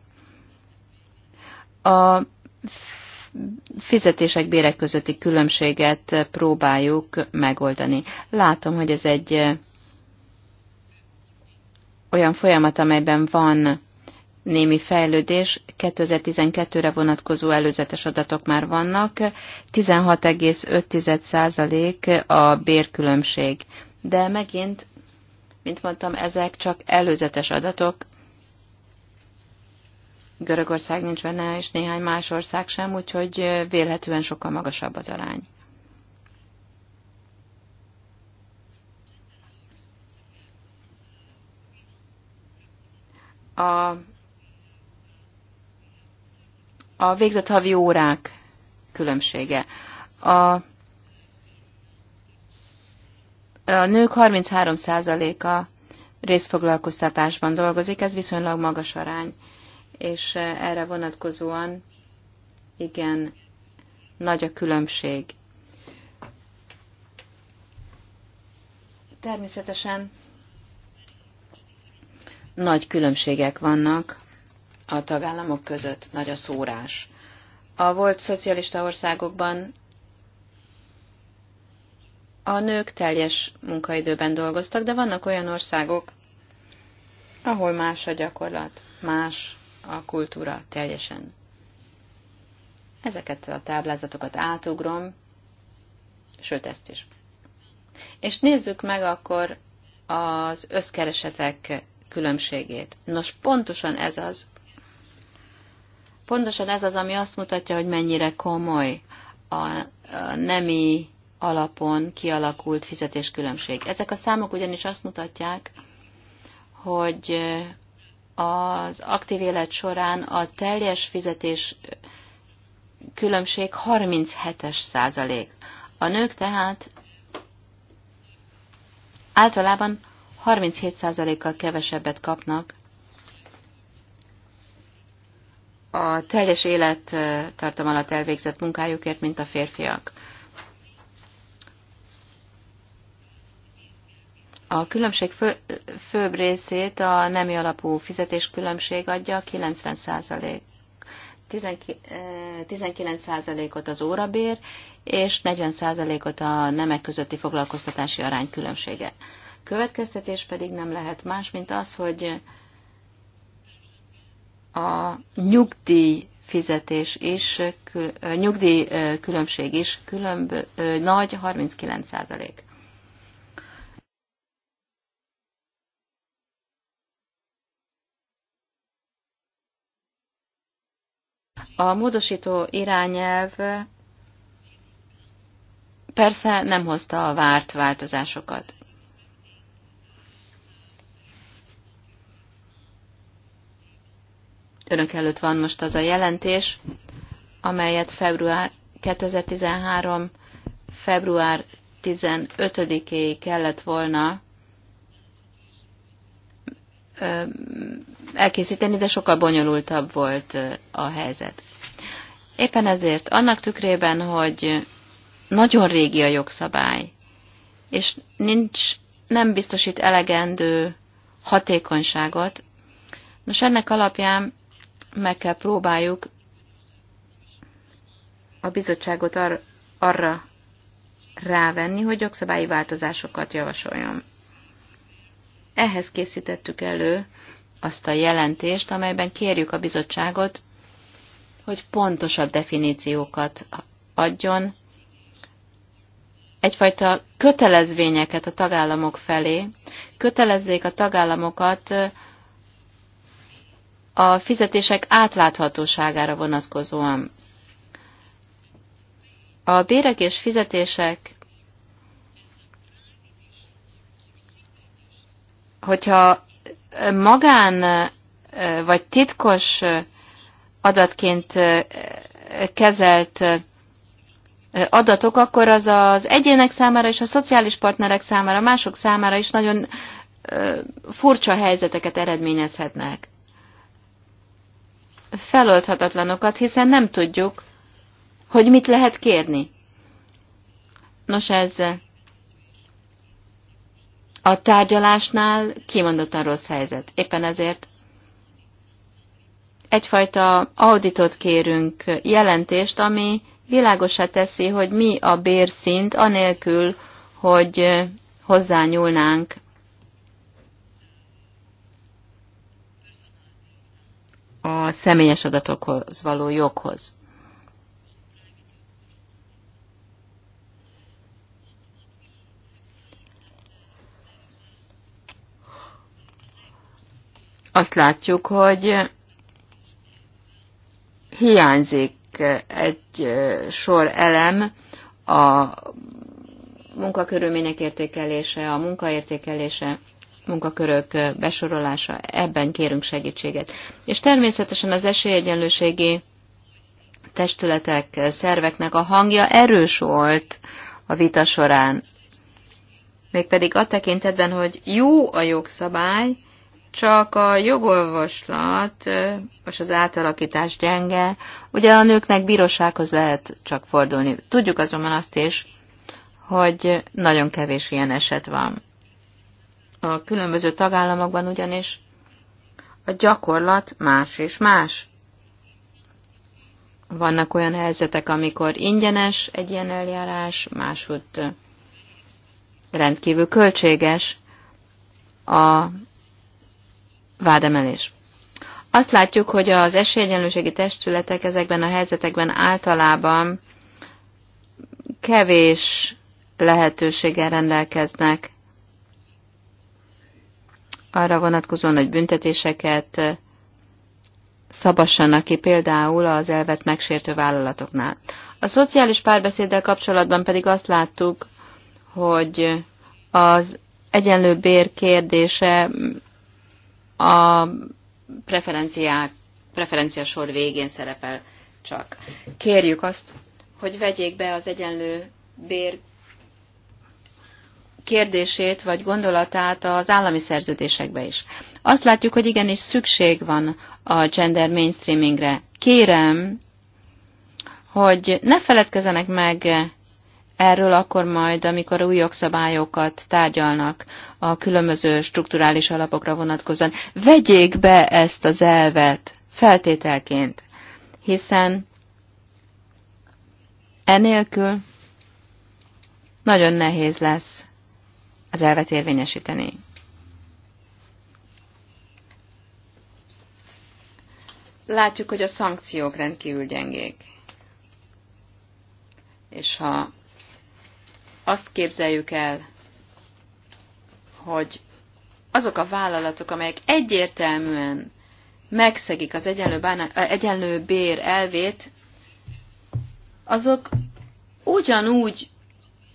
A fizetések bérek közötti különbséget próbáljuk megoldani. Látom, hogy ez egy olyan folyamat, amelyben van némi fejlődés. 2012-re vonatkozó előzetes adatok már vannak. 16,5% a bérkülönbség. De megint mint mondtam, ezek csak előzetes adatok. Görögország nincs benne, és néhány más ország sem, úgyhogy vélhetően sokkal magasabb az arány. a, a végzett havi órák különbsége. A a nők 33%-a részfoglalkoztatásban dolgozik, ez viszonylag magas arány, és e, erre vonatkozóan igen nagy a különbség. Természetesen nagy különbségek vannak a tagállamok között, nagy a szórás. A volt szocialista országokban a nők teljes munkaidőben dolgoztak, de vannak olyan országok, ahol más a gyakorlat, más a kultúra teljesen. Ezeket a táblázatokat átugrom, sőt ezt is. És nézzük meg akkor az összkeresetek különbségét. Nos, pontosan ez az, pontosan ez az, ami azt mutatja, hogy mennyire komoly a, a nemi alapon kialakult fizetéskülönbség. Ezek a számok ugyanis azt mutatják, hogy az aktív élet során a teljes fizetés különbség 37-es százalék. A nők tehát általában 37 százalékkal kevesebbet kapnak a teljes élettartam alatt elvégzett munkájukért, mint a férfiak. A különbség fő, főbb részét a nemi alapú különbség adja, 90 százalék. 19%-ot eh, az órabér, és 40%-ot a nemek közötti foglalkoztatási arány különbsége. Következtetés pedig nem lehet más, mint az, hogy a nyugdíj fizetés is, eh, nyugdíj eh, különbség is különb, nagy 39 százalék. A módosító irányelv persze nem hozta a várt változásokat. Önök előtt van most az a jelentés, amelyet február 2013. február 15-éig kellett volna elkészíteni, de sokkal bonyolultabb volt a helyzet. Éppen ezért annak tükrében, hogy nagyon régi a jogszabály, és nincs, nem biztosít elegendő hatékonyságot, nos ennek alapján meg kell próbáljuk a bizottságot ar- arra rávenni, hogy jogszabályi változásokat javasoljon. Ehhez készítettük elő azt a jelentést, amelyben kérjük a bizottságot, hogy pontosabb definíciókat adjon, egyfajta kötelezvényeket a tagállamok felé, kötelezzék a tagállamokat a fizetések átláthatóságára vonatkozóan. A bérek és fizetések, hogyha magán vagy titkos adatként kezelt adatok, akkor az az egyének számára és a szociális partnerek számára, mások számára is nagyon furcsa helyzeteket eredményezhetnek. Feloldhatatlanokat, hiszen nem tudjuk, hogy mit lehet kérni. Nos, ez a tárgyalásnál kimondottan rossz helyzet. Éppen ezért egyfajta auditot kérünk, jelentést, ami világosá teszi, hogy mi a bérszint, anélkül, hogy eh, hozzányúlnánk a személyes adatokhoz való joghoz. Azt látjuk, hogy hiányzik egy sor elem, a munkakörülmények értékelése, a munkaértékelése, munkakörök besorolása, ebben kérünk segítséget. És természetesen az esélyegyenlőségi testületek, szerveknek a hangja erős volt a vita során. Mégpedig a tekintetben, hogy jó a jogszabály, csak a jogolvoslat most az átalakítás gyenge, ugye a nőknek bírósághoz lehet csak fordulni. Tudjuk azonban azt is, hogy nagyon kevés ilyen eset van. A különböző tagállamokban ugyanis a gyakorlat más és más. Vannak olyan helyzetek, amikor ingyenes egy ilyen eljárás, máshogy rendkívül költséges a vádemelés. Azt látjuk, hogy az esélyegyenlőségi testületek ezekben a helyzetekben általában kevés lehetőséggel rendelkeznek arra vonatkozóan, hogy büntetéseket szabassanak ki például az elvet megsértő vállalatoknál. A szociális párbeszéddel kapcsolatban pedig azt láttuk, hogy az egyenlő bér kérdése a preferenciák, preferencia sor végén szerepel csak. Kérjük azt, hogy vegyék be az egyenlő bér kérdését vagy gondolatát az állami szerződésekbe is. Azt látjuk, hogy igenis szükség van a gender mainstreamingre. Kérem, hogy ne feledkezenek meg Erről akkor majd, amikor új jogszabályokat tárgyalnak a különböző strukturális alapokra vonatkozóan, vegyék be ezt az elvet feltételként, hiszen enélkül nagyon nehéz lesz az elvet érvényesíteni. Látjuk, hogy a szankciók rendkívül gyengék. És ha azt képzeljük el, hogy azok a vállalatok, amelyek egyértelműen megszegik az egyenlő, bána, egyenlő bér elvét, azok ugyanúgy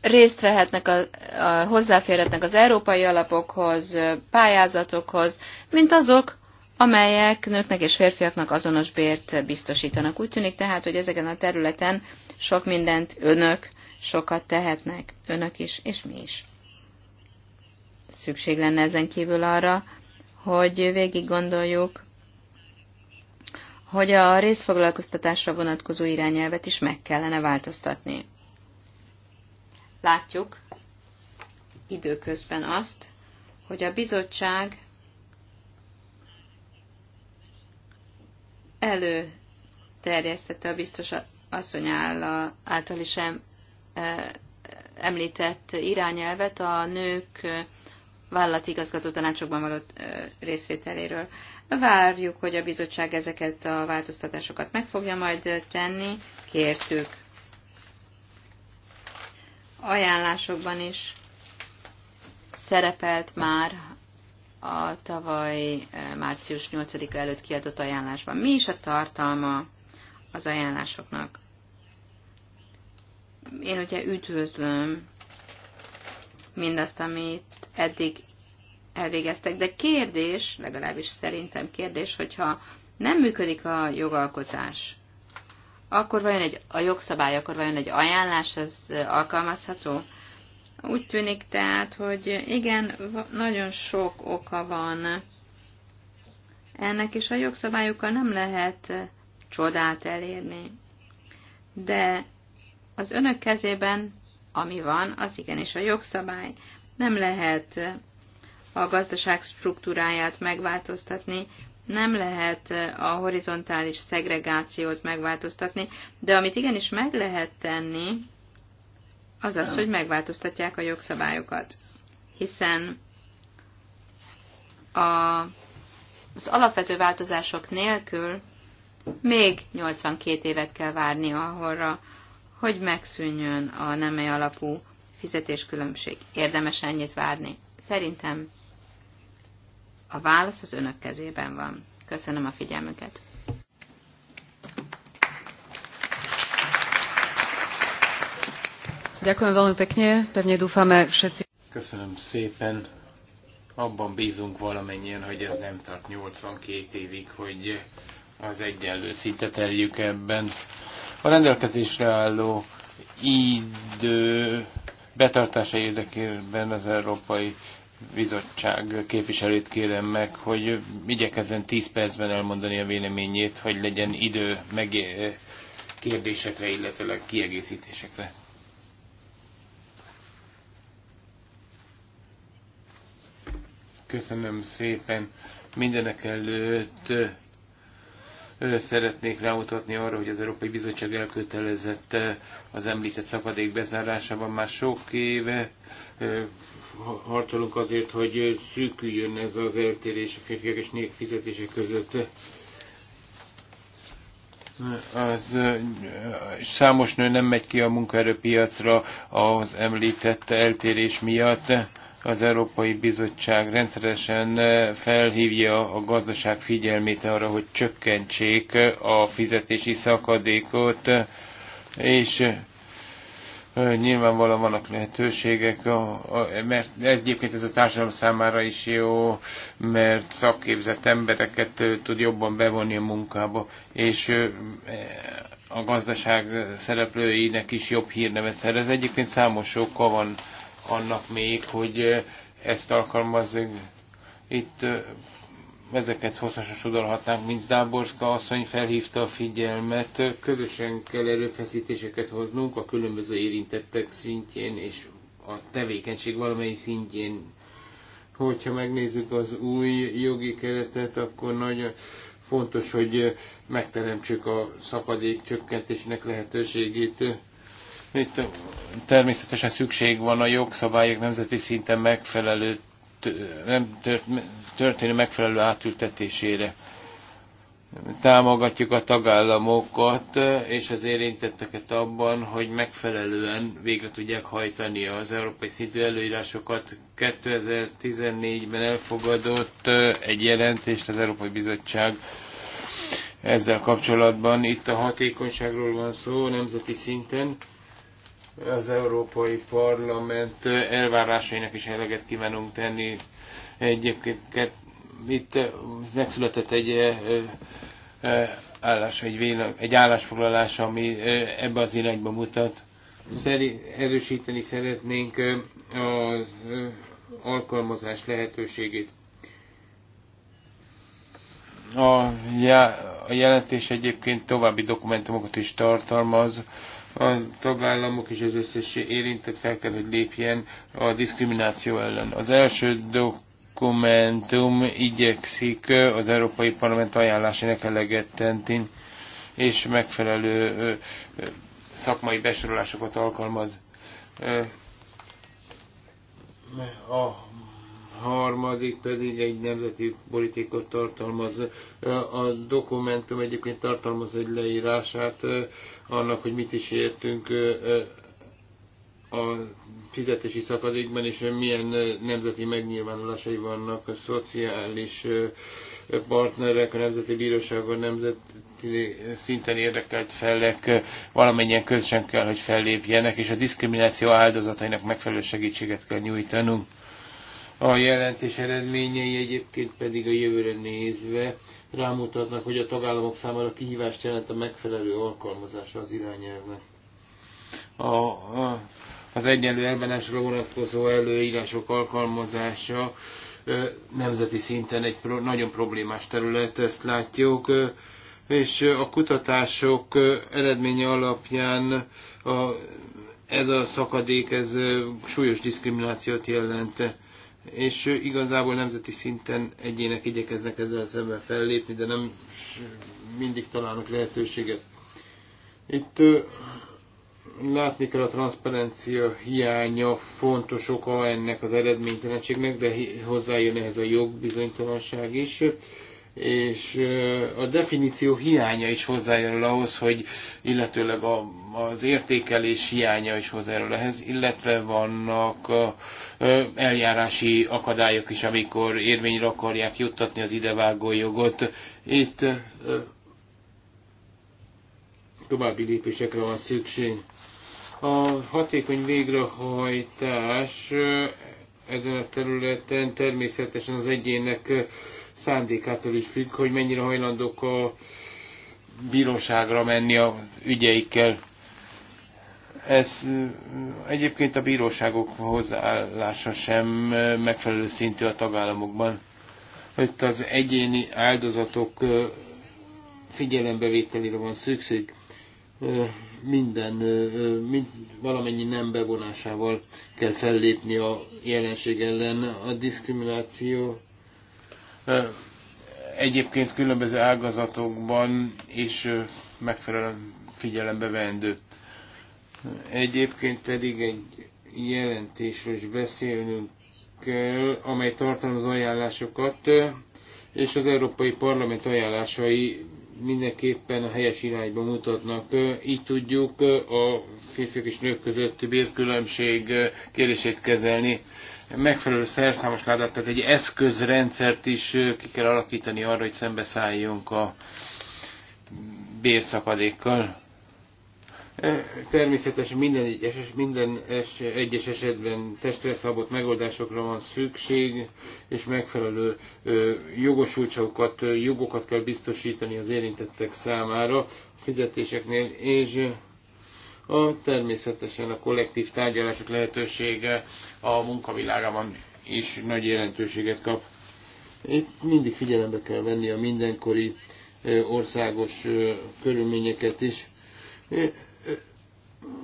részt vehetnek, a, a, hozzáférhetnek az európai alapokhoz, pályázatokhoz, mint azok, amelyek nőknek és férfiaknak azonos bért biztosítanak. Úgy tűnik tehát, hogy ezeken a területen sok mindent önök, sokat tehetnek, önök is, és mi is. Szükség lenne ezen kívül arra, hogy végig gondoljuk, hogy a részfoglalkoztatásra vonatkozó irányelvet is meg kellene változtatni. Látjuk időközben azt, hogy a bizottság előterjesztette a biztos asszony által is említett irányelvet a nők vállalati igazgató tanácsokban való részvételéről. Várjuk, hogy a bizottság ezeket a változtatásokat meg fogja majd tenni. Kértük. Ajánlásokban is szerepelt már a tavaly március 8-a előtt kiadott ajánlásban. Mi is a tartalma az ajánlásoknak? én ugye üdvözlöm mindazt, amit eddig elvégeztek, de kérdés, legalábbis szerintem kérdés, hogyha nem működik a jogalkotás, akkor vajon egy, a jogszabály, akkor vajon egy ajánlás, ez alkalmazható? Úgy tűnik tehát, hogy igen, nagyon sok oka van ennek, és a jogszabályokkal nem lehet csodát elérni. De az önök kezében, ami van, az igenis a jogszabály. Nem lehet a gazdaság struktúráját megváltoztatni, nem lehet a horizontális szegregációt megváltoztatni, de amit igenis meg lehet tenni, az az, hogy megváltoztatják a jogszabályokat. Hiszen a, az alapvető változások nélkül még 82 évet kell várni arra, hogy megszűnjön a nemei alapú fizetéskülönbség. Érdemes ennyit várni. Szerintem a válasz az önök kezében van. Köszönöm a figyelmüket. Köszönöm szépen. Abban bízunk valamennyien, hogy ez nem tart 82 évig, hogy az egyenlő szíteteljük ebben. A rendelkezésre álló idő betartása érdekében az Európai Bizottság képviselőt kérem meg, hogy igyekezzen 10 percben elmondani a véleményét, hogy legyen idő meg kérdésekre, illetőleg kiegészítésekre. Köszönöm szépen mindenek előtt szeretnék rámutatni arra, hogy az Európai Bizottság elkötelezett eh, az említett szakadék bezárásában már sok éve eh, harcolunk azért, hogy szűküljön ez az eltérés a férfiak és nők fizetések között. Az eh, számos nő nem megy ki a munkaerőpiacra az említett eltérés miatt az Európai Bizottság rendszeresen eh, felhívja a gazdaság figyelmét arra, hogy csökkentsék eh, a fizetési szakadékot, eh, és nyilvánvalóan vannak lehetőségek, mert ez egyébként ez a társadalom számára is jó, mert szakképzett embereket tud jobban bevonni a munkába, és a gazdaság szereplőinek is jobb hírnevet szerez. Egyébként számos oka van annak még, hogy ezt alkalmazzuk. Itt ezeket hasznosodalhatnánk, mint Dáborska asszony felhívta a figyelmet. Közösen kell erőfeszítéseket hoznunk a különböző érintettek szintjén és a tevékenység valamely szintjén. Hogyha megnézzük az új jogi keretet, akkor nagyon fontos, hogy megteremtsük a szakadék csökkentésnek lehetőségét itt természetesen szükség van a jogszabályok nemzeti szinten megfelelő, nem történő megfelelő átültetésére. Támogatjuk a tagállamokat és az érintetteket abban, hogy megfelelően végre tudják hajtani az európai szintű előírásokat. 2014-ben elfogadott egy jelentést az Európai Bizottság ezzel kapcsolatban. Itt a hatékonyságról van szó nemzeti szinten az Európai Parlament elvárásainak is eleget kívánunk tenni. Egyébként itt megszületett egy állás, egy, véle, egy állásfoglalás, ami ebbe az irányba mutat. Szeri, erősíteni szeretnénk az alkalmazás lehetőségét. A, já, a jelentés egyébként további dokumentumokat is tartalmaz, a tagállamok és az összes érintett fel kell, hogy lépjen a diszkrimináció ellen. Az első dokumentum igyekszik az Európai Parlament ajánlásének eleget tenni, és megfelelő szakmai besorolásokat alkalmaz. A harmadik pedig egy nemzeti politikot tartalmaz. A dokumentum egyébként tartalmaz egy leírását annak, hogy mit is értünk a fizetési szakadékban, és milyen nemzeti megnyilvánulásai vannak a szociális partnerek, a Nemzeti a nemzeti szinten érdekelt felek valamennyien közösen kell, hogy fellépjenek, és a diszkrimináció áldozatainak megfelelő segítséget kell nyújtanunk. A jelentés eredményei egyébként pedig a jövőre nézve rámutatnak, hogy a tagállamok számára kihívást jelent a megfelelő alkalmazása az irányelvnek. A, a, az egyenlő elbánásra vonatkozó előírások alkalmazása nemzeti szinten egy pro, nagyon problémás terület, ezt látjuk, és a kutatások eredménye alapján a, ez a szakadék, ez súlyos diszkriminációt jelent és igazából nemzeti szinten egyének igyekeznek ezzel szemben fellépni, de nem mindig találnak lehetőséget. Itt látni kell a transzparencia hiánya fontos oka ennek az eredménytelenségnek, de hozzájön ehhez a jogbizonytalanság is és a definíció hiánya is hozzájárul ahhoz, hogy illetőleg a, az értékelés hiánya is hozzájárul ehhez, illetve vannak eljárási akadályok is, amikor érvényre akarják juttatni az idevágó jogot. Itt további lépésekre van szükség. A hatékony végrehajtás ezen a területen természetesen az egyének szándékától is függ, hogy mennyire hajlandók a bíróságra menni a ügyeikkel. Ez egyébként a bíróságok hozzáállása sem megfelelő szintű a tagállamokban. Itt az egyéni áldozatok figyelembevételére van szükség minden, mind, valamennyi nem bevonásával kell fellépni a jelenség ellen. A diszkrimináció Egyébként különböző ágazatokban is megfelelően figyelembe vendő. Egyébként pedig egy jelentésről is beszélnünk kell, amely tartalmaz ajánlásokat, és az Európai Parlament ajánlásai mindenképpen a helyes irányba mutatnak. Így tudjuk a férfiak és nők közötti bérkülönbség kérdését kezelni megfelelő szerszámos ládát, tehát egy eszközrendszert is ki kell alakítani arra, hogy szembeszálljunk a bérszakadékkal. E, természetesen minden egyes, minden egyes esetben testre szabott megoldásokra van szükség, és megfelelő jogosultságokat, jogokat kell biztosítani az érintettek számára fizetéseknél, és a, természetesen a kollektív tárgyalások lehetősége a munkavilágában is nagy jelentőséget kap. Itt mindig figyelembe kell venni a mindenkori országos körülményeket is.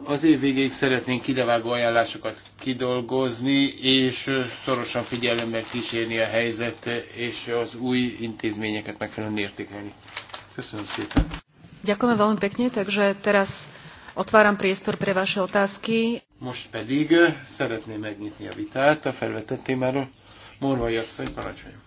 Az év végéig szeretnénk kidevágó ajánlásokat kidolgozni, és szorosan figyelemmel kísérni a helyzet, és az új intézményeket megfelelően értékelni. Köszönöm szépen. Ďakujeme veľmi pekne, takže teraz Otváram priestor pre vaše otázky. Most pedig szeretném megnyitni a vitát a felvetett témáról. Morvai asszony, parancsoljon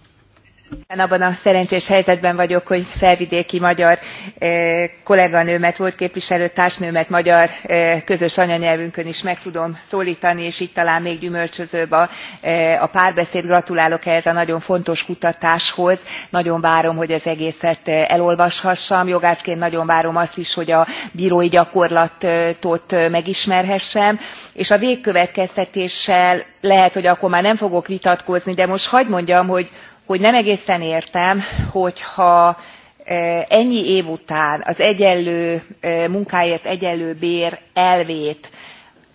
abban a szerencsés helyzetben vagyok hogy felvidéki magyar eh, kolléganőmet volt képviselőtársnőmet magyar eh, közös anyanyelvünkön is meg tudom szóltani és gy talán még gyümölcsözőbb eh, a, párbeszéd. gratulálok ehhez a nagyon fontos kutatáshoz nagyon várom hogy az egészet elolvashassam jogászként nagyon várom azt is hogy a brói gyakorlatot megismerhessem és a végkövetkeztetéssel lehet hogy akkor már nem fogok vitatkozni de most hagy mondjam hogy hogy nem egészen értem hogyha e, ennyi év után az egyenlő e, munkáért egyenlő bér elvét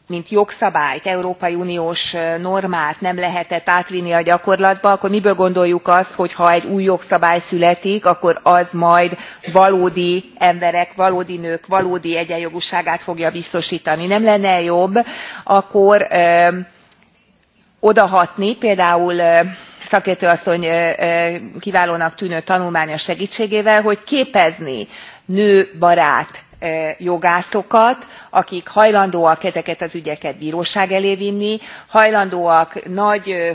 mint jogszabályt európai uniós e, normát nem lehetett átvinni a gyakorlatba akkor miből gondoljuk azt hogy ha egy új jogszabály születik akkor az majd valódi emberek valódi nők valódi egyenjogúságát fogja biztostani. nem lenne jobb akkor odahatni például szakértő asszony kiválónak tűnő tanulmánya segtségével hogy képezni nőbarát jogászokat akik hajlandóak ezeket az ügyeket bróság elé vinni hajlandóak nagy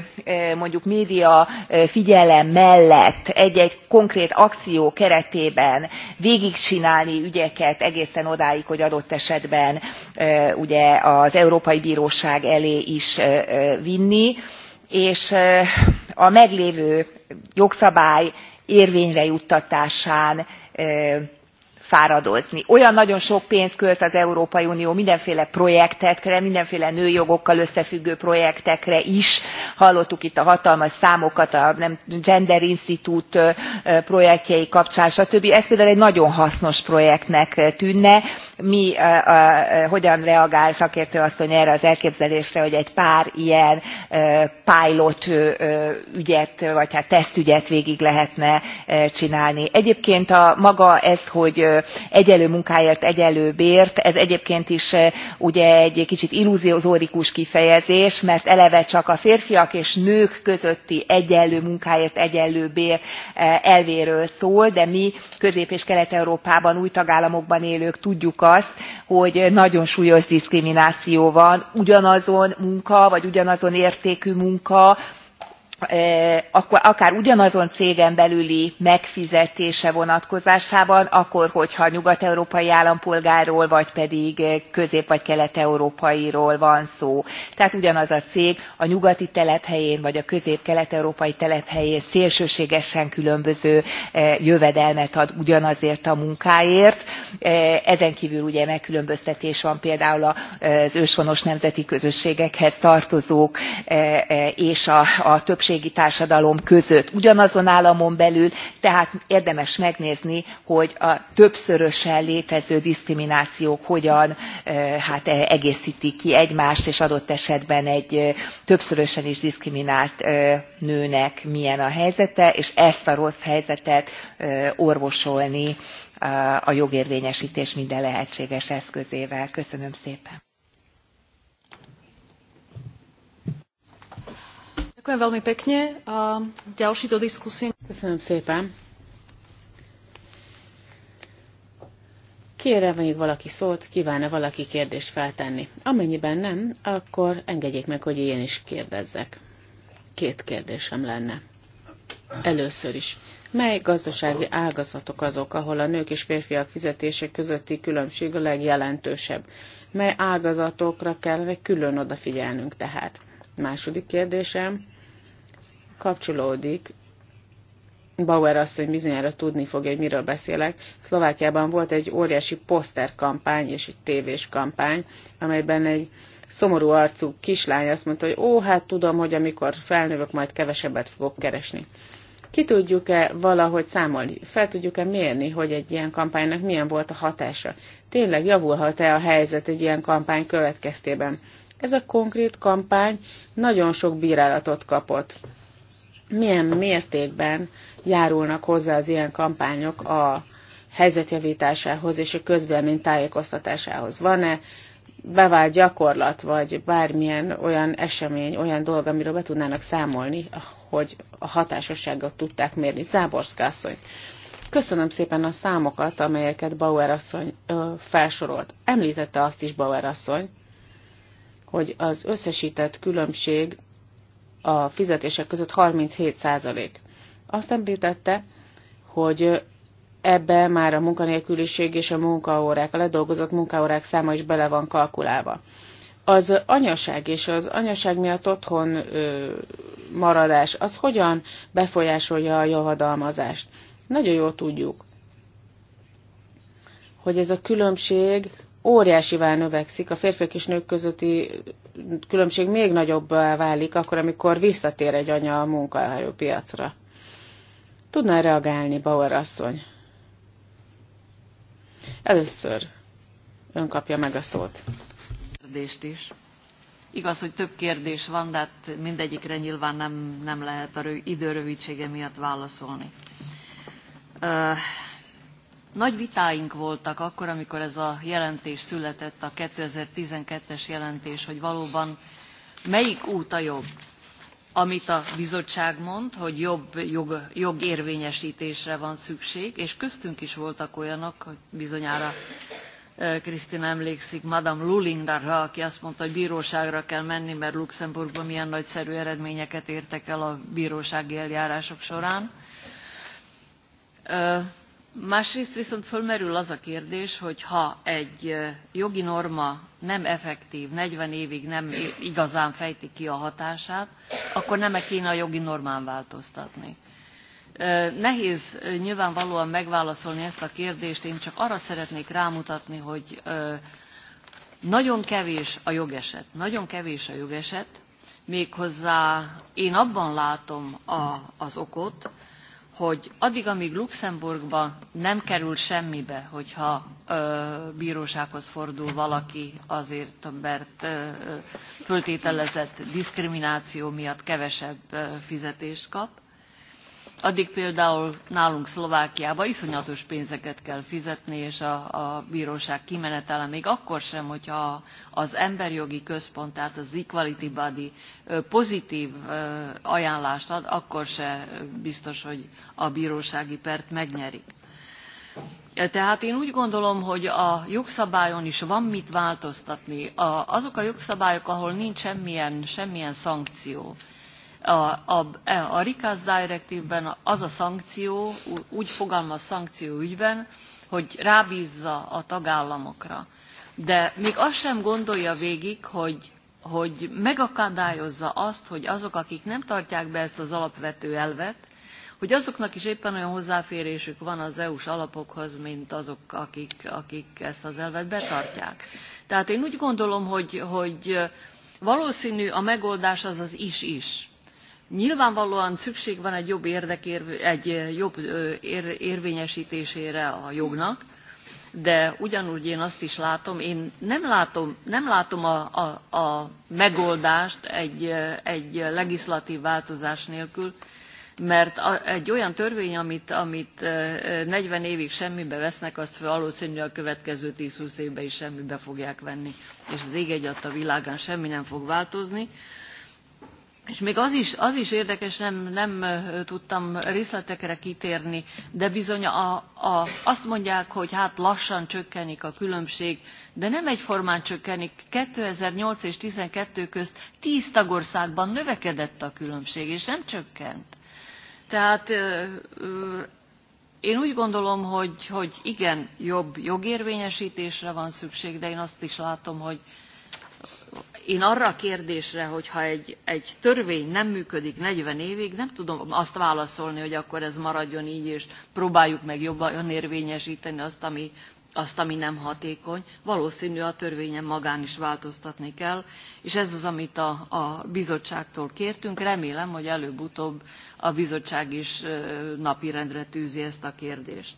mondjuk médiafigyelem mellett egy egy konkrét akció keretében végigcsinálni ügyeket egészen odáig hogy adott esetben ugye az európai bróság elé is vinni és a meglévő jogszabály érvényre juttatásán fáradozni. olyan nagyon sok pénzt költ az európai unió mindenféle projektekre mindenféle női jogokkal összefüggő projektekre is hallottuk itt a hatalmas számokat a nem, gender institute projektjei kapcsán stb. ez például egy nagyon hasznos projektnek tűnne mi a, a, hogyan reagál szakértő asszony erre az elképzelésre hogy egy pár ilyen pilot ügyet vagy hát tesztügyet végig lehetne csinálni. egyébként a maga ez hogy egyenlő munkáért egyenlő bért ez egyébként is ugye egy kicsit illúziózórikus kifejezés mert eleve csak a férfiak és nők közötti egyenlő munkáért egyenlő bér elvéről szól de mi közép és kelet európában új tagállamokban élők tudjuk azt hogy nagyon súlyos diszkrimináció van ugyanazon munka vagy ugyanazon értékű munka akár ugyanazon cégen belüli megfizetése vonatkozásában akkor hogyha nyugat európai állampolgárról vagy pedig közép vagy kelet európairól van szó tehát ugyanaz a cég a nyugati telephelyén vagy a közép kelet európai telephelyén szélsőségesen különböző jövedelmet ad ugyanazért a munkáért ezen kívül ugye megkülönböztetés van például az őshonos nemzeti közösségekhez tartozók és a, a többség kisebbségi társadalom között ugyanazon államon belül tehát érdemes megnézni hogy a többszörösen létező diszkriminációk hogyan eh, hát, eh, egésztik ki egymást és adott esetben egy eh, többszörösen is diszkriminált nőnek milyen a helyzete és ezt a rossz helyzetet orvosolni a jogérvényestés minden lehetséges eszközével. köszönöm szépen! Ďakujem veľmi pekne. A ďalší do diskusie. Köszönöm szépen. Kérem még valaki szót, kívánna valaki kérdést feltenni. Amennyiben nem, akkor engedjék meg, hogy én is kérdezzek. Két kérdésem lenne. Először is. Mely gazdasági ágazatok azok, ahol a nők és férfiak fizetése közötti különbség a legjelentősebb? Mely ágazatokra kell külön odafigyelnünk tehát? Második kérdésem kapcsolódik Bauer asszony bizonyára tudni fogja, hogy miről beszélek. Szlovákiában volt egy óriási poszterkampány és egy tévés kampány, amelyben egy szomorú arcú kislány azt mondta, hogy ó, hát tudom, hogy amikor felnövök, majd kevesebbet fogok keresni. Ki tudjuk-e valahogy számolni? Fel tudjuk-e mérni, hogy egy ilyen kampánynak milyen volt a hatása? Tényleg javulhat-e a helyzet egy ilyen kampány következtében? Ez a konkrét kampány nagyon sok bírálatot kapott. Milyen mértékben járulnak hozzá az ilyen kampányok a helyzetjavításához és a közvélemény tájékoztatásához? Van-e bevált gyakorlat, vagy bármilyen olyan esemény, olyan dolog, amiről be tudnának számolni, hogy a hatásosságot tudták mérni. Záborszka asszony. Köszönöm szépen a számokat, amelyeket Bauer asszony ö, felsorolt. Említette azt is Bauer asszony, hogy az összesített különbség a fizetések között 37 százalék. Azt említette, hogy ebbe már a munkanélküliség és a munkaórák, a ledolgozott munkaórák száma is bele van kalkulálva. Az anyaság és az anyaság miatt otthon ö, maradás, az hogyan befolyásolja a javadalmazást? Nagyon jól tudjuk, hogy ez a különbség óriásivá növekszik, a férfiak és nők közötti különbség még nagyobbá válik, akkor, amikor visszatér egy anya a munkaerőpiacra. Tudná reagálni, Bauer asszony? Először ön kapja meg a szót. Kérdést is. Igaz, hogy több kérdés van, de hát mindegyikre nyilván nem, nem lehet a röv, idő rövidsége miatt válaszolni. Uh, nagy vitáink voltak akkor, amikor ez a jelentés született, a 2012-es jelentés, hogy valóban melyik út a jobb. Amit a bizottság mond, hogy jobb jog, jogérvényesítésre van szükség, és köztünk is voltak olyanok, hogy bizonyára Krisztina emlékszik Madame Lulindarra, aki azt mondta, hogy bíróságra kell menni, mert Luxemburgban milyen nagyszerű eredményeket értek el a bírósági eljárások során. Másrészt viszont fölmerül az a kérdés, hogy ha egy jogi norma nem effektív, negyven évig nem igazán fejti ki a hatását, akkor nem -e kéne a jogi normán változtatni. Nehéz nyilvánvalóan megválaszolni ezt a kérdést, én csak arra szeretnék rámutatni, hogy nagyon kevés a jogeset, nagyon kevés a jogeset, méghozzá én abban látom a, az okot, hogy addig, amíg Luxemburgban nem kerül semmibe, hogyha ö, bírósághoz fordul valaki azért, mert ö, föltételezett diszkrimináció miatt kevesebb ö, fizetést kap, Addig például nálunk Szlovákiában iszonyatos pénzeket kell fizetni, és a, a bíróság kimenetele még akkor sem, hogyha az emberjogi központ, tehát az Equality Body pozitív ajánlást ad, akkor se biztos, hogy a bírósági pert megnyerik. E, tehát én úgy gondolom, hogy a jogszabályon is van mit változtatni. azok a jogszabályok, ahol nincs semmilyen, semmilyen szankció, a, a, a Recast direktívben az a szankció, úgy fogalmaz szankció ügyben, hogy rábízza a tagállamokra. De még azt sem gondolja végig, hogy, hogy megakadályozza azt, hogy azok, akik nem tartják be ezt az alapvető elvet, hogy azoknak is éppen olyan hozzáférésük van az EU-s alapokhoz, mint azok, akik, akik ezt az elvet betartják. Tehát én úgy gondolom, hogy, hogy valószínű a megoldás az az is-is. Nyilvánvalóan szükség van egy jobb, érdekér, egy jobb ér, érvényesítésére a jognak, de ugyanúgy én azt is látom, én nem látom, nem látom a, a, a megoldást egy, egy legislatív változás nélkül, mert egy olyan törvény, amit, amit 40 évig semmibe vesznek, azt valószínűleg a következő 10-20 évben is semmibe fogják venni, és az ég egy a világán semmi nem fog változni és még az is, az is érdekes, nem, nem tudtam részletekre kitérni, de bizony a, a, azt mondják, hogy hát lassan csökkenik a különbség, de nem egyformán csökkenik. 2008 és 2012 közt 10 tagországban növekedett a különbség, és nem csökkent. Tehát én úgy gondolom, hogy, hogy igen, jobb jogérvényesítésre van szükség, de én azt is látom, hogy én arra a kérdésre, hogyha egy, egy törvény nem működik 40 évig, nem tudom azt válaszolni, hogy akkor ez maradjon így, és próbáljuk meg jobban érvényesíteni azt, ami, azt, ami nem hatékony. Valószínű a törvényen magán is változtatni kell, és ez az, amit a, a bizottságtól kértünk. Remélem, hogy előbb-utóbb a bizottság is napirendre tűzi ezt a kérdést.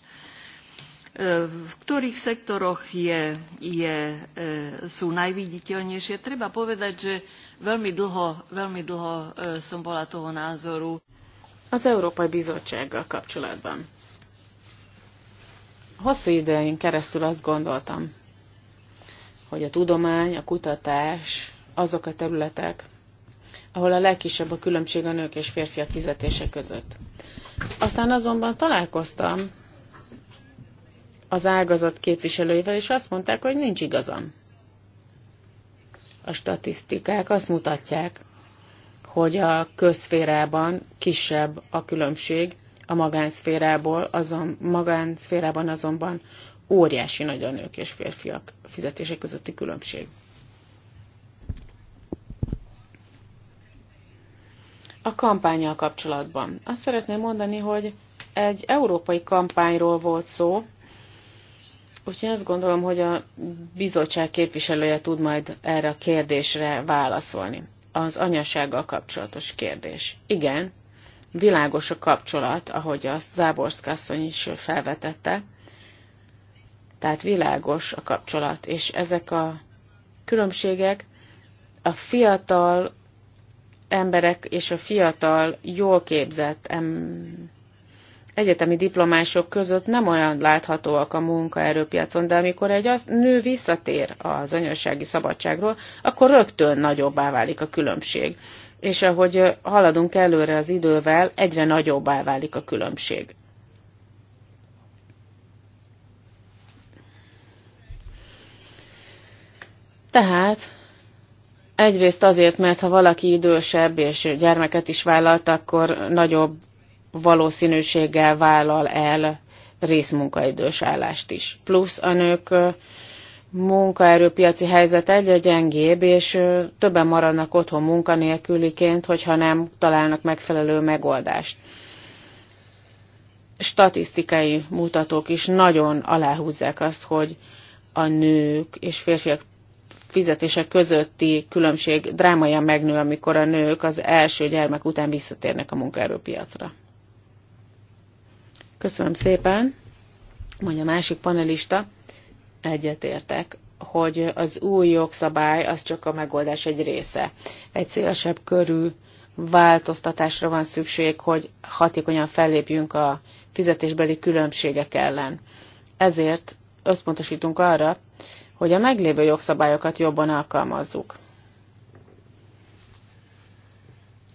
E, v ktorých sektoroch e, sú najviditeľnejšie. Treba povedať, že veľmi dlho, veľmi dlho e, som bola toho názoru. Az Európai Bizottsággal kapcsolatban. Hosszú idején keresztül azt gondoltam, hogy a tudomány, a kutatás azok a területek, ahol a legkisebb a különbség a nők és férfiak fizetése között. Aztán azonban találkoztam az ágazat képviselőivel, és azt mondták, hogy nincs igazam. A statisztikák azt mutatják, hogy a közszférában kisebb a különbség, a magánszférából, azon, magánszférában azonban óriási nagy a nők és férfiak fizetése közötti különbség. A kampányjal kapcsolatban. Azt szeretném mondani, hogy egy európai kampányról volt szó, Úgyhogy azt gondolom, hogy a bizottság képviselője tud majd erre a kérdésre válaszolni. Az anyasággal kapcsolatos kérdés. Igen, világos a kapcsolat, ahogy a Záborszka asszony is felvetette. Tehát világos a kapcsolat, és ezek a különbségek a fiatal emberek és a fiatal, jól képzett em- egyetemi diplomások között nem olyan láthatóak a munkaerőpiacon, de amikor egy az, nő visszatér az anyasági szabadságról, akkor rögtön nagyobbá válik a különbség. És ahogy haladunk előre az idővel, egyre nagyobbá válik a különbség. Tehát egyrészt azért, mert ha valaki idősebb és gyermeket is vállalt, akkor nagyobb valószínűséggel vállal el részmunkaidős állást is. Plusz a nők munkaerőpiaci helyzet egyre gyengébb, és többen maradnak otthon munkanélküliként, hogyha nem találnak megfelelő megoldást. Statisztikai mutatók is nagyon aláhúzzák azt, hogy a nők és férfiak fizetése közötti különbség drámaian megnő, amikor a nők az első gyermek után visszatérnek a munkaerőpiacra. Köszönöm szépen, mondja a másik panelista, egyetértek, hogy az új jogszabály az csak a megoldás egy része. Egy szélesebb körű változtatásra van szükség, hogy hatékonyan fellépjünk a fizetésbeli különbségek ellen. Ezért összpontosítunk arra, hogy a meglévő jogszabályokat jobban alkalmazzuk.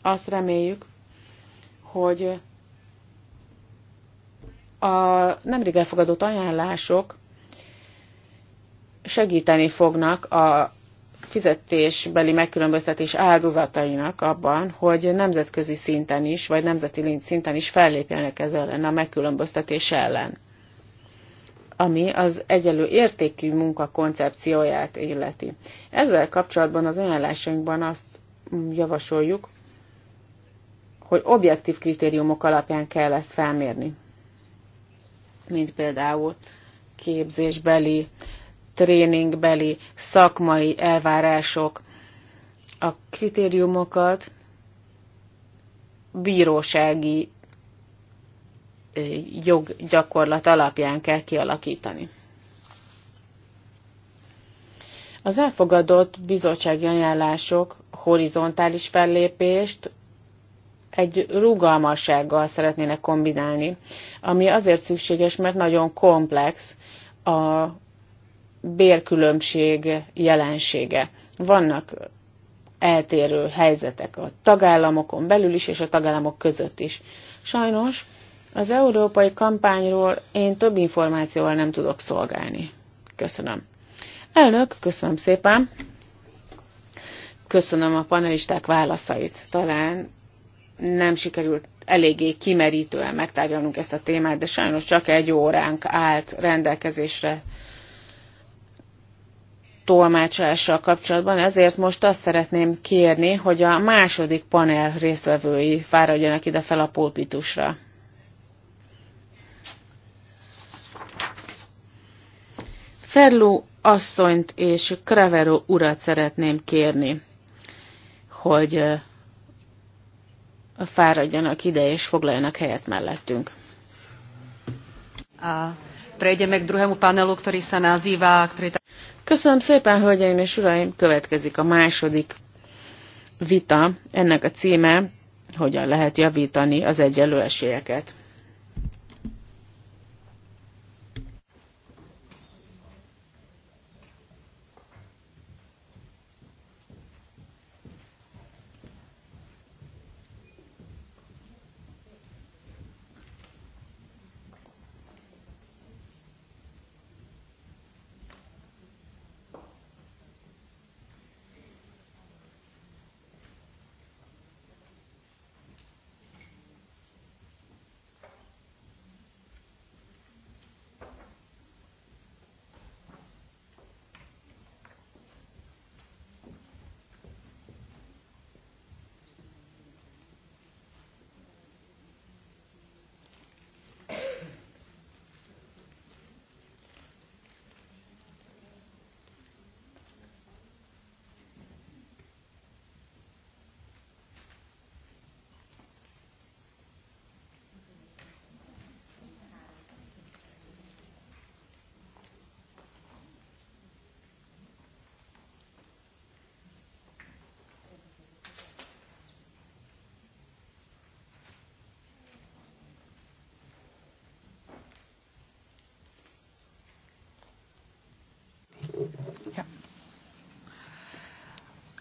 Azt reméljük, hogy a nemrég elfogadott ajánlások segíteni fognak a fizetésbeli megkülönböztetés áldozatainak abban, hogy nemzetközi szinten is, vagy nemzeti szinten is fellépjenek ez ellen a megkülönböztetés ellen ami az egyenlő értékű munka koncepcióját illeti. Ezzel kapcsolatban az ajánlásainkban azt javasoljuk, hogy objektív kritériumok alapján kell ezt felmérni mint például képzésbeli, tréningbeli, szakmai elvárások, a kritériumokat bírósági joggyakorlat alapján kell kialakítani. Az elfogadott bizottsági ajánlások horizontális fellépést egy rugalmassággal szeretnének kombinálni, ami azért szükséges, mert nagyon komplex a bérkülönbség jelensége. Vannak eltérő helyzetek a tagállamokon belül is, és a tagállamok között is. Sajnos az európai kampányról én több információval nem tudok szolgálni. Köszönöm. Elnök, köszönöm szépen. Köszönöm a panelisták válaszait. Talán nem sikerült eléggé kimerítően megtárgyalnunk ezt a témát, de sajnos csak egy óránk állt rendelkezésre tolmácsolással kapcsolatban, ezért most azt szeretném kérni, hogy a második panel résztvevői fáradjanak ide fel a pulpitusra. Ferlu asszonyt és Kravero urat szeretném kérni, hogy fáradjanak ide és foglaljanak helyet mellettünk. Prejdeme k druhému panelu, ktorý sa nazýva... Ktorý... Köszönöm szépen, hölgyeim és uraim! Következik a második vita. Ennek a címe, hogyan lehet javítani az egyenlő esélyeket.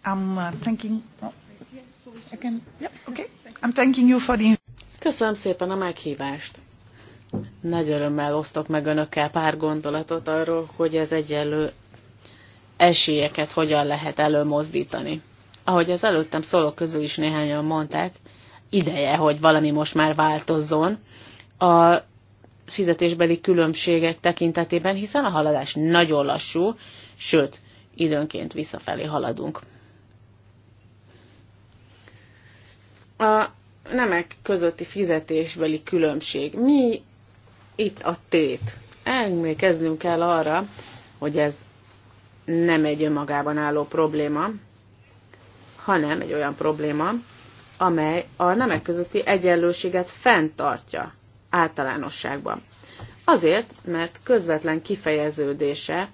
Uh, oh, Köszönöm szépen a meghívást. Nagy örömmel osztok meg önökkel pár gondolatot arról, hogy ez egyenlő esélyeket hogyan lehet előmozdítani. Ahogy az előttem szólók közül is néhányan mondták, ideje, hogy valami most már változzon a fizetésbeli különbségek tekintetében, hiszen a haladás nagyon lassú, sőt, időnként visszafelé haladunk. A nemek közötti fizetésbeli különbség. Mi itt a tét? Emlékeznünk kell arra, hogy ez nem egy önmagában álló probléma, hanem egy olyan probléma, amely a nemek közötti egyenlőséget fenntartja általánosságban. Azért, mert közvetlen kifejeződése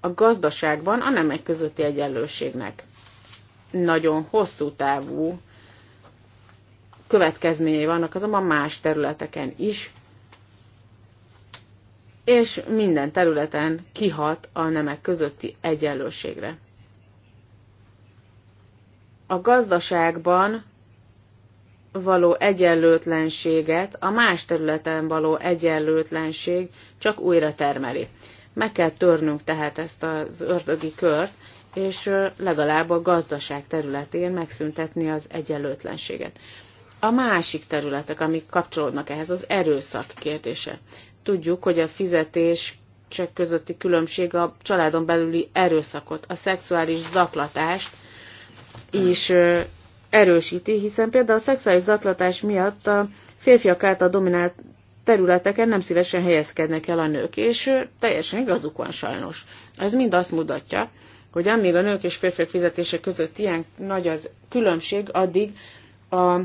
a gazdaságban a nemek közötti egyenlőségnek. Nagyon hosszú távú következményei vannak azonban más területeken is, és minden területen kihat a nemek közötti egyenlőségre. A gazdaságban való egyenlőtlenséget a más területen való egyenlőtlenség csak újra termeli. Meg kell törnünk tehát ezt az ördögi kört, és legalább a gazdaság területén megszüntetni az egyenlőtlenséget a másik területek, amik kapcsolódnak ehhez, az erőszak kérdése. Tudjuk, hogy a fizetés csak közötti különbség a családon belüli erőszakot, a szexuális zaklatást is erősíti, hiszen például a szexuális zaklatás miatt a férfiak által dominált területeken nem szívesen helyezkednek el a nők, és teljesen igazuk van sajnos. Ez mind azt mutatja, hogy amíg a nők és férfiak fizetése között ilyen nagy az különbség, addig a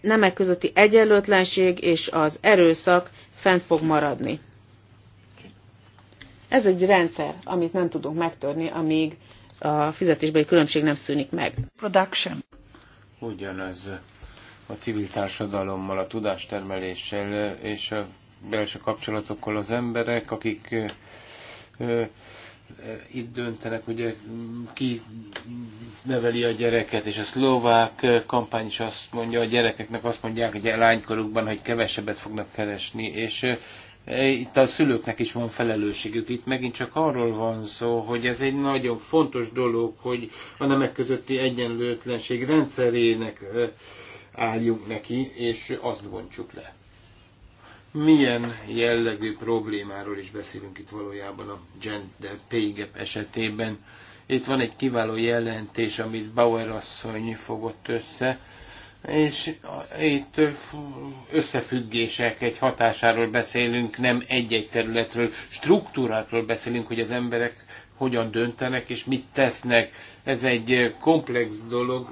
nemek közötti egyenlőtlenség és az erőszak fent fog maradni. Ez egy rendszer, amit nem tudunk megtörni, amíg a fizetésbeli különbség nem szűnik meg. Production. Ugyanaz a civil társadalommal, a tudástermeléssel és a belső kapcsolatokkal az emberek, akik itt döntenek, ugye ki neveli a gyereket, és a szlovák kampány is azt mondja, a gyerekeknek azt mondják, hogy a lánykorukban, hogy kevesebbet fognak keresni, és itt a szülőknek is van felelősségük. Itt megint csak arról van szó, hogy ez egy nagyon fontos dolog, hogy a nemek közötti egyenlőtlenség rendszerének álljunk neki, és azt bontsuk le milyen jellegű problémáról is beszélünk itt valójában a gender pay gap esetében. Itt van egy kiváló jelentés, amit Bauer asszony fogott össze, és itt összefüggések, egy hatásáról beszélünk, nem egy-egy területről, struktúrákról beszélünk, hogy az emberek hogyan döntenek és mit tesznek. Ez egy komplex dolog,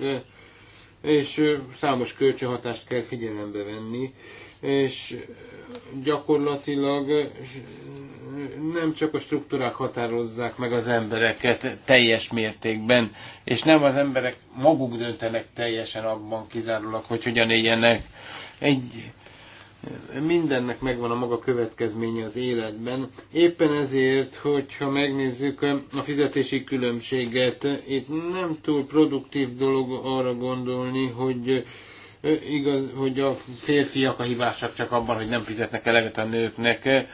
és számos kölcsönhatást kell figyelembe venni és gyakorlatilag nem csak a struktúrák határozzák meg az embereket teljes mértékben, és nem az emberek maguk döntenek teljesen abban kizárólag, hogy hogyan éljenek. Egy, mindennek megvan a maga következménye az életben. Éppen ezért, hogyha megnézzük a fizetési különbséget, itt nem túl produktív dolog arra gondolni, hogy igaz, hogy a férfiak a hibásak csak abban, hogy nem fizetnek eleget a nőknek.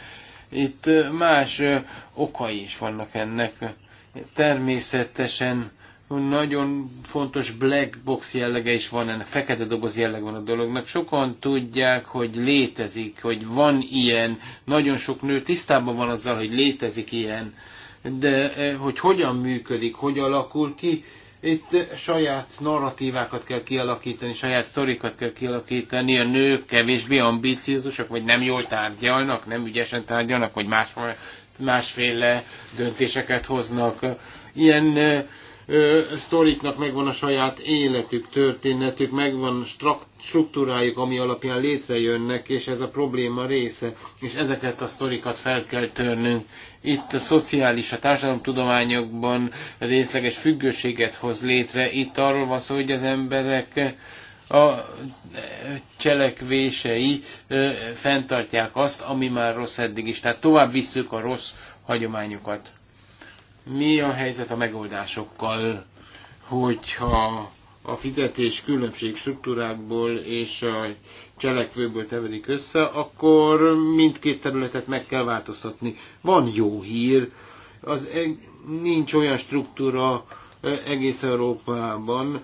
Itt más okai is vannak ennek. Természetesen nagyon fontos black box jellege is van ennek, fekete doboz jelleg van a dolognak. Sokan tudják, hogy létezik, hogy van ilyen, nagyon sok nő tisztában van azzal, hogy létezik ilyen, de hogy hogyan működik, hogy alakul ki, itt saját narratívákat kell kialakítani, saját sztorikat kell kialakítani, a nők kevésbé ambíciózusak, vagy nem jól tárgyalnak, nem ügyesen tárgyalnak, vagy másféle döntéseket hoznak. Ilyen eh, sztoriknak megvan a saját életük, történetük, megvan struktúrájuk, ami alapján létrejönnek, és ez a probléma része, és ezeket a sztorikat fel kell törnünk. Itt a szociális, a társadalomtudományokban részleges függőséget hoz létre. Itt arról van szó, hogy az emberek a cselekvései fenntartják azt, ami már rossz eddig is. Tehát tovább visszük a rossz hagyományokat. Mi a helyzet a megoldásokkal, hogyha a fizetés különbség struktúrákból és a cselekvőből tevedik össze, akkor mindkét területet meg kell változtatni. Van jó hír, az e- nincs olyan struktúra e- egész Európában,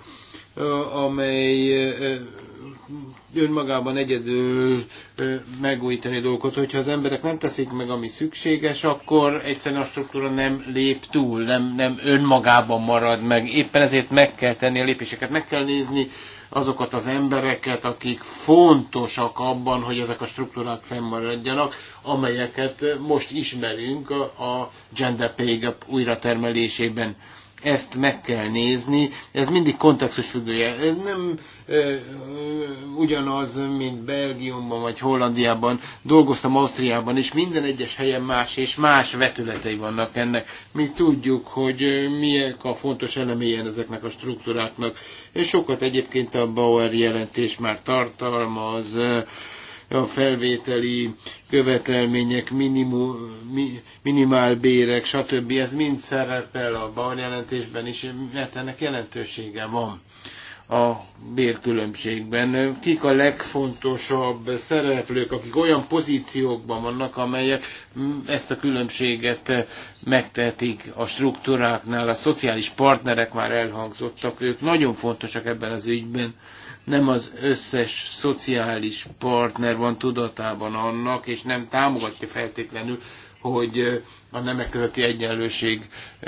amely önmagában egyedül megújítani dolgot, dolgokat. Hogyha az emberek nem teszik meg, ami szükséges, akkor egyszerűen a struktúra nem lép túl, nem, nem önmagában marad meg. Éppen ezért meg kell tenni a lépéseket, meg kell nézni azokat az embereket, akik fontosak abban, hogy ezek a struktúrák fennmaradjanak, amelyeket most ismerünk a gender pay gap újratermelésében ezt meg kell nézni, ez mindig kontextus függője. Ez nem e, e, ugyanaz, mint Belgiumban vagy Hollandiában, dolgoztam Ausztriában, és minden egyes helyen más és más vetületei vannak ennek. Mi tudjuk, hogy milyen a fontos elemélyen ezeknek a struktúráknak, és sokat egyébként a Bauer jelentés már tartalmaz, e, a felvételi követelmények, minimum, mi, bérek, stb. Ez mind szerepel a bajjelentésben is, mert ennek jelentősége van a bérkülönbségben. Kik a legfontosabb szereplők, akik olyan pozíciókban vannak, amelyek ezt a különbséget megtehetik a struktúráknál, a szociális partnerek már elhangzottak, ők nagyon fontosak ebben az ügyben nem az összes szociális partner van tudatában annak, és nem támogatja feltétlenül, hogy a nemek közötti egyenlőség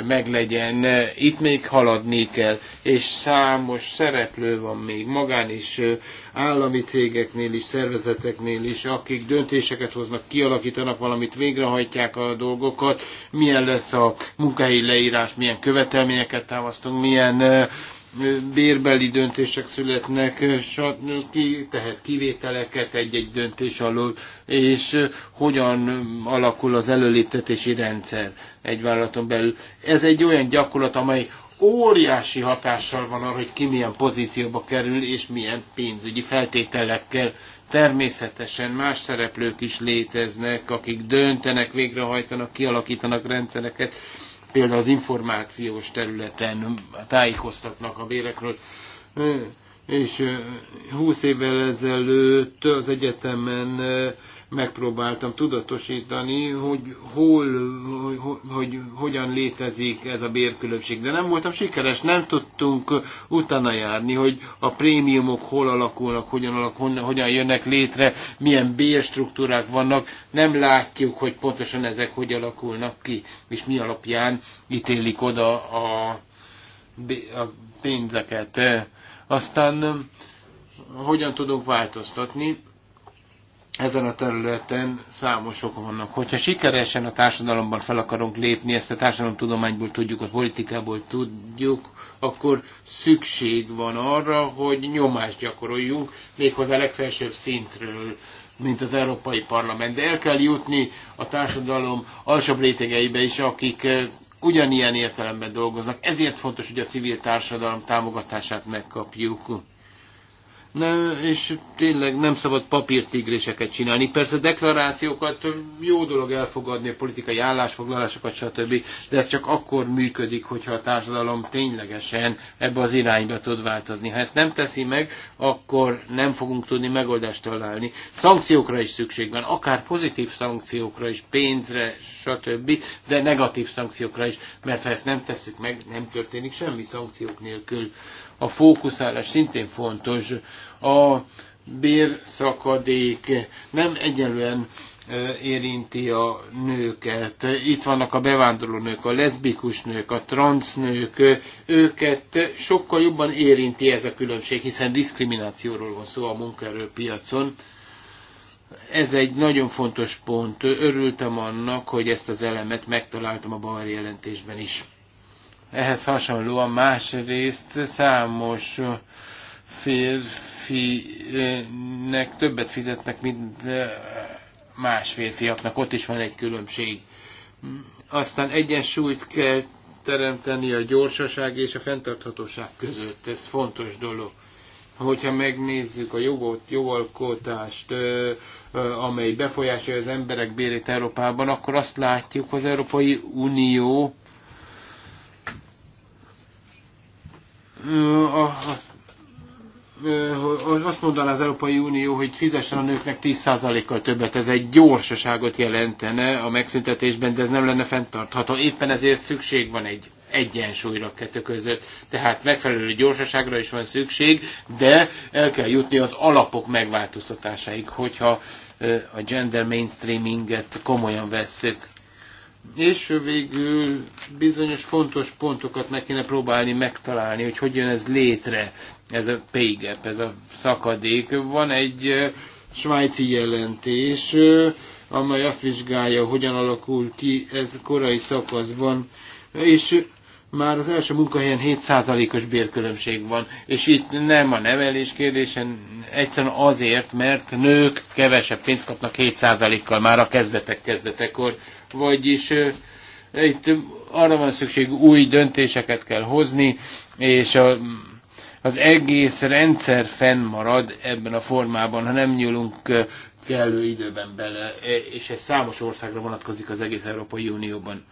meglegyen. Itt még haladni kell, és számos szereplő van még, magán is, állami cégeknél is, szervezeteknél is, akik döntéseket hoznak, kialakítanak valamit, végrehajtják a dolgokat, milyen lesz a munkahelyi leírás, milyen követelményeket támasztunk, milyen bérbeli döntések születnek, ki tehet kivételeket egy-egy döntés alól, és hogyan alakul az előléptetési rendszer egy vállalaton belül. Ez egy olyan gyakorlat, amely óriási hatással van arra, hogy ki milyen pozícióba kerül, és milyen pénzügyi feltételekkel. Természetesen más szereplők is léteznek, akik döntenek, végrehajtanak, kialakítanak rendszereket, például az információs területen tájékoztatnak a bérekről. És 20 évvel ezelőtt az egyetemen megpróbáltam tudatosítani, hogy hol, hogy, hogy hogyan létezik ez a bérkülönbség. De nem voltam sikeres, nem tudtunk utána járni, hogy a prémiumok hol alakulnak, hogyan, alakulnak, hogyan jönnek létre, milyen bérstruktúrák vannak. Nem látjuk, hogy pontosan ezek hogy alakulnak ki, és mi alapján ítélik oda a, a pénzeket. Aztán um, hogyan tudunk változtatni? ezen a területen számos ok vannak. Hogyha sikeresen a társadalomban fel akarunk lépni, ezt a társadalomtudományból tudjuk, a politikából tudjuk, akkor szükség van arra, hogy nyomást gyakoroljunk, méghozzá a legfelsőbb szintről, mint az Európai Parlament. De el kell jutni a társadalom alsóbb rétegeibe is, akik eh, ugyanilyen értelemben dolgoznak. Ezért fontos, hogy a civil társadalom támogatását megkapjuk ne, és tényleg nem szabad papírtigréseket csinálni. Persze deklarációkat jó dolog elfogadni, politikai állásfoglalásokat, stb. De ez csak akkor működik, hogyha a társadalom ténylegesen ebbe az irányba tud változni. Ha ezt nem teszi meg, akkor nem fogunk tudni megoldást találni. Szankciókra is szükség van, akár pozitív szankciókra is, pénzre, stb. De negatív szankciókra is, mert ha ezt nem tesszük meg, nem történik semmi szankciók nélkül a fókuszálás szintén fontos. A bérszakadék nem egyenlően érinti a nőket. Itt vannak a bevándorló nők, a leszbikus nők, a transznők, őket sokkal jobban érinti ez a különbség, hiszen diszkriminációról van szó a munkaerőpiacon. Ez egy nagyon fontos pont. Örültem annak, hogy ezt az elemet megtaláltam a Bauer jelentésben is. Ehhez hasonlóan másrészt számos férfinek többet fizetnek, mint más férfiaknak. Ott is van egy különbség. Aztán egyensúlyt kell teremteni a gyorsaság és a fenntarthatóság között. Ez fontos dolog. Hogyha megnézzük a jogot, jogalkotást, amely befolyásolja az emberek bérét Európában, akkor azt látjuk, az Európai Unió azt mondaná az Európai Unió, hogy fizessen a nőknek 10%-kal többet, ez egy gyorsaságot jelentene a megszüntetésben, de ez nem lenne fenntartható. Éppen ezért szükség van egy egyensúlyra kettő között. Tehát megfelelő gyorsaságra is van szükség, de el kell jutni az alapok megváltoztatásáig, hogyha a gender mainstreaminget komolyan vesszük. És végül bizonyos fontos pontokat meg kéne próbálni megtalálni, hogy hogyan ez létre, ez a pay gap, ez a szakadék. Van egy svájci jelentés, amely azt vizsgálja, hogyan alakul ki ez korai szakaszban, és már az első munkahelyen 7%-os bérkülönbség van, és itt nem a nevelés kérdésen, egyszerűen azért, mert nők kevesebb pénzt kapnak 7%-kal már a kezdetek kezdetekor. Vagyis itt arra van szükség, új döntéseket kell hozni, és a, az egész rendszer fennmarad ebben a formában, ha nem nyúlunk kellő időben bele, és ez számos országra vonatkozik az egész Európai Unióban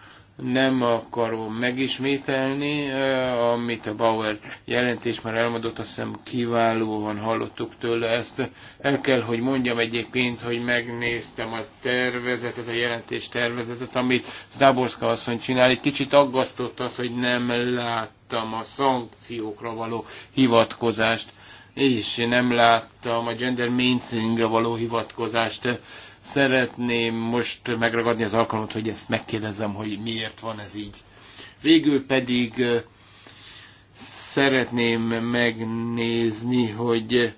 nem akarom megismételni, eh, amit a Bauer jelentés már elmondott, azt hiszem kiválóan hallottuk tőle ezt. El kell, hogy mondjam egyébként, hogy megnéztem a tervezetet, a jelentés tervezetet, amit Záborszka asszony csinál. Egy kicsit aggasztott az, hogy nem láttam a szankciókra való hivatkozást, és nem láttam a gender mainstreamre való hivatkozást Szeretném most megragadni az alkalmat, hogy ezt megkérdezem, hogy miért van ez így. Végül pedig szeretném megnézni, hogy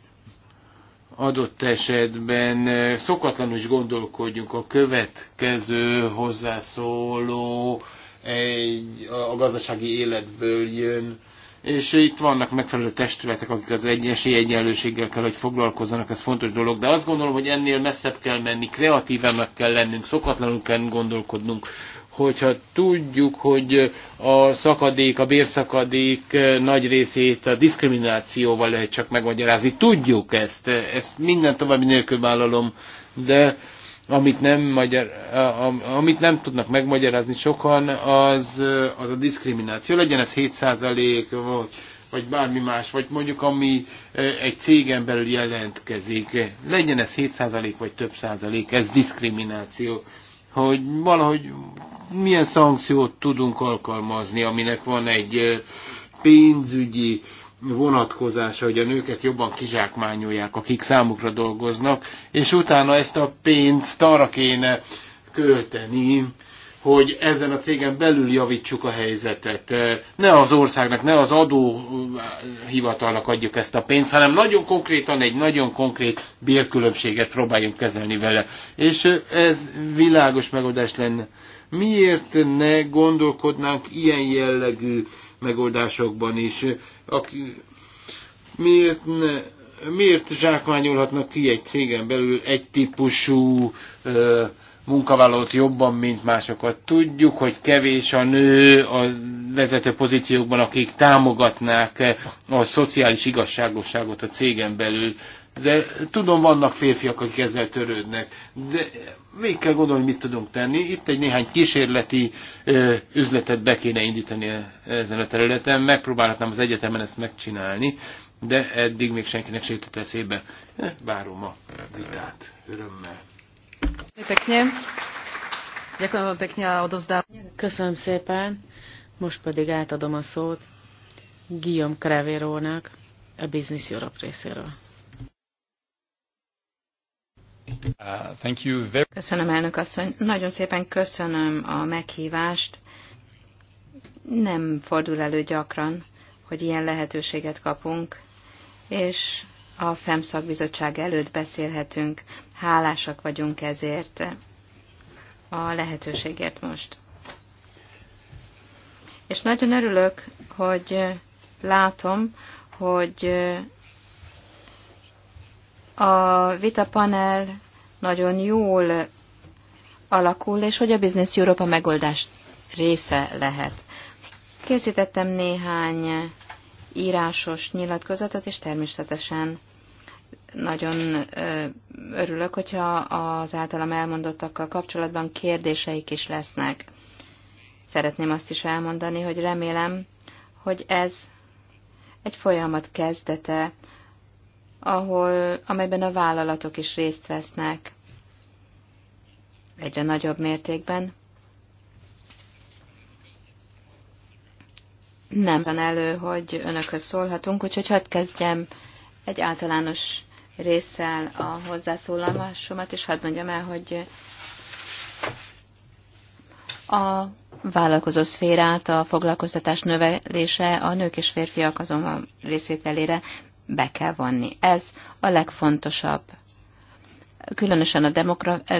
adott esetben szokatlanul is gondolkodjunk a következő hozzászóló egy, a gazdasági életből jön, és itt vannak megfelelő testületek, akik az egyensúly egyenlőséggel kell, hogy foglalkozzanak, ez fontos dolog, de azt gondolom, hogy ennél messzebb kell menni, kreatívemnek kell lennünk, szokatlanul kell gondolkodnunk, hogyha tudjuk, hogy a szakadék, a bérszakadék nagy részét a diszkriminációval lehet csak megmagyarázni. Tudjuk ezt, ezt minden további nélkül vállalom, de amit nem, magyar, amit nem tudnak megmagyarázni sokan, az, az a diszkrimináció. Legyen ez 7% vagy, vagy bármi más, vagy mondjuk ami e, egy cégen belül jelentkezik. Legyen ez 7% vagy több százalék, ez diszkrimináció. Hogy valahogy milyen szankciót tudunk alkalmazni, aminek van egy e, pénzügyi vonatkozása, hogy a nőket jobban kizsákmányolják, akik számukra dolgoznak, és utána ezt a pénzt arra kéne költeni, hogy ezen a cégen belül javítsuk a helyzetet. Ne az országnak, ne az adóhivatalnak adjuk ezt a pénzt, hanem nagyon konkrétan egy nagyon konkrét bérkülönbséget próbáljunk kezelni vele. És ez világos megoldás lenne. Miért ne gondolkodnánk ilyen jellegű megoldásokban is. Aki, miért, ne, miért zsákmányolhatnak ki egy cégen belül egy típusú ö, munkavállalót jobban, mint másokat. Tudjuk, hogy kevés a nő a vezető pozíciókban, akik támogatnák a szociális igazságosságot a cégen belül. De tudom, vannak férfiak, akik ezzel törődnek. De végig kell gondolni, mit tudunk tenni. Itt egy néhány kísérleti ö, üzletet be kéne indítani ezen a területen. Megpróbálhatnám az egyetemen ezt megcsinálni, de eddig még senkinek se jutott eszébe. Várom a vitát örömmel. Köszönöm szépen. Most pedig átadom a szót Guillaume Crevérónak a Business Europe részéről. Uh, köszönöm, elnök asszony. Nagyon szépen köszönöm a meghívást. Nem fordul elő gyakran, hogy ilyen lehetőséget kapunk, és a FEM szakbizottság előtt beszélhetünk. Hálásak vagyunk ezért a lehetőségért most. És nagyon örülök, hogy látom, hogy a vitapanel nagyon jól alakul, és hogy a Business Europe a megoldás része lehet. Készítettem néhány írásos nyilatkozatot, és természetesen nagyon örülök, hogyha az általam elmondottakkal kapcsolatban kérdéseik is lesznek. Szeretném azt is elmondani, hogy remélem, hogy ez egy folyamat kezdete, ahol, amelyben a vállalatok is részt vesznek, egyre nagyobb mértékben. Nem van elő, hogy önökhöz szólhatunk, úgyhogy hadd kezdjem egy általános résszel a hozzászólásomat, és hadd mondjam el, hogy a vállalkozó szférát, a foglalkoztatás növelése a nők és férfiak azonban részvételére be kell vonni. Ez a legfontosabb különösen a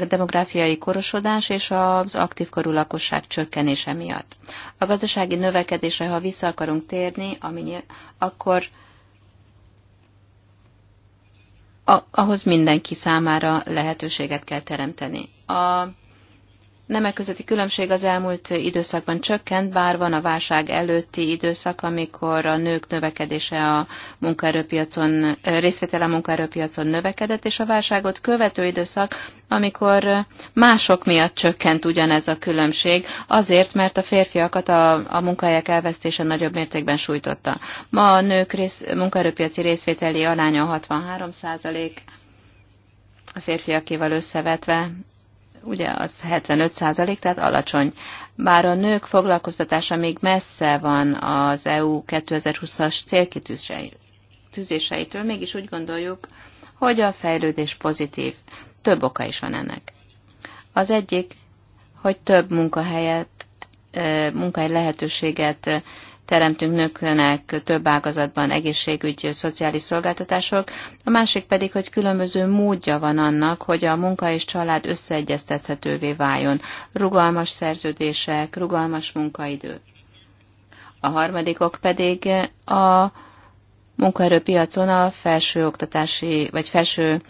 demográfiai korosodás és az aktív korú lakosság csökkenése miatt. A gazdasági növekedésre, ha vissza akarunk térni, ami, akkor ahhoz mindenki számára lehetőséget kell teremteni. A nemek közötti különbség az elmúlt időszakban csökkent, bár van a válság előtti időszak, amikor a nők növekedése a munkaerőpiacon, részvétele a munkaerőpiacon növekedett, és a válságot követő időszak, amikor mások miatt csökkent ugyanez a különbség, azért, mert a férfiakat a, a munkahelyek elvesztése nagyobb mértékben sújtotta. Ma a nők rész, munkaerőpiaci részvételi aránya 63 százalék, a férfiakéval összevetve ugye az 75 százalék, tehát alacsony. Bár a nők foglalkoztatása még messze van az EU 2020-as célkitűzéseitől, mégis úgy gondoljuk, hogy a fejlődés pozitív. Több oka is van ennek. Az egyik, hogy több munkahelyet, eh, munkahely lehetőséget teremtünk nőknek több ágazatban egészségügy, szociális szolgáltatások, a másik pedig, hogy különböző módja van annak, hogy a munka és család összeegyeztethetővé váljon. Rugalmas szerződések, rugalmas munkaidő. A harmadikok pedig a munkaerőpiacon a felső oktatási vagy felső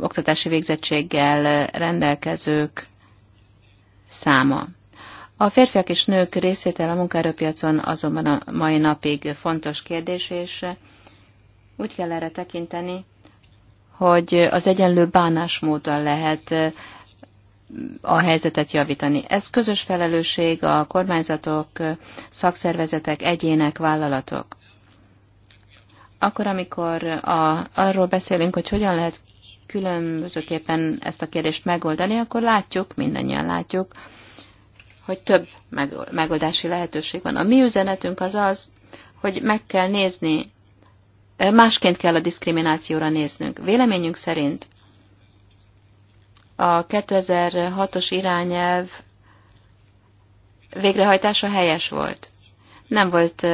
oktatási végzettséggel rendelkezők száma. A férfiak és nők részvétel a munkaerőpiacon azonban a mai napig fontos kérdés, és úgy kell erre tekinteni, hogy az egyenlő bánásmóddal lehet a helyzetet javítani. Ez közös felelősség a kormányzatok, szakszervezetek, egyének, vállalatok. Akkor, amikor a, arról beszélünk, hogy hogyan lehet különbözőképpen ezt a kérdést megoldani, akkor látjuk, mindannyian látjuk, hogy több megoldási lehetőség van. A mi üzenetünk az az, hogy meg kell nézni, másként kell a diszkriminációra néznünk. Véleményünk szerint a 2006-os irányelv végrehajtása helyes volt. Nem volt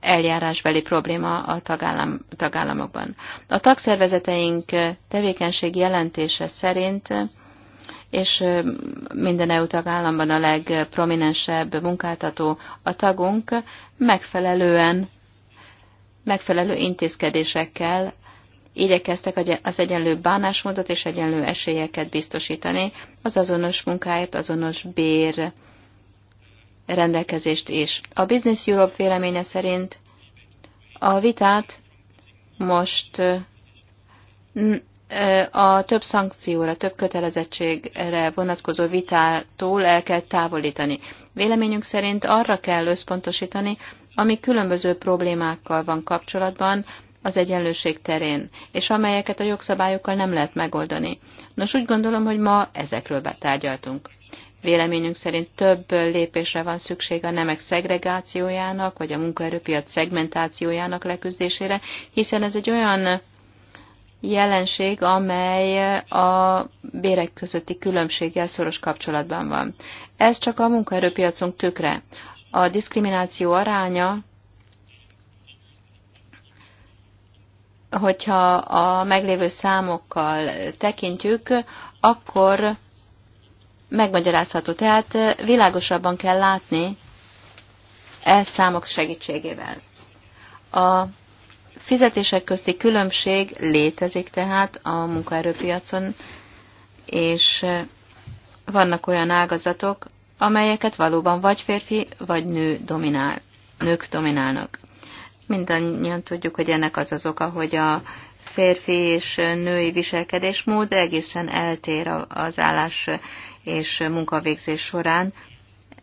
eljárásbeli probléma a tagállam, tagállamokban. A tagszervezeteink tevékenység jelentése szerint és minden EU tagállamban a legprominensebb munkáltató a tagunk, megfelelően, megfelelő intézkedésekkel igyekeztek az egyenlő bánásmódot és egyenlő esélyeket biztosítani, az azonos munkáért, azonos bér rendelkezést is. A Business Europe véleménye szerint a vitát most a több szankcióra, több kötelezettségre vonatkozó vitától el kell távolítani. Véleményünk szerint arra kell összpontosítani, ami különböző problémákkal van kapcsolatban az egyenlőség terén, és amelyeket a jogszabályokkal nem lehet megoldani. Nos, úgy gondolom, hogy ma ezekről betárgyaltunk. Véleményünk szerint több lépésre van szükség a nemek szegregációjának, vagy a munkaerőpiac szegmentációjának leküzdésére, hiszen ez egy olyan jelenség, amely a bérek közötti különbséggel szoros kapcsolatban van. Ez csak a munkaerőpiacunk tükre. A diszkrimináció aránya, hogyha a meglévő számokkal tekintjük, akkor megmagyarázható. Tehát világosabban kell látni e számok segítségével. A fizetések közti különbség létezik tehát a munkaerőpiacon, és eh, vannak olyan ágazatok, amelyeket valóban vagy férfi, vagy nő dominál, nők dominálnak. Mindannyian tudjuk, hogy ennek az az oka, hogy a férfi és női viselkedésmód egészen eltér az állás és munkavégzés során.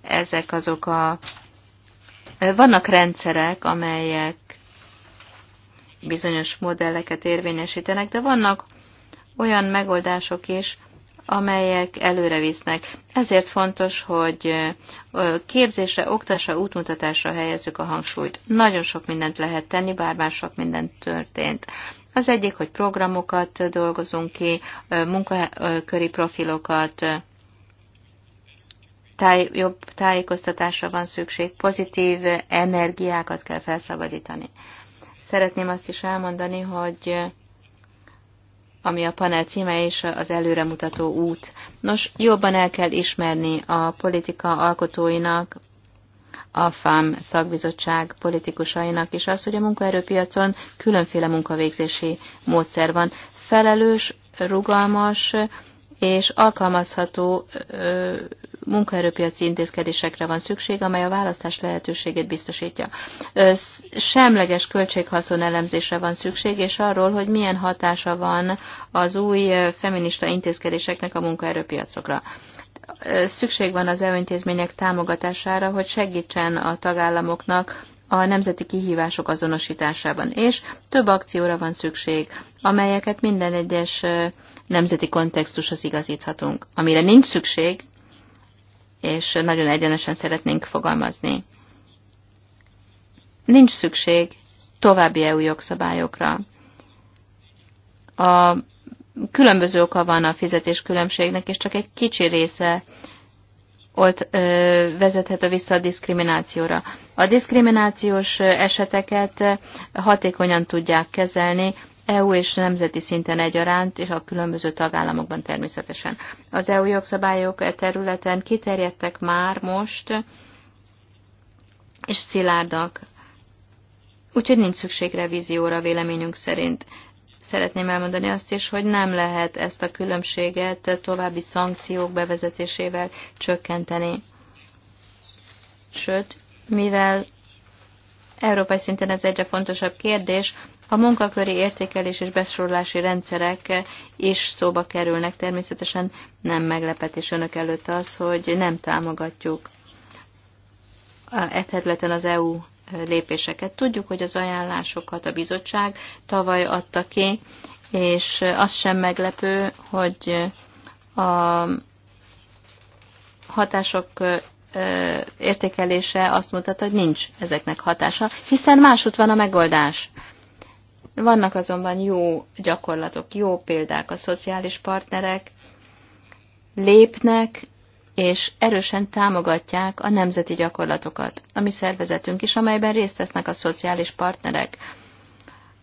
Ezek azok a... Vannak rendszerek, amelyek bizonyos modelleket érvényesítenek, de vannak olyan megoldások is, amelyek előre visznek. Ezért fontos, hogy képzésre, oktatásra, útmutatásra helyezzük a hangsúlyt. Nagyon sok mindent lehet tenni, bár már sok mindent történt. Az egyik, hogy programokat dolgozunk ki, munkaköri profilokat, táj, jobb tájékoztatásra van szükség, pozitív energiákat kell felszabadítani. Szeretném azt is elmondani, hogy ami a panel címe és az előremutató út. Nos, jobban el kell ismerni a politika alkotóinak, a FAM szakbizottság politikusainak is azt, hogy a munkaerőpiacon különféle munkavégzési módszer van. Felelős, rugalmas és alkalmazható munkaerőpiaci intézkedésekre van szükség, amely a választás lehetőségét biztosítja. Semleges költséghaszon elemzésre van szükség, és arról, hogy milyen hatása van az új feminista intézkedéseknek a munkaerőpiacokra szükség van az EU intézmények támogatására, hogy segítsen a tagállamoknak a nemzeti kihívások azonosításában, és több akcióra van szükség, amelyeket minden egyes nemzeti kontextushoz igazíthatunk. Amire nincs szükség, és nagyon egyenesen szeretnénk fogalmazni. Nincs szükség további EU jogszabályokra. A különböző oka van a fizetés különbségnek, és csak egy kicsi része ott ö, vezethető vissza a diszkriminációra. A diszkriminációs eseteket hatékonyan tudják kezelni, EU és nemzeti szinten egyaránt, és a különböző tagállamokban természetesen. Az EU jogszabályok területen kiterjedtek már most, és szilárdak. Úgyhogy nincs szükség revízióra véleményünk szerint. Szeretném elmondani azt is, hogy nem lehet ezt a különbséget további szankciók bevezetésével csökkenteni. Sőt, mivel európai szinten ez egyre fontosabb kérdés, a munkaköri értékelés és besorolási rendszerek is szóba kerülnek. Természetesen nem meglepetés önök előtt az, hogy nem támogatjuk e területen az EU lépéseket. Tudjuk, hogy az ajánlásokat a bizottság tavaly adta ki, és az sem meglepő, hogy a hatások értékelése azt mutatta, hogy nincs ezeknek hatása, hiszen másút van a megoldás. Vannak azonban jó gyakorlatok, jó példák, a szociális partnerek lépnek és erősen támogatják a nemzeti gyakorlatokat, a mi szervezetünk is, amelyben részt vesznek a szociális partnerek.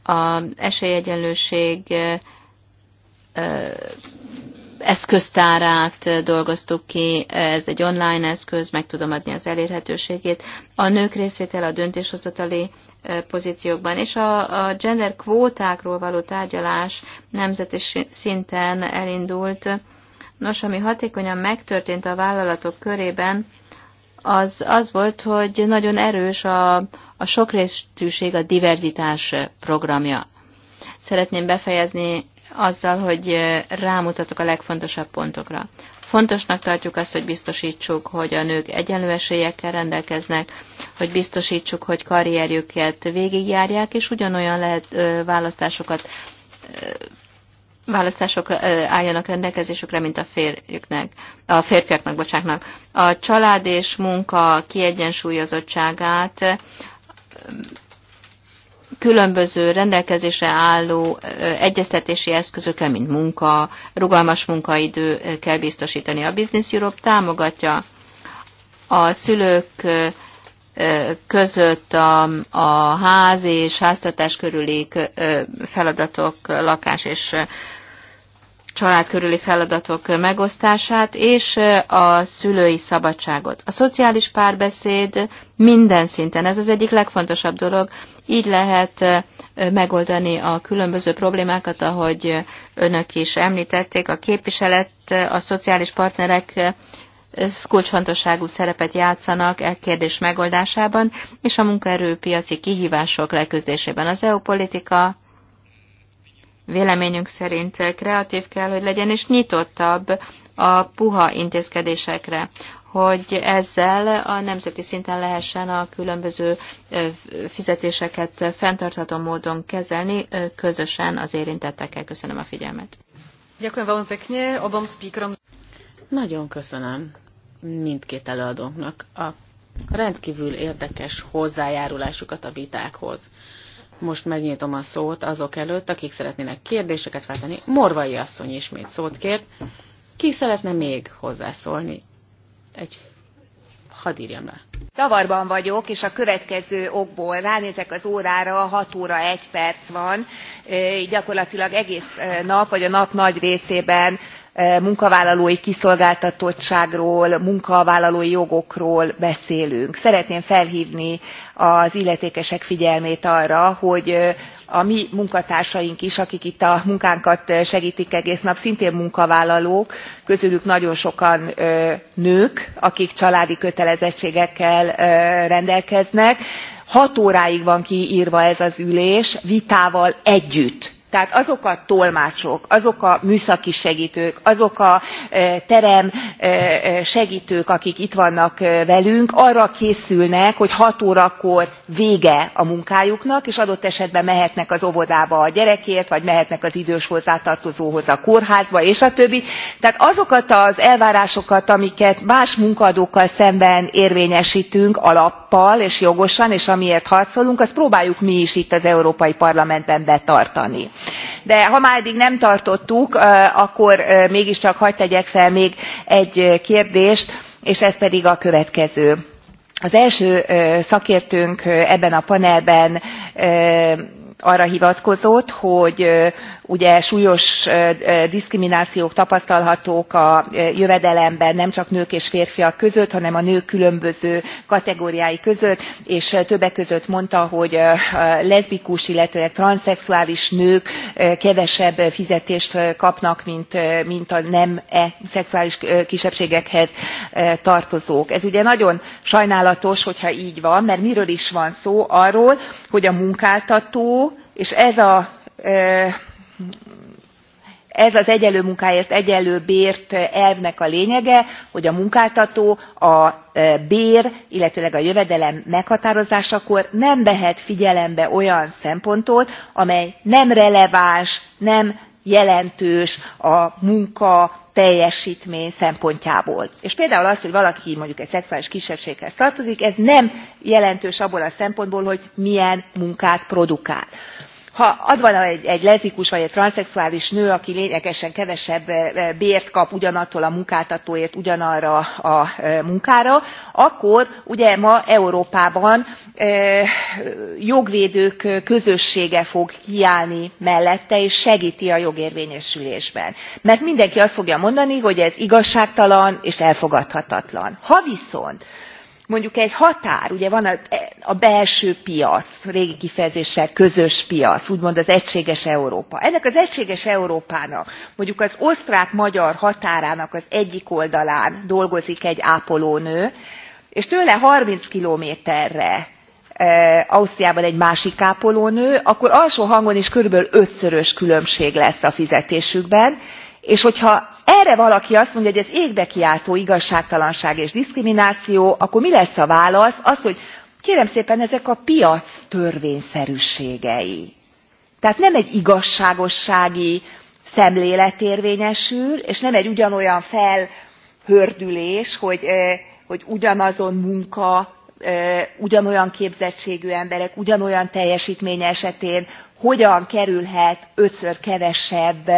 A esélyegyenlőség eszköztárát eh, dolgoztuk ki, eh, ez egy online eszköz, meg tudom adni az elérhetőségét. A nők részvétel a döntéshozatali eh, pozíciókban, és a, a gender kvótákról való tárgyalás nemzeti szinten elindult. Nos, ami hatékonyan megtörtént a vállalatok körében, az az volt, hogy nagyon erős a, a sokrésztűség a diverzitás programja. Szeretném befejezni azzal, hogy rámutatok a legfontosabb pontokra. Fontosnak tartjuk azt, hogy biztosítsuk, hogy a nők egyenlő esélyekkel rendelkeznek, hogy biztosítsuk, hogy karrierjüket végigjárják, és ugyanolyan lehet választásokat választások álljanak rendelkezésükre, mint a férjüknek, a férfiaknak, bocsánat. A család és munka kiegyensúlyozottságát különböző rendelkezésre álló egyeztetési eszközökkel, mint munka, rugalmas munkaidő kell biztosítani. A Business Europe támogatja a szülők között a, a ház és háztartás körüli feladatok, lakás és család körüli feladatok megosztását és a szülői szabadságot. A szociális párbeszéd minden szinten, ez az egyik legfontosabb dolog, így lehet megoldani a különböző problémákat, ahogy önök is említették, a képviselet, a szociális partnerek kulcsfontosságú szerepet játszanak e kérdés megoldásában és a munkaerőpiaci kihívások leküzdésében. Az EU politika véleményünk szerint kreatív kell, hogy legyen, és nyitottabb a puha intézkedésekre, hogy ezzel a nemzeti szinten lehessen a különböző fizetéseket fenntartható módon kezelni közösen az érintettekkel. Köszönöm a figyelmet. Nagyon köszönöm mindkét előadónknak a rendkívül érdekes hozzájárulásukat a vitákhoz. Most megnyitom a szót azok előtt, akik szeretnének kérdéseket feltenni. Morvai asszony ismét szót kért. Ki szeretne még hozzászólni? Egy hadd írjam le. Tavarban vagyok, és a következő okból ránézek az órára, 6 óra 1 perc van, gyakorlatilag egész nap, vagy a nap nagy részében munkavállalói kiszolgáltatottságról munkavállalói jogokról beszélünk. szeretném felhvni az illetékesek figyelmét arra hogy a mi munkatársaink is akik itt a munkánkat segtik egész nap szintén munkavállalók közülük nagyon sokan nők akik családi kötelezettségekkel rendelkeznek hat óráig van kirva ez az ülés vitával együtt tehát azok a tolmácsok azok a műszaki segtők azok a e, teremsegtők e, e, akik itt vannak velünk arra készülnek hogy six órakor vége a munkájuknak és adott esetben mehetnek az óvodába a gyerekért vagy mehetnek az idős hozzátartozóhoz a kórházba és a többi tehát azokat az elvárásokat amiket más munkaadókkal szemben érvényestünk alappal és jogosan és amiért harcolunk azt próbáljuk mi is itt az európai parlamentben betartani de ha már eddig nem tartottuk akkor mégiscsak hadd tegyek fel még egy kérdést és ez pedig a következő az első szakértőnk ebben a panelben arra hivatkozott hogy ugye súlyos diszkriminációk tapasztalhatók a jövedelemben nemcsak nők és férfiak között hanem a nők különböző kategóriái között és többek között mondta hogy leszbikus illetőleg transzszexuális nők kevesebb fizetést kapnak mint mint a nem e szexuális kisebbségekhez tartozók. ez ugye nagyon sajnálatos hogyha gy van mert miről is van szó arról hogy a munkáltató és ez a ez az egyenlő munkáért egyenlő bért elvnek a lényege hogy a munkáltató a e, bér illetőleg a jövedelem meghatározásakor nem vehet figyelembe olyan szempontot amely nem releváns nem jelentős a munka teljestmény szempontjából és például az hogy valaki mondjuk egy szexuális kisebbséghez tartozik ez nem jelentős abból a szempontból hogy milyen munkát produkál ha az van egy, egy leszbikus vagy egy transzszexuális nő aki lényegesen kevesebb eh, eh, bért kap ugyanattól a munkáltatóért ugyanarra a eh, munkára akkor ugye ma európában jogvédők közössége fog kiállni mellette és segti a jogérvényesülésben mert mindenki azt fogja mondani hogy ez igazságtalan és elfogadhatatlan. ha viszont mondjuk egy határ ugye van a, a belső piac régi kifejezéssel közös piac úgymond az egységes európa ennek az egységes európának mondjuk az osztrák magyar határának az egyik oldalán dolgozik egy ápolónő és tőle thirty kilométerre e, ausztriában egy másik ápolónő akkor alsó hangon is körülbelül ötszörös különbség lesz a fizetésükben és hogyha erre valaki azt mondja hogy ez égbekiáltó igazságtalanság és diszkrimináció akkor mi lesz a válasz? az hogy kérem szépen ezek a piac törvényszerűségei. tehát nem egy igazságossági szemlélet érvényesül és nem egy ugyanolyan felhördülés hogy, hogy ugyanazon munka ugyanolyan képzettségű emberek ugyanolyan teljestmény esetén hogyan kerülhet ötször kevesebb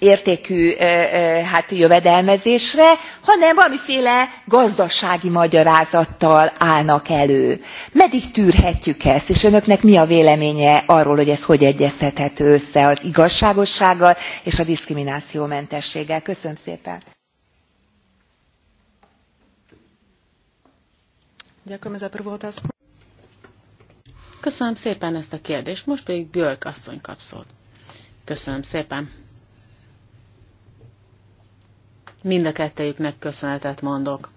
értékű hát jövedelmezésre hanem valamiféle gazdasági magyarázattal állnak elő. meddig tűrhetjük ezt és önöknek mi a véleménye arról hogy ez hogy egyeztethető össze az igazságossággal és a diszkriminációmentességgel? köszönöm szépen. Köszönöm szépen ezt a kérdést, most pedig Björk asszony kap szót. Köszönöm szépen. Mind a kettejüknek köszönetet mondok.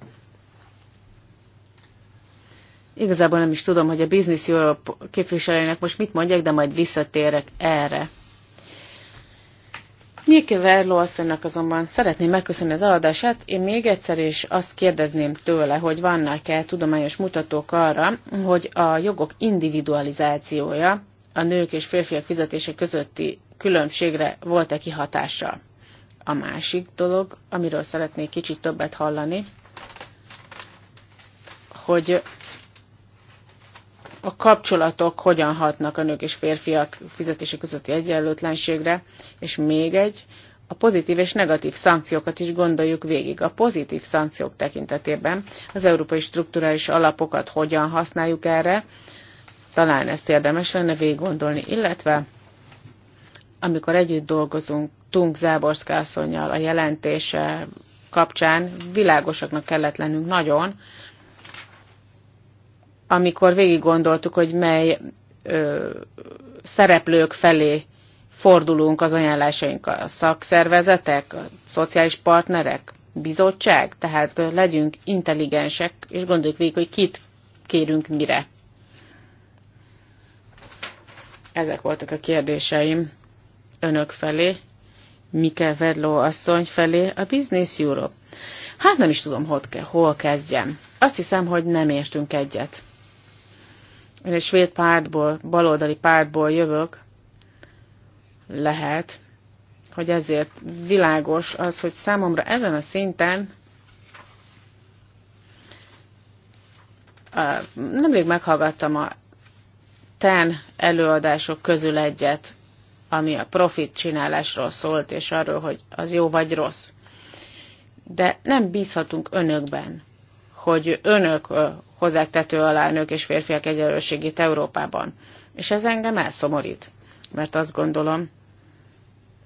Igazából nem is tudom, hogy a Business Europe képviselőnek most mit mondjak, de majd visszatérek erre. Miki Verló asszonynak azonban szeretném megköszönni az adását. Én még egyszer is azt kérdezném tőle, hogy vannak-e tudományos mutatók arra, hogy a jogok individualizációja a nők és férfiak fizetése közötti különbségre volt-e kihatással. A másik dolog, amiről szeretnék kicsit többet hallani, hogy a kapcsolatok hogyan hatnak a nők és férfiak fizetési közötti egyenlőtlenségre, és még egy, a pozitív és negatív szankciókat is gondoljuk végig. A pozitív szankciók tekintetében az európai strukturális alapokat hogyan használjuk erre, talán ezt érdemes lenne végig gondolni, illetve amikor együtt dolgozunk tunk Záborszkászonyjal a jelentése kapcsán, világosaknak kellett lennünk nagyon, amikor végig gondoltuk, hogy mely ö, szereplők felé fordulunk az ajánlásaink A szakszervezetek, a szociális partnerek, bizottság, tehát legyünk intelligensek, és gondoljuk végig, hogy kit kérünk mire. Ezek voltak a kérdéseim önök felé. Mike Vedló asszony felé a Business Europe. Hát nem is tudom, ke, hol kezdjem. Azt hiszem, hogy nem értünk egyet. Én egy svéd pártból, baloldali pártból jövök. Lehet, hogy ezért világos az, hogy számomra ezen a szinten nemrég meghallgattam a TEN előadások közül egyet, ami a profit csinálásról szólt, és arról, hogy az jó vagy rossz. De nem bízhatunk önökben, hogy önök hozzák tető alá nők és férfiak egyenlőségét Európában. És ez engem elszomorít, mert azt gondolom,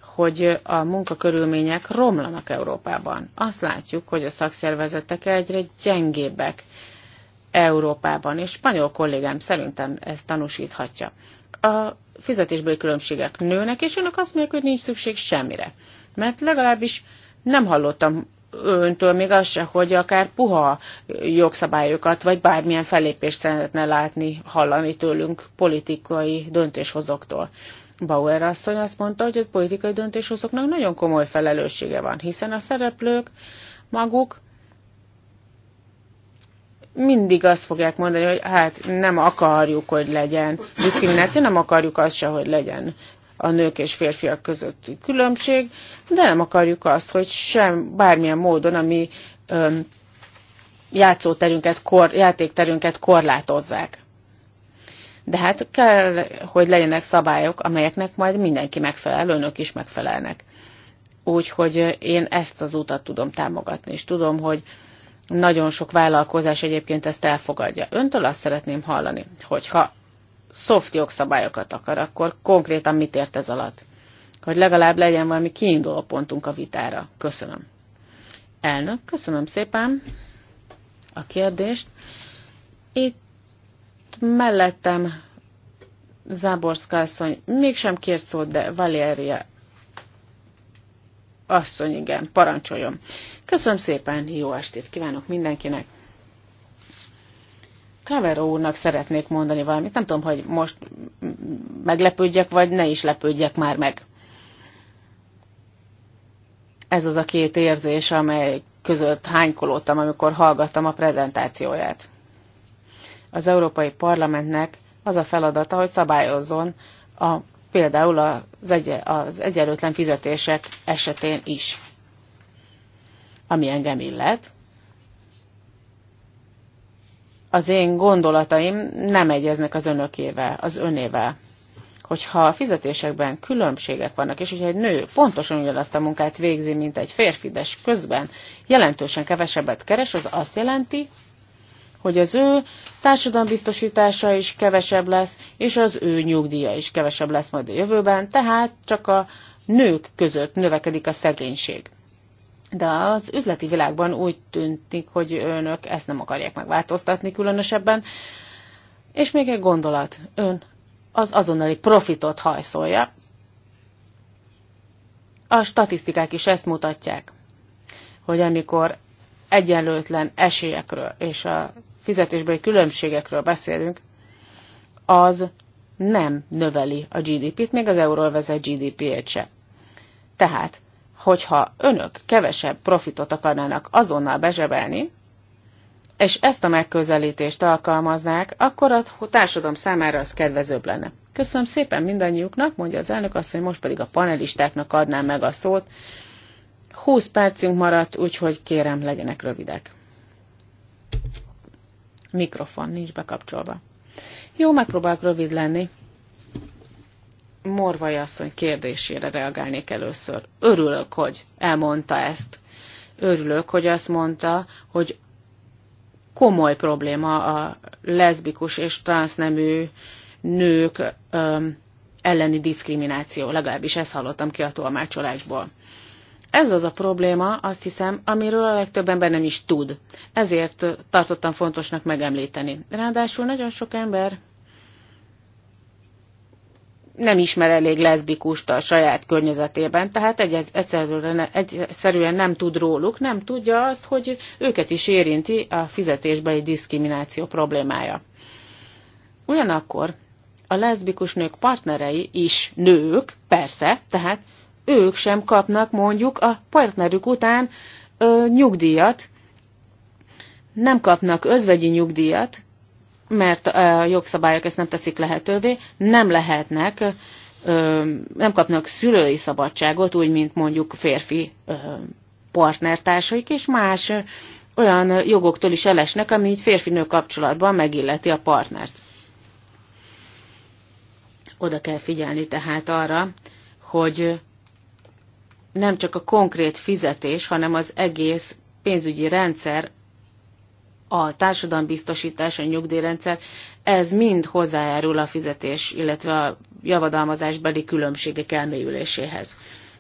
hogy a munkakörülmények romlanak Európában. Azt látjuk, hogy a szakszervezetek egyre gyengébbek Európában, és spanyol kollégám szerintem ezt tanúsíthatja. A fizetésbeli különbségek nőnek, és önök azt mondják, hogy nincs szükség semmire. Mert legalábbis nem hallottam öntől még azt, se, hogy akár puha jogszabályokat, vagy bármilyen fellépést szeretne látni, hallani tőlünk politikai döntéshozoktól. Bauer asszony azt mondta, hogy a politikai döntéshozóknak nagyon komoly felelőssége van, hiszen a szereplők maguk mindig azt fogják mondani, hogy hát nem akarjuk, hogy legyen diszkrimináció, nem akarjuk azt se, hogy legyen a nők és férfiak közötti különbség, de nem akarjuk azt, hogy sem bármilyen módon a mi öm, játszóterünket, kor, játékterünket korlátozzák. De hát kell, hogy legyenek szabályok, amelyeknek majd mindenki megfelel, önök is megfelelnek. Úgyhogy én ezt az utat tudom támogatni, és tudom, hogy nagyon sok vállalkozás egyébként ezt elfogadja. Öntől azt szeretném hallani, hogyha szoft jogszabályokat akar, akkor konkrétan mit ért ez alatt? Hogy legalább legyen valami kiinduló pontunk a vitára. Köszönöm. Elnök, köszönöm szépen a kérdést. Itt mellettem Záborszka asszony mégsem kért szót, de Valéria asszony, igen, parancsoljon. Köszönöm szépen, jó estét kívánok mindenkinek. Kávero úrnak szeretnék mondani valamit. Nem tudom, hogy most meglepődjek, vagy ne is lepődjek már meg. Ez az a két érzés, amely között hánykolódtam, amikor hallgattam a prezentációját. Az Európai Parlamentnek az a feladata, hogy szabályozzon a például az, egy, az egyenlőtlen fizetések esetén is. Ami engem illet, az én gondolataim nem egyeznek az önökével, az önével. Hogyha a fizetésekben különbségek vannak, és hogyha egy nő pontosan ugyanazt a munkát végzi, mint egy férfi, de közben jelentősen kevesebbet keres, az azt jelenti, hogy az ő társadalombiztosítása is kevesebb lesz, és az ő nyugdíja is kevesebb lesz majd a jövőben, tehát csak a nők között növekedik a szegénység. De az üzleti világban úgy tűntik, hogy önök ezt nem akarják megváltoztatni különösebben. És még egy gondolat. Ön az azonnali profitot hajszolja. A statisztikák is ezt mutatják, hogy amikor egyenlőtlen esélyekről és a fizetésbeli különbségekről beszélünk, az nem növeli a GDP-t, még az vezet GDP-ét se. Tehát, hogyha önök kevesebb profitot akarnának azonnal bezsebelni, és ezt a megközelítést alkalmaznák, akkor a társadalom számára az kedvezőbb lenne. Köszönöm szépen mindannyiuknak, mondja az elnök azt, hogy most pedig a panelistáknak adnám meg a szót. 20 percünk maradt, úgyhogy kérem, legyenek rövidek mikrofon nincs bekapcsolva. Jó, megpróbálok rövid lenni. Morvai asszony kérdésére reagálnék először. Örülök, hogy elmondta ezt. Örülök, hogy azt mondta, hogy komoly probléma a leszbikus és transznemű nők öm, elleni diszkrimináció. Legalábbis ezt hallottam ki a tolmácsolásból. Ez az a probléma, azt hiszem, amiről a legtöbb ember nem is tud. Ezért tartottam fontosnak megemlíteni. Ráadásul nagyon sok ember nem ismer elég leszbikust a saját környezetében, tehát egy, egyszerűen, egyszerűen nem tud róluk, nem tudja azt, hogy őket is érinti a fizetésbeli diszkrimináció problémája. Ugyanakkor a leszbikus nők partnerei is nők, persze, tehát ők sem kapnak mondjuk a partnerük után ö, nyugdíjat, nem kapnak özvegyi nyugdíjat, mert a jogszabályok ezt nem teszik lehetővé, nem lehetnek, nem kapnak szülői szabadságot, úgy, mint mondjuk férfi partnertársaik, és más olyan jogoktól is elesnek, ami így férfinő kapcsolatban megilleti a partnert. Oda kell figyelni tehát arra, hogy nem csak a konkrét fizetés, hanem az egész pénzügyi rendszer, a társadalombiztosítás, a nyugdíjrendszer, ez mind hozzájárul a fizetés, illetve a javadalmazásbeli különbségek elmélyüléséhez.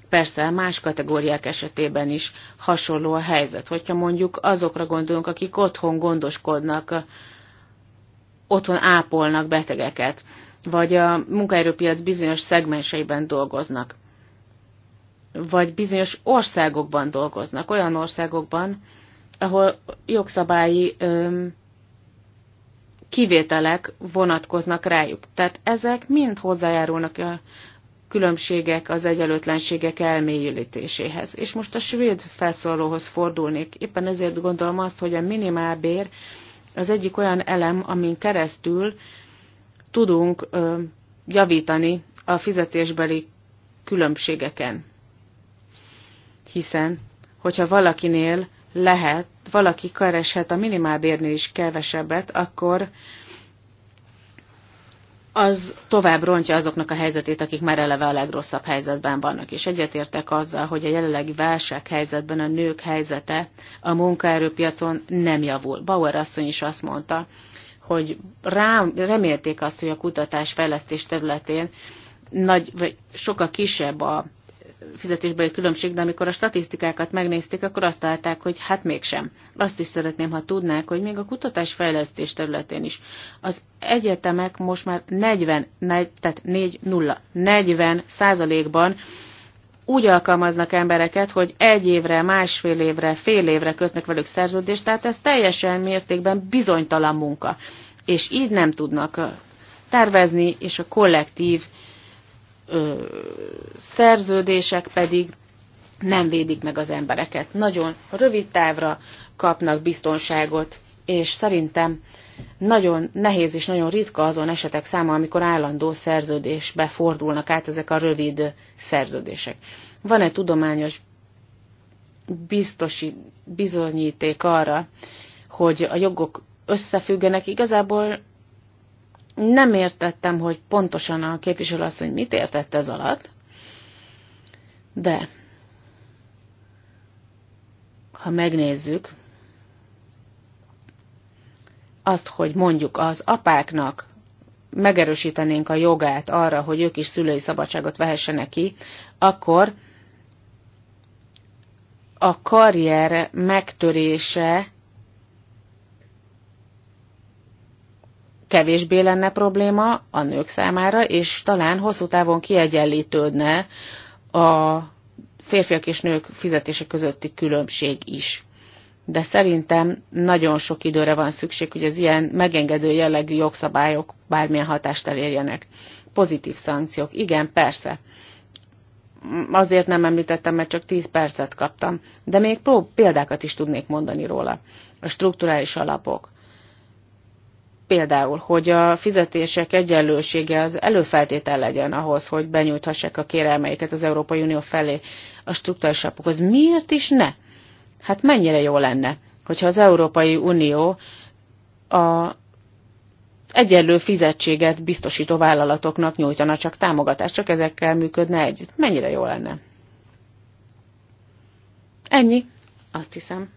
Persze más kategóriák esetében is hasonló a helyzet. Hogyha mondjuk azokra gondolunk, akik otthon gondoskodnak, otthon ápolnak betegeket, vagy a munkaerőpiac bizonyos szegmenseiben dolgoznak vagy bizonyos országokban dolgoznak, olyan országokban, ahol jogszabályi öm, kivételek vonatkoznak rájuk. Tehát ezek mind hozzájárulnak a különbségek, az egyenlőtlenségek elmélyülítéséhez. És most a svéd felszólalóhoz fordulnék. Éppen ezért gondolom azt, hogy a minimálbér az egyik olyan elem, amin keresztül tudunk ö, javítani a fizetésbeli különbségeken hiszen hogyha valakinél lehet, valaki kereshet a minimálbérnél is kevesebbet, akkor az tovább rontja azoknak a helyzetét, akik már eleve a legrosszabb helyzetben vannak. És egyetértek azzal, hogy a jelenlegi helyzetben a nők helyzete a munkaerőpiacon nem javul. Bauer asszony is azt mondta, hogy rá, remélték azt, hogy a kutatás fejlesztés területén nagy, vagy sokkal kisebb a fizetésbeli különbség, de amikor a statisztikákat megnézték, akkor azt találták, hogy hát mégsem. Azt is szeretném, ha tudnák, hogy még a kutatásfejlesztés területén is az egyetemek most már 40, tehát 4 0, 40 százalékban úgy alkalmaznak embereket, hogy egy évre, másfél évre, fél évre kötnek velük szerződést, tehát ez teljesen mértékben bizonytalan munka. És így nem tudnak tervezni, és a kollektív uh, ö, szerződések pedig nem védik meg az embereket. Nagyon rövid távra kapnak biztonságot, és szerintem nagyon nehéz és nagyon ritka azon esetek száma, amikor állandó szerződésbe fordulnak át ezek a rövid szerződések. Van-e tudományos biztosi bizonyíték arra, hogy a jogok összefüggenek, igazából nem értettem, hogy pontosan a képviselő azt, hogy mit értett ez alatt, de ha megnézzük azt, hogy mondjuk az apáknak megerősítenénk a jogát arra, hogy ők is szülői szabadságot vehessenek ki, akkor a karrier megtörése kevésbé lenne probléma a nők számára, és talán hosszú távon kiegyenlítődne a férfiak és nők fizetése közötti különbség is. De szerintem nagyon sok időre van szükség, hogy az ilyen megengedő jellegű jogszabályok bármilyen hatást elérjenek. Pozitív szankciók, igen, persze. Azért nem említettem, mert csak 10 percet kaptam, de még példákat is tudnék mondani róla. A strukturális alapok Például, hogy a fizetések egyenlősége az előfeltétel legyen ahhoz, hogy benyújthassák a kérelmeiket az Európai Unió felé a struktúrális alapokhoz. Miért is ne? Hát mennyire jó lenne, hogyha az Európai Unió a egyenlő fizetséget biztosító vállalatoknak nyújtana csak támogatást, csak ezekkel működne együtt. Mennyire jó lenne? Ennyi, azt hiszem.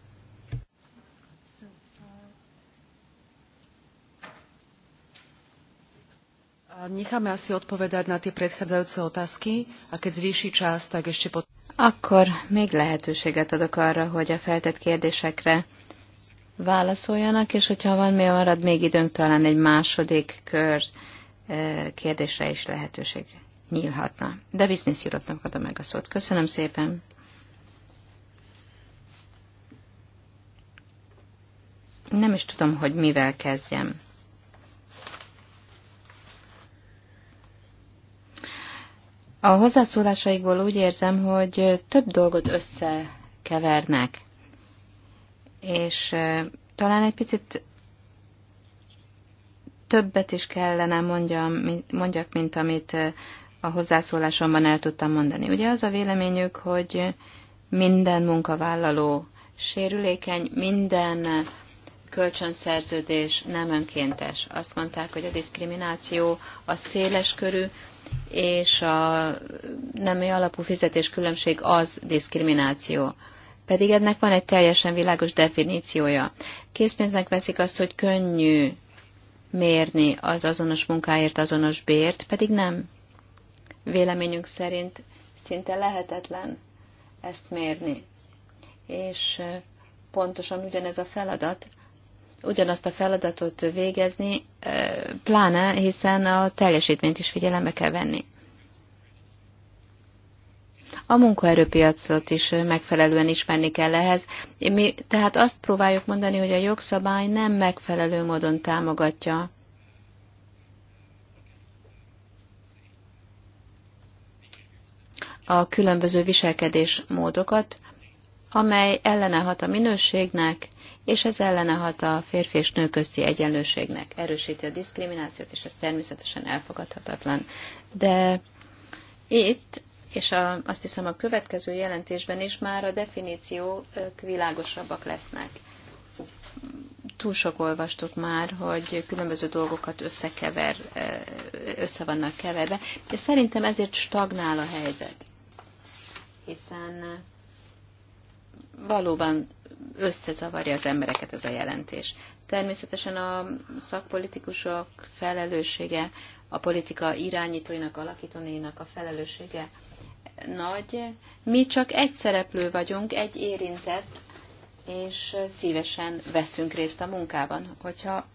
Necháme asi odpovedať na tie predchádzajúce otázky a keď zvýši čas, tak ešte pot... Akkor még lehetőséget adok arra, hogy a feltett kérdésekre válaszoljanak, és hogyha van mi marad még időnk, talán egy második kör eh, kérdésre is lehetőség nyílhatna. De Business europe adom meg a szót. Köszönöm szépen. Nem is tudom, hogy mivel kezdjem. A hozzászólásaikból úgy érzem, hogy több dolgot összekevernek, és talán egy picit többet is kellene mondjam, mondjak, mint amit a hozzászólásomban el tudtam mondani. Ugye az a véleményük, hogy minden munkavállaló sérülékeny, minden kölcsönszerződés nem önkéntes. Azt mondták, hogy a diszkrimináció a széles körű, és a nemi alapú fizetés különbség az diszkrimináció. Pedig ennek van egy teljesen világos definíciója. Készpénznek veszik azt, hogy könnyű mérni az azonos munkáért azonos bért, pedig nem. Véleményünk szerint szinte lehetetlen ezt mérni. És pontosan ugyanez a feladat, ugyanazt a feladatot végezni, eh, pláne hiszen a teljesítményt is figyelembe kell venni. A munkaerőpiacot is megfelelően ismerni kell ehhez. Mi tehát azt próbáljuk mondani, hogy a jogszabály nem megfelelő módon támogatja a különböző viselkedés módokat, amely ellene hat a minőségnek, és ez ellene hat a férfi és nő közti egyenlőségnek, erősíti a diszkriminációt, és ez természetesen elfogadhatatlan. De itt, és a, azt hiszem a következő jelentésben is már a definíciók világosabbak lesznek. Túl sok olvastuk már, hogy különböző dolgokat összekever, össze vannak keverve, és szerintem ezért stagnál a helyzet. Hiszen valóban összezavarja az embereket ez a jelentés. Természetesen a szakpolitikusok felelőssége, a politika irányítóinak, alakítónéinak a felelőssége nagy. Mi csak egy szereplő vagyunk, egy érintett, és szívesen veszünk részt a munkában, hogyha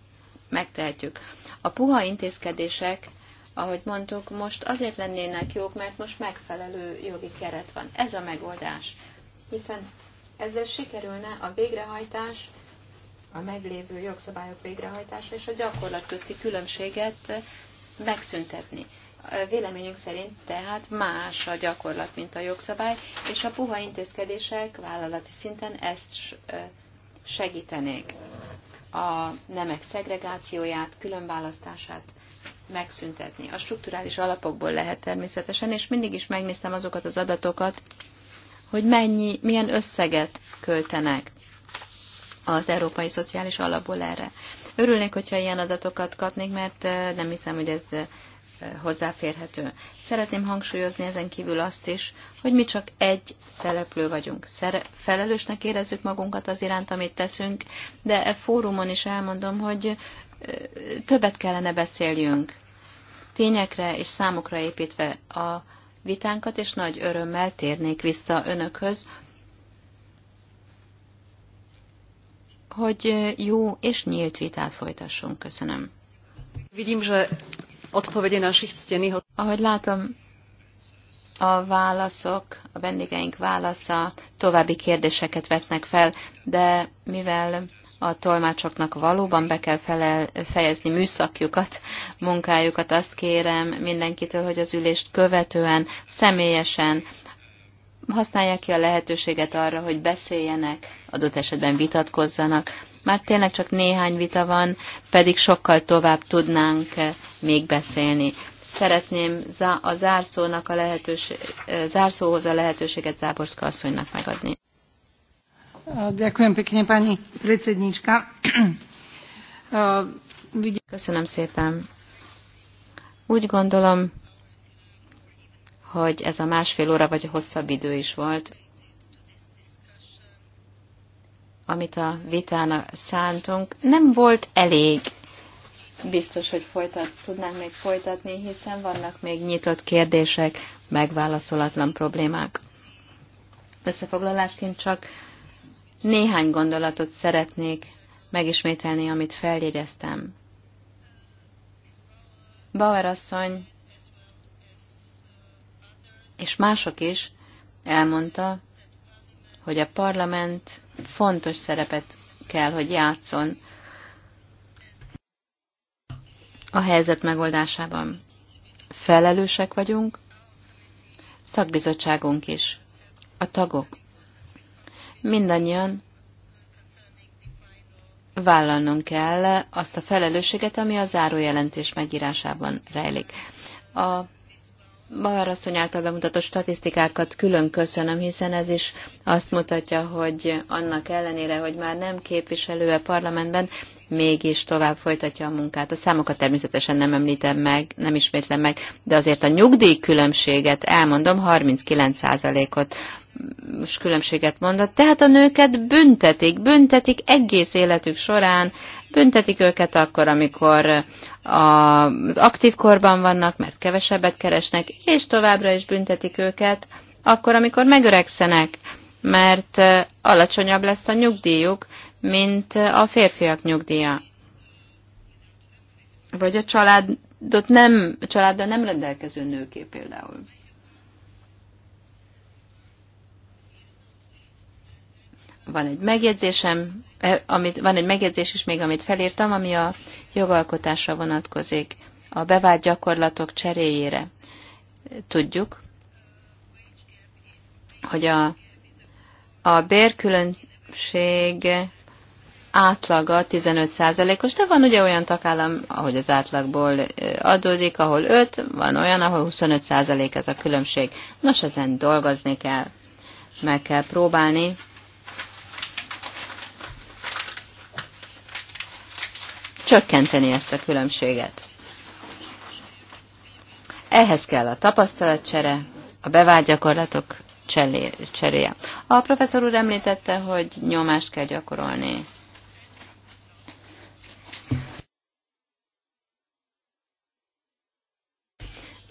megtehetjük. A puha intézkedések, ahogy mondtuk, most azért lennének jók, mert most megfelelő jogi keret van. Ez a megoldás. Hiszen ezzel sikerülne a végrehajtás, a meglévő jogszabályok végrehajtása és a gyakorlat közti különbséget megszüntetni. Véleményünk szerint tehát más a gyakorlat, mint a jogszabály, és a puha intézkedések vállalati szinten ezt segítenék. A nemek szegregációját, különválasztását megszüntetni. A strukturális alapokból lehet természetesen, és mindig is megnéztem azokat az adatokat, hogy mennyi, milyen összeget költenek az Európai Szociális Alapból erre. Örülnék, hogyha ilyen adatokat kapnék, mert nem hiszem, hogy ez hozzáférhető. Szeretném hangsúlyozni ezen kívül azt is, hogy mi csak egy szereplő vagyunk. Szere- felelősnek érezzük magunkat az iránt, amit teszünk, de e fórumon is elmondom, hogy többet kellene beszéljünk. Tényekre és számokra építve a vitánkat, és nagy örömmel térnék vissza önökhöz, hogy jó és nyílt vitát folytassunk. Köszönöm. Vidím, že odpovede našich ctených... Ahogy látom, a válaszok, a vendégeink válasza további kérdéseket vetnek fel, de mivel a tolmácsoknak valóban be kell felel, fejezni műszakjukat, munkájukat. Azt kérem mindenkitől, hogy az ülést követően személyesen használják ki a lehetőséget arra, hogy beszéljenek, adott esetben vitatkozzanak. Már tényleg csak néhány vita van, pedig sokkal tovább tudnánk eh, még beszélni. Szeretném a zárszónak a lehetőség, eh, zárszóhoz a lehetőséget Záborszka asszonynak megadni. Köszönöm szépen. Úgy gondolom, hogy ez a másfél óra vagy a hosszabb idő is volt, amit a vitának szántunk, nem volt elég. Biztos, hogy folytat, tudnánk még folytatni, hiszen vannak még nyitott kérdések, megválaszolatlan problémák. Összefoglalásként csak néhány gondolatot szeretnék megismételni, amit feljegyeztem. Bauer asszony és mások is elmondta, hogy a parlament fontos szerepet kell, hogy játszon a helyzet megoldásában. Felelősek vagyunk, szakbizottságunk is, a tagok, mindannyian vállalnunk kell azt a felelősséget, ami a zárójelentés megírásában rejlik. A Bauer asszony által bemutatott statisztikákat külön köszönöm, hiszen ez is azt mutatja, hogy annak ellenére, hogy már nem képviselő a parlamentben, mégis tovább folytatja a munkát. A számokat természetesen nem említem meg, nem ismétlem meg, de azért a nyugdíjkülönbséget elmondom, 39%-ot különbséget mondott, tehát a nőket büntetik, büntetik egész életük során, büntetik őket akkor, amikor az aktív korban vannak, mert kevesebbet keresnek, és továbbra is büntetik őket, akkor, amikor megöregszenek, mert alacsonyabb lesz a nyugdíjuk, mint a férfiak nyugdíja. Vagy a családot nem, családdal nem rendelkező nőké például. van egy megjegyzésem, eh, amit, van egy megjegyzés is még, amit felírtam, ami a jogalkotásra vonatkozik, a bevált gyakorlatok cseréjére. Tudjuk, hogy a, a bérkülönbség átlaga 15%-os, de van ugye olyan takállam, ahogy az átlagból eh, adódik, ahol 5, van olyan, ahol 25% ez a különbség. Nos, ezen dolgozni kell, meg kell próbálni csökkenteni ezt a különbséget. Ehhez kell a tapasztalatcsere, a bevált gyakorlatok cseréje. A professzor úr említette, hogy nyomást kell gyakorolni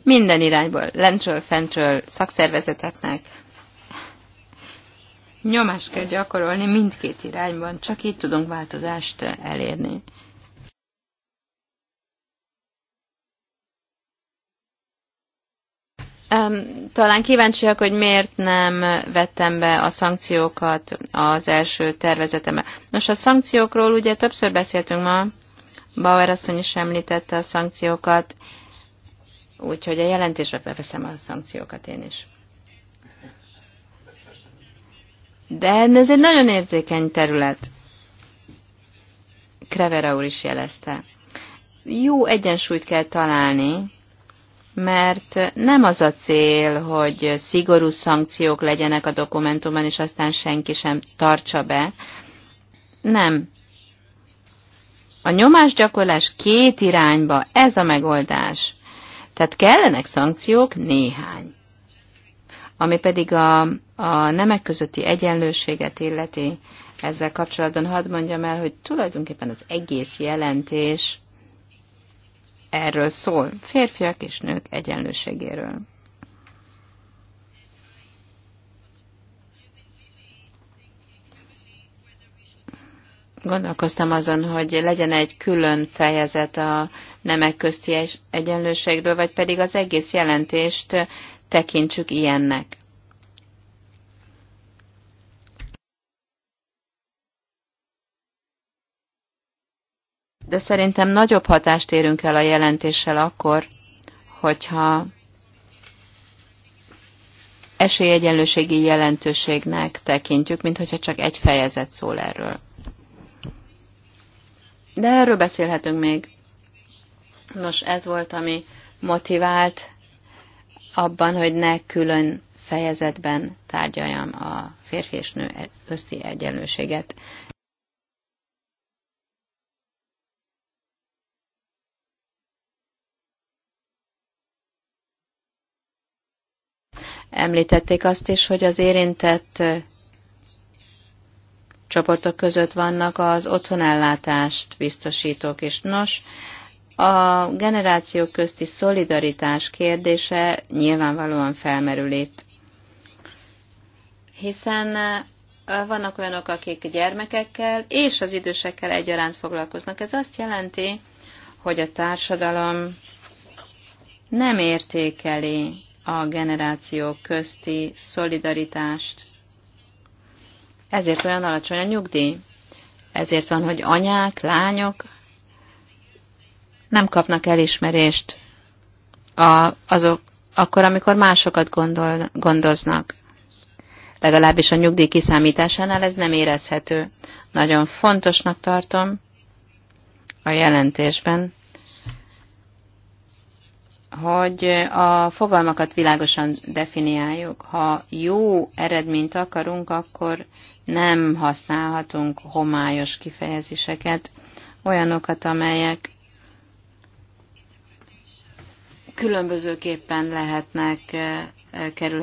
minden irányból, lentről, fentről, szakszervezeteknek. Nyomást kell gyakorolni mindkét irányban, csak így tudunk változást elérni. Talán kíváncsiak, hogy miért nem vettem be a szankciókat az első tervezetembe. Nos, a szankciókról ugye többször beszéltünk ma, Bauer asszony is említette a szankciókat, úgyhogy a jelentésre beveszem a szankciókat én is. De ez egy nagyon érzékeny terület. Krevera úr is jelezte. Jó egyensúlyt kell találni mert nem az a cél, hogy szigorú szankciók legyenek a dokumentumban, és aztán senki sem tartsa be. Nem. A nyomásgyakorlás két irányba, ez a megoldás. Tehát kellenek szankciók néhány. Ami pedig a, a nemek közötti egyenlőséget illeti, ezzel kapcsolatban hadd mondjam el, hogy tulajdonképpen az egész jelentés erről szól, férfiak és nők egyenlőségéről. Gondolkoztam azon, hogy legyen egy külön fejezet a nemek közti egyenlőségről, vagy pedig az egész jelentést tekintsük ilyennek. De szerintem nagyobb hatást érünk el a jelentéssel akkor, hogyha esélyegyenlőségi jelentőségnek tekintjük, mint hogyha csak egy fejezet szól erről. De erről beszélhetünk még. Nos, ez volt, ami motivált abban, hogy ne külön fejezetben tárgyaljam a férfi és nő e- közti egyenlőséget. Említették azt is, hogy az érintett csoportok között vannak az otthonellátást biztosítók is. Nos, a generációk közti szolidaritás kérdése nyilvánvalóan felmerül itt. Hiszen vannak olyanok, akik gyermekekkel és az idősekkel egyaránt foglalkoznak. Ez azt jelenti, hogy a társadalom nem értékeli a generációk közti szolidaritást. Ezért olyan alacsony a nyugdíj. Ezért van, hogy anyák, lányok nem kapnak elismerést a, azok, akkor, amikor másokat gondol, gondoznak. Legalábbis a nyugdíj kiszámításánál ez nem érezhető. Nagyon fontosnak tartom a jelentésben, hogy a fogalmakat világosan definiáljuk. Ha jó eredményt akarunk, akkor nem használhatunk homályos kifejezéseket, olyanokat, amelyek különbözőképpen lehetnek eh, kerülni.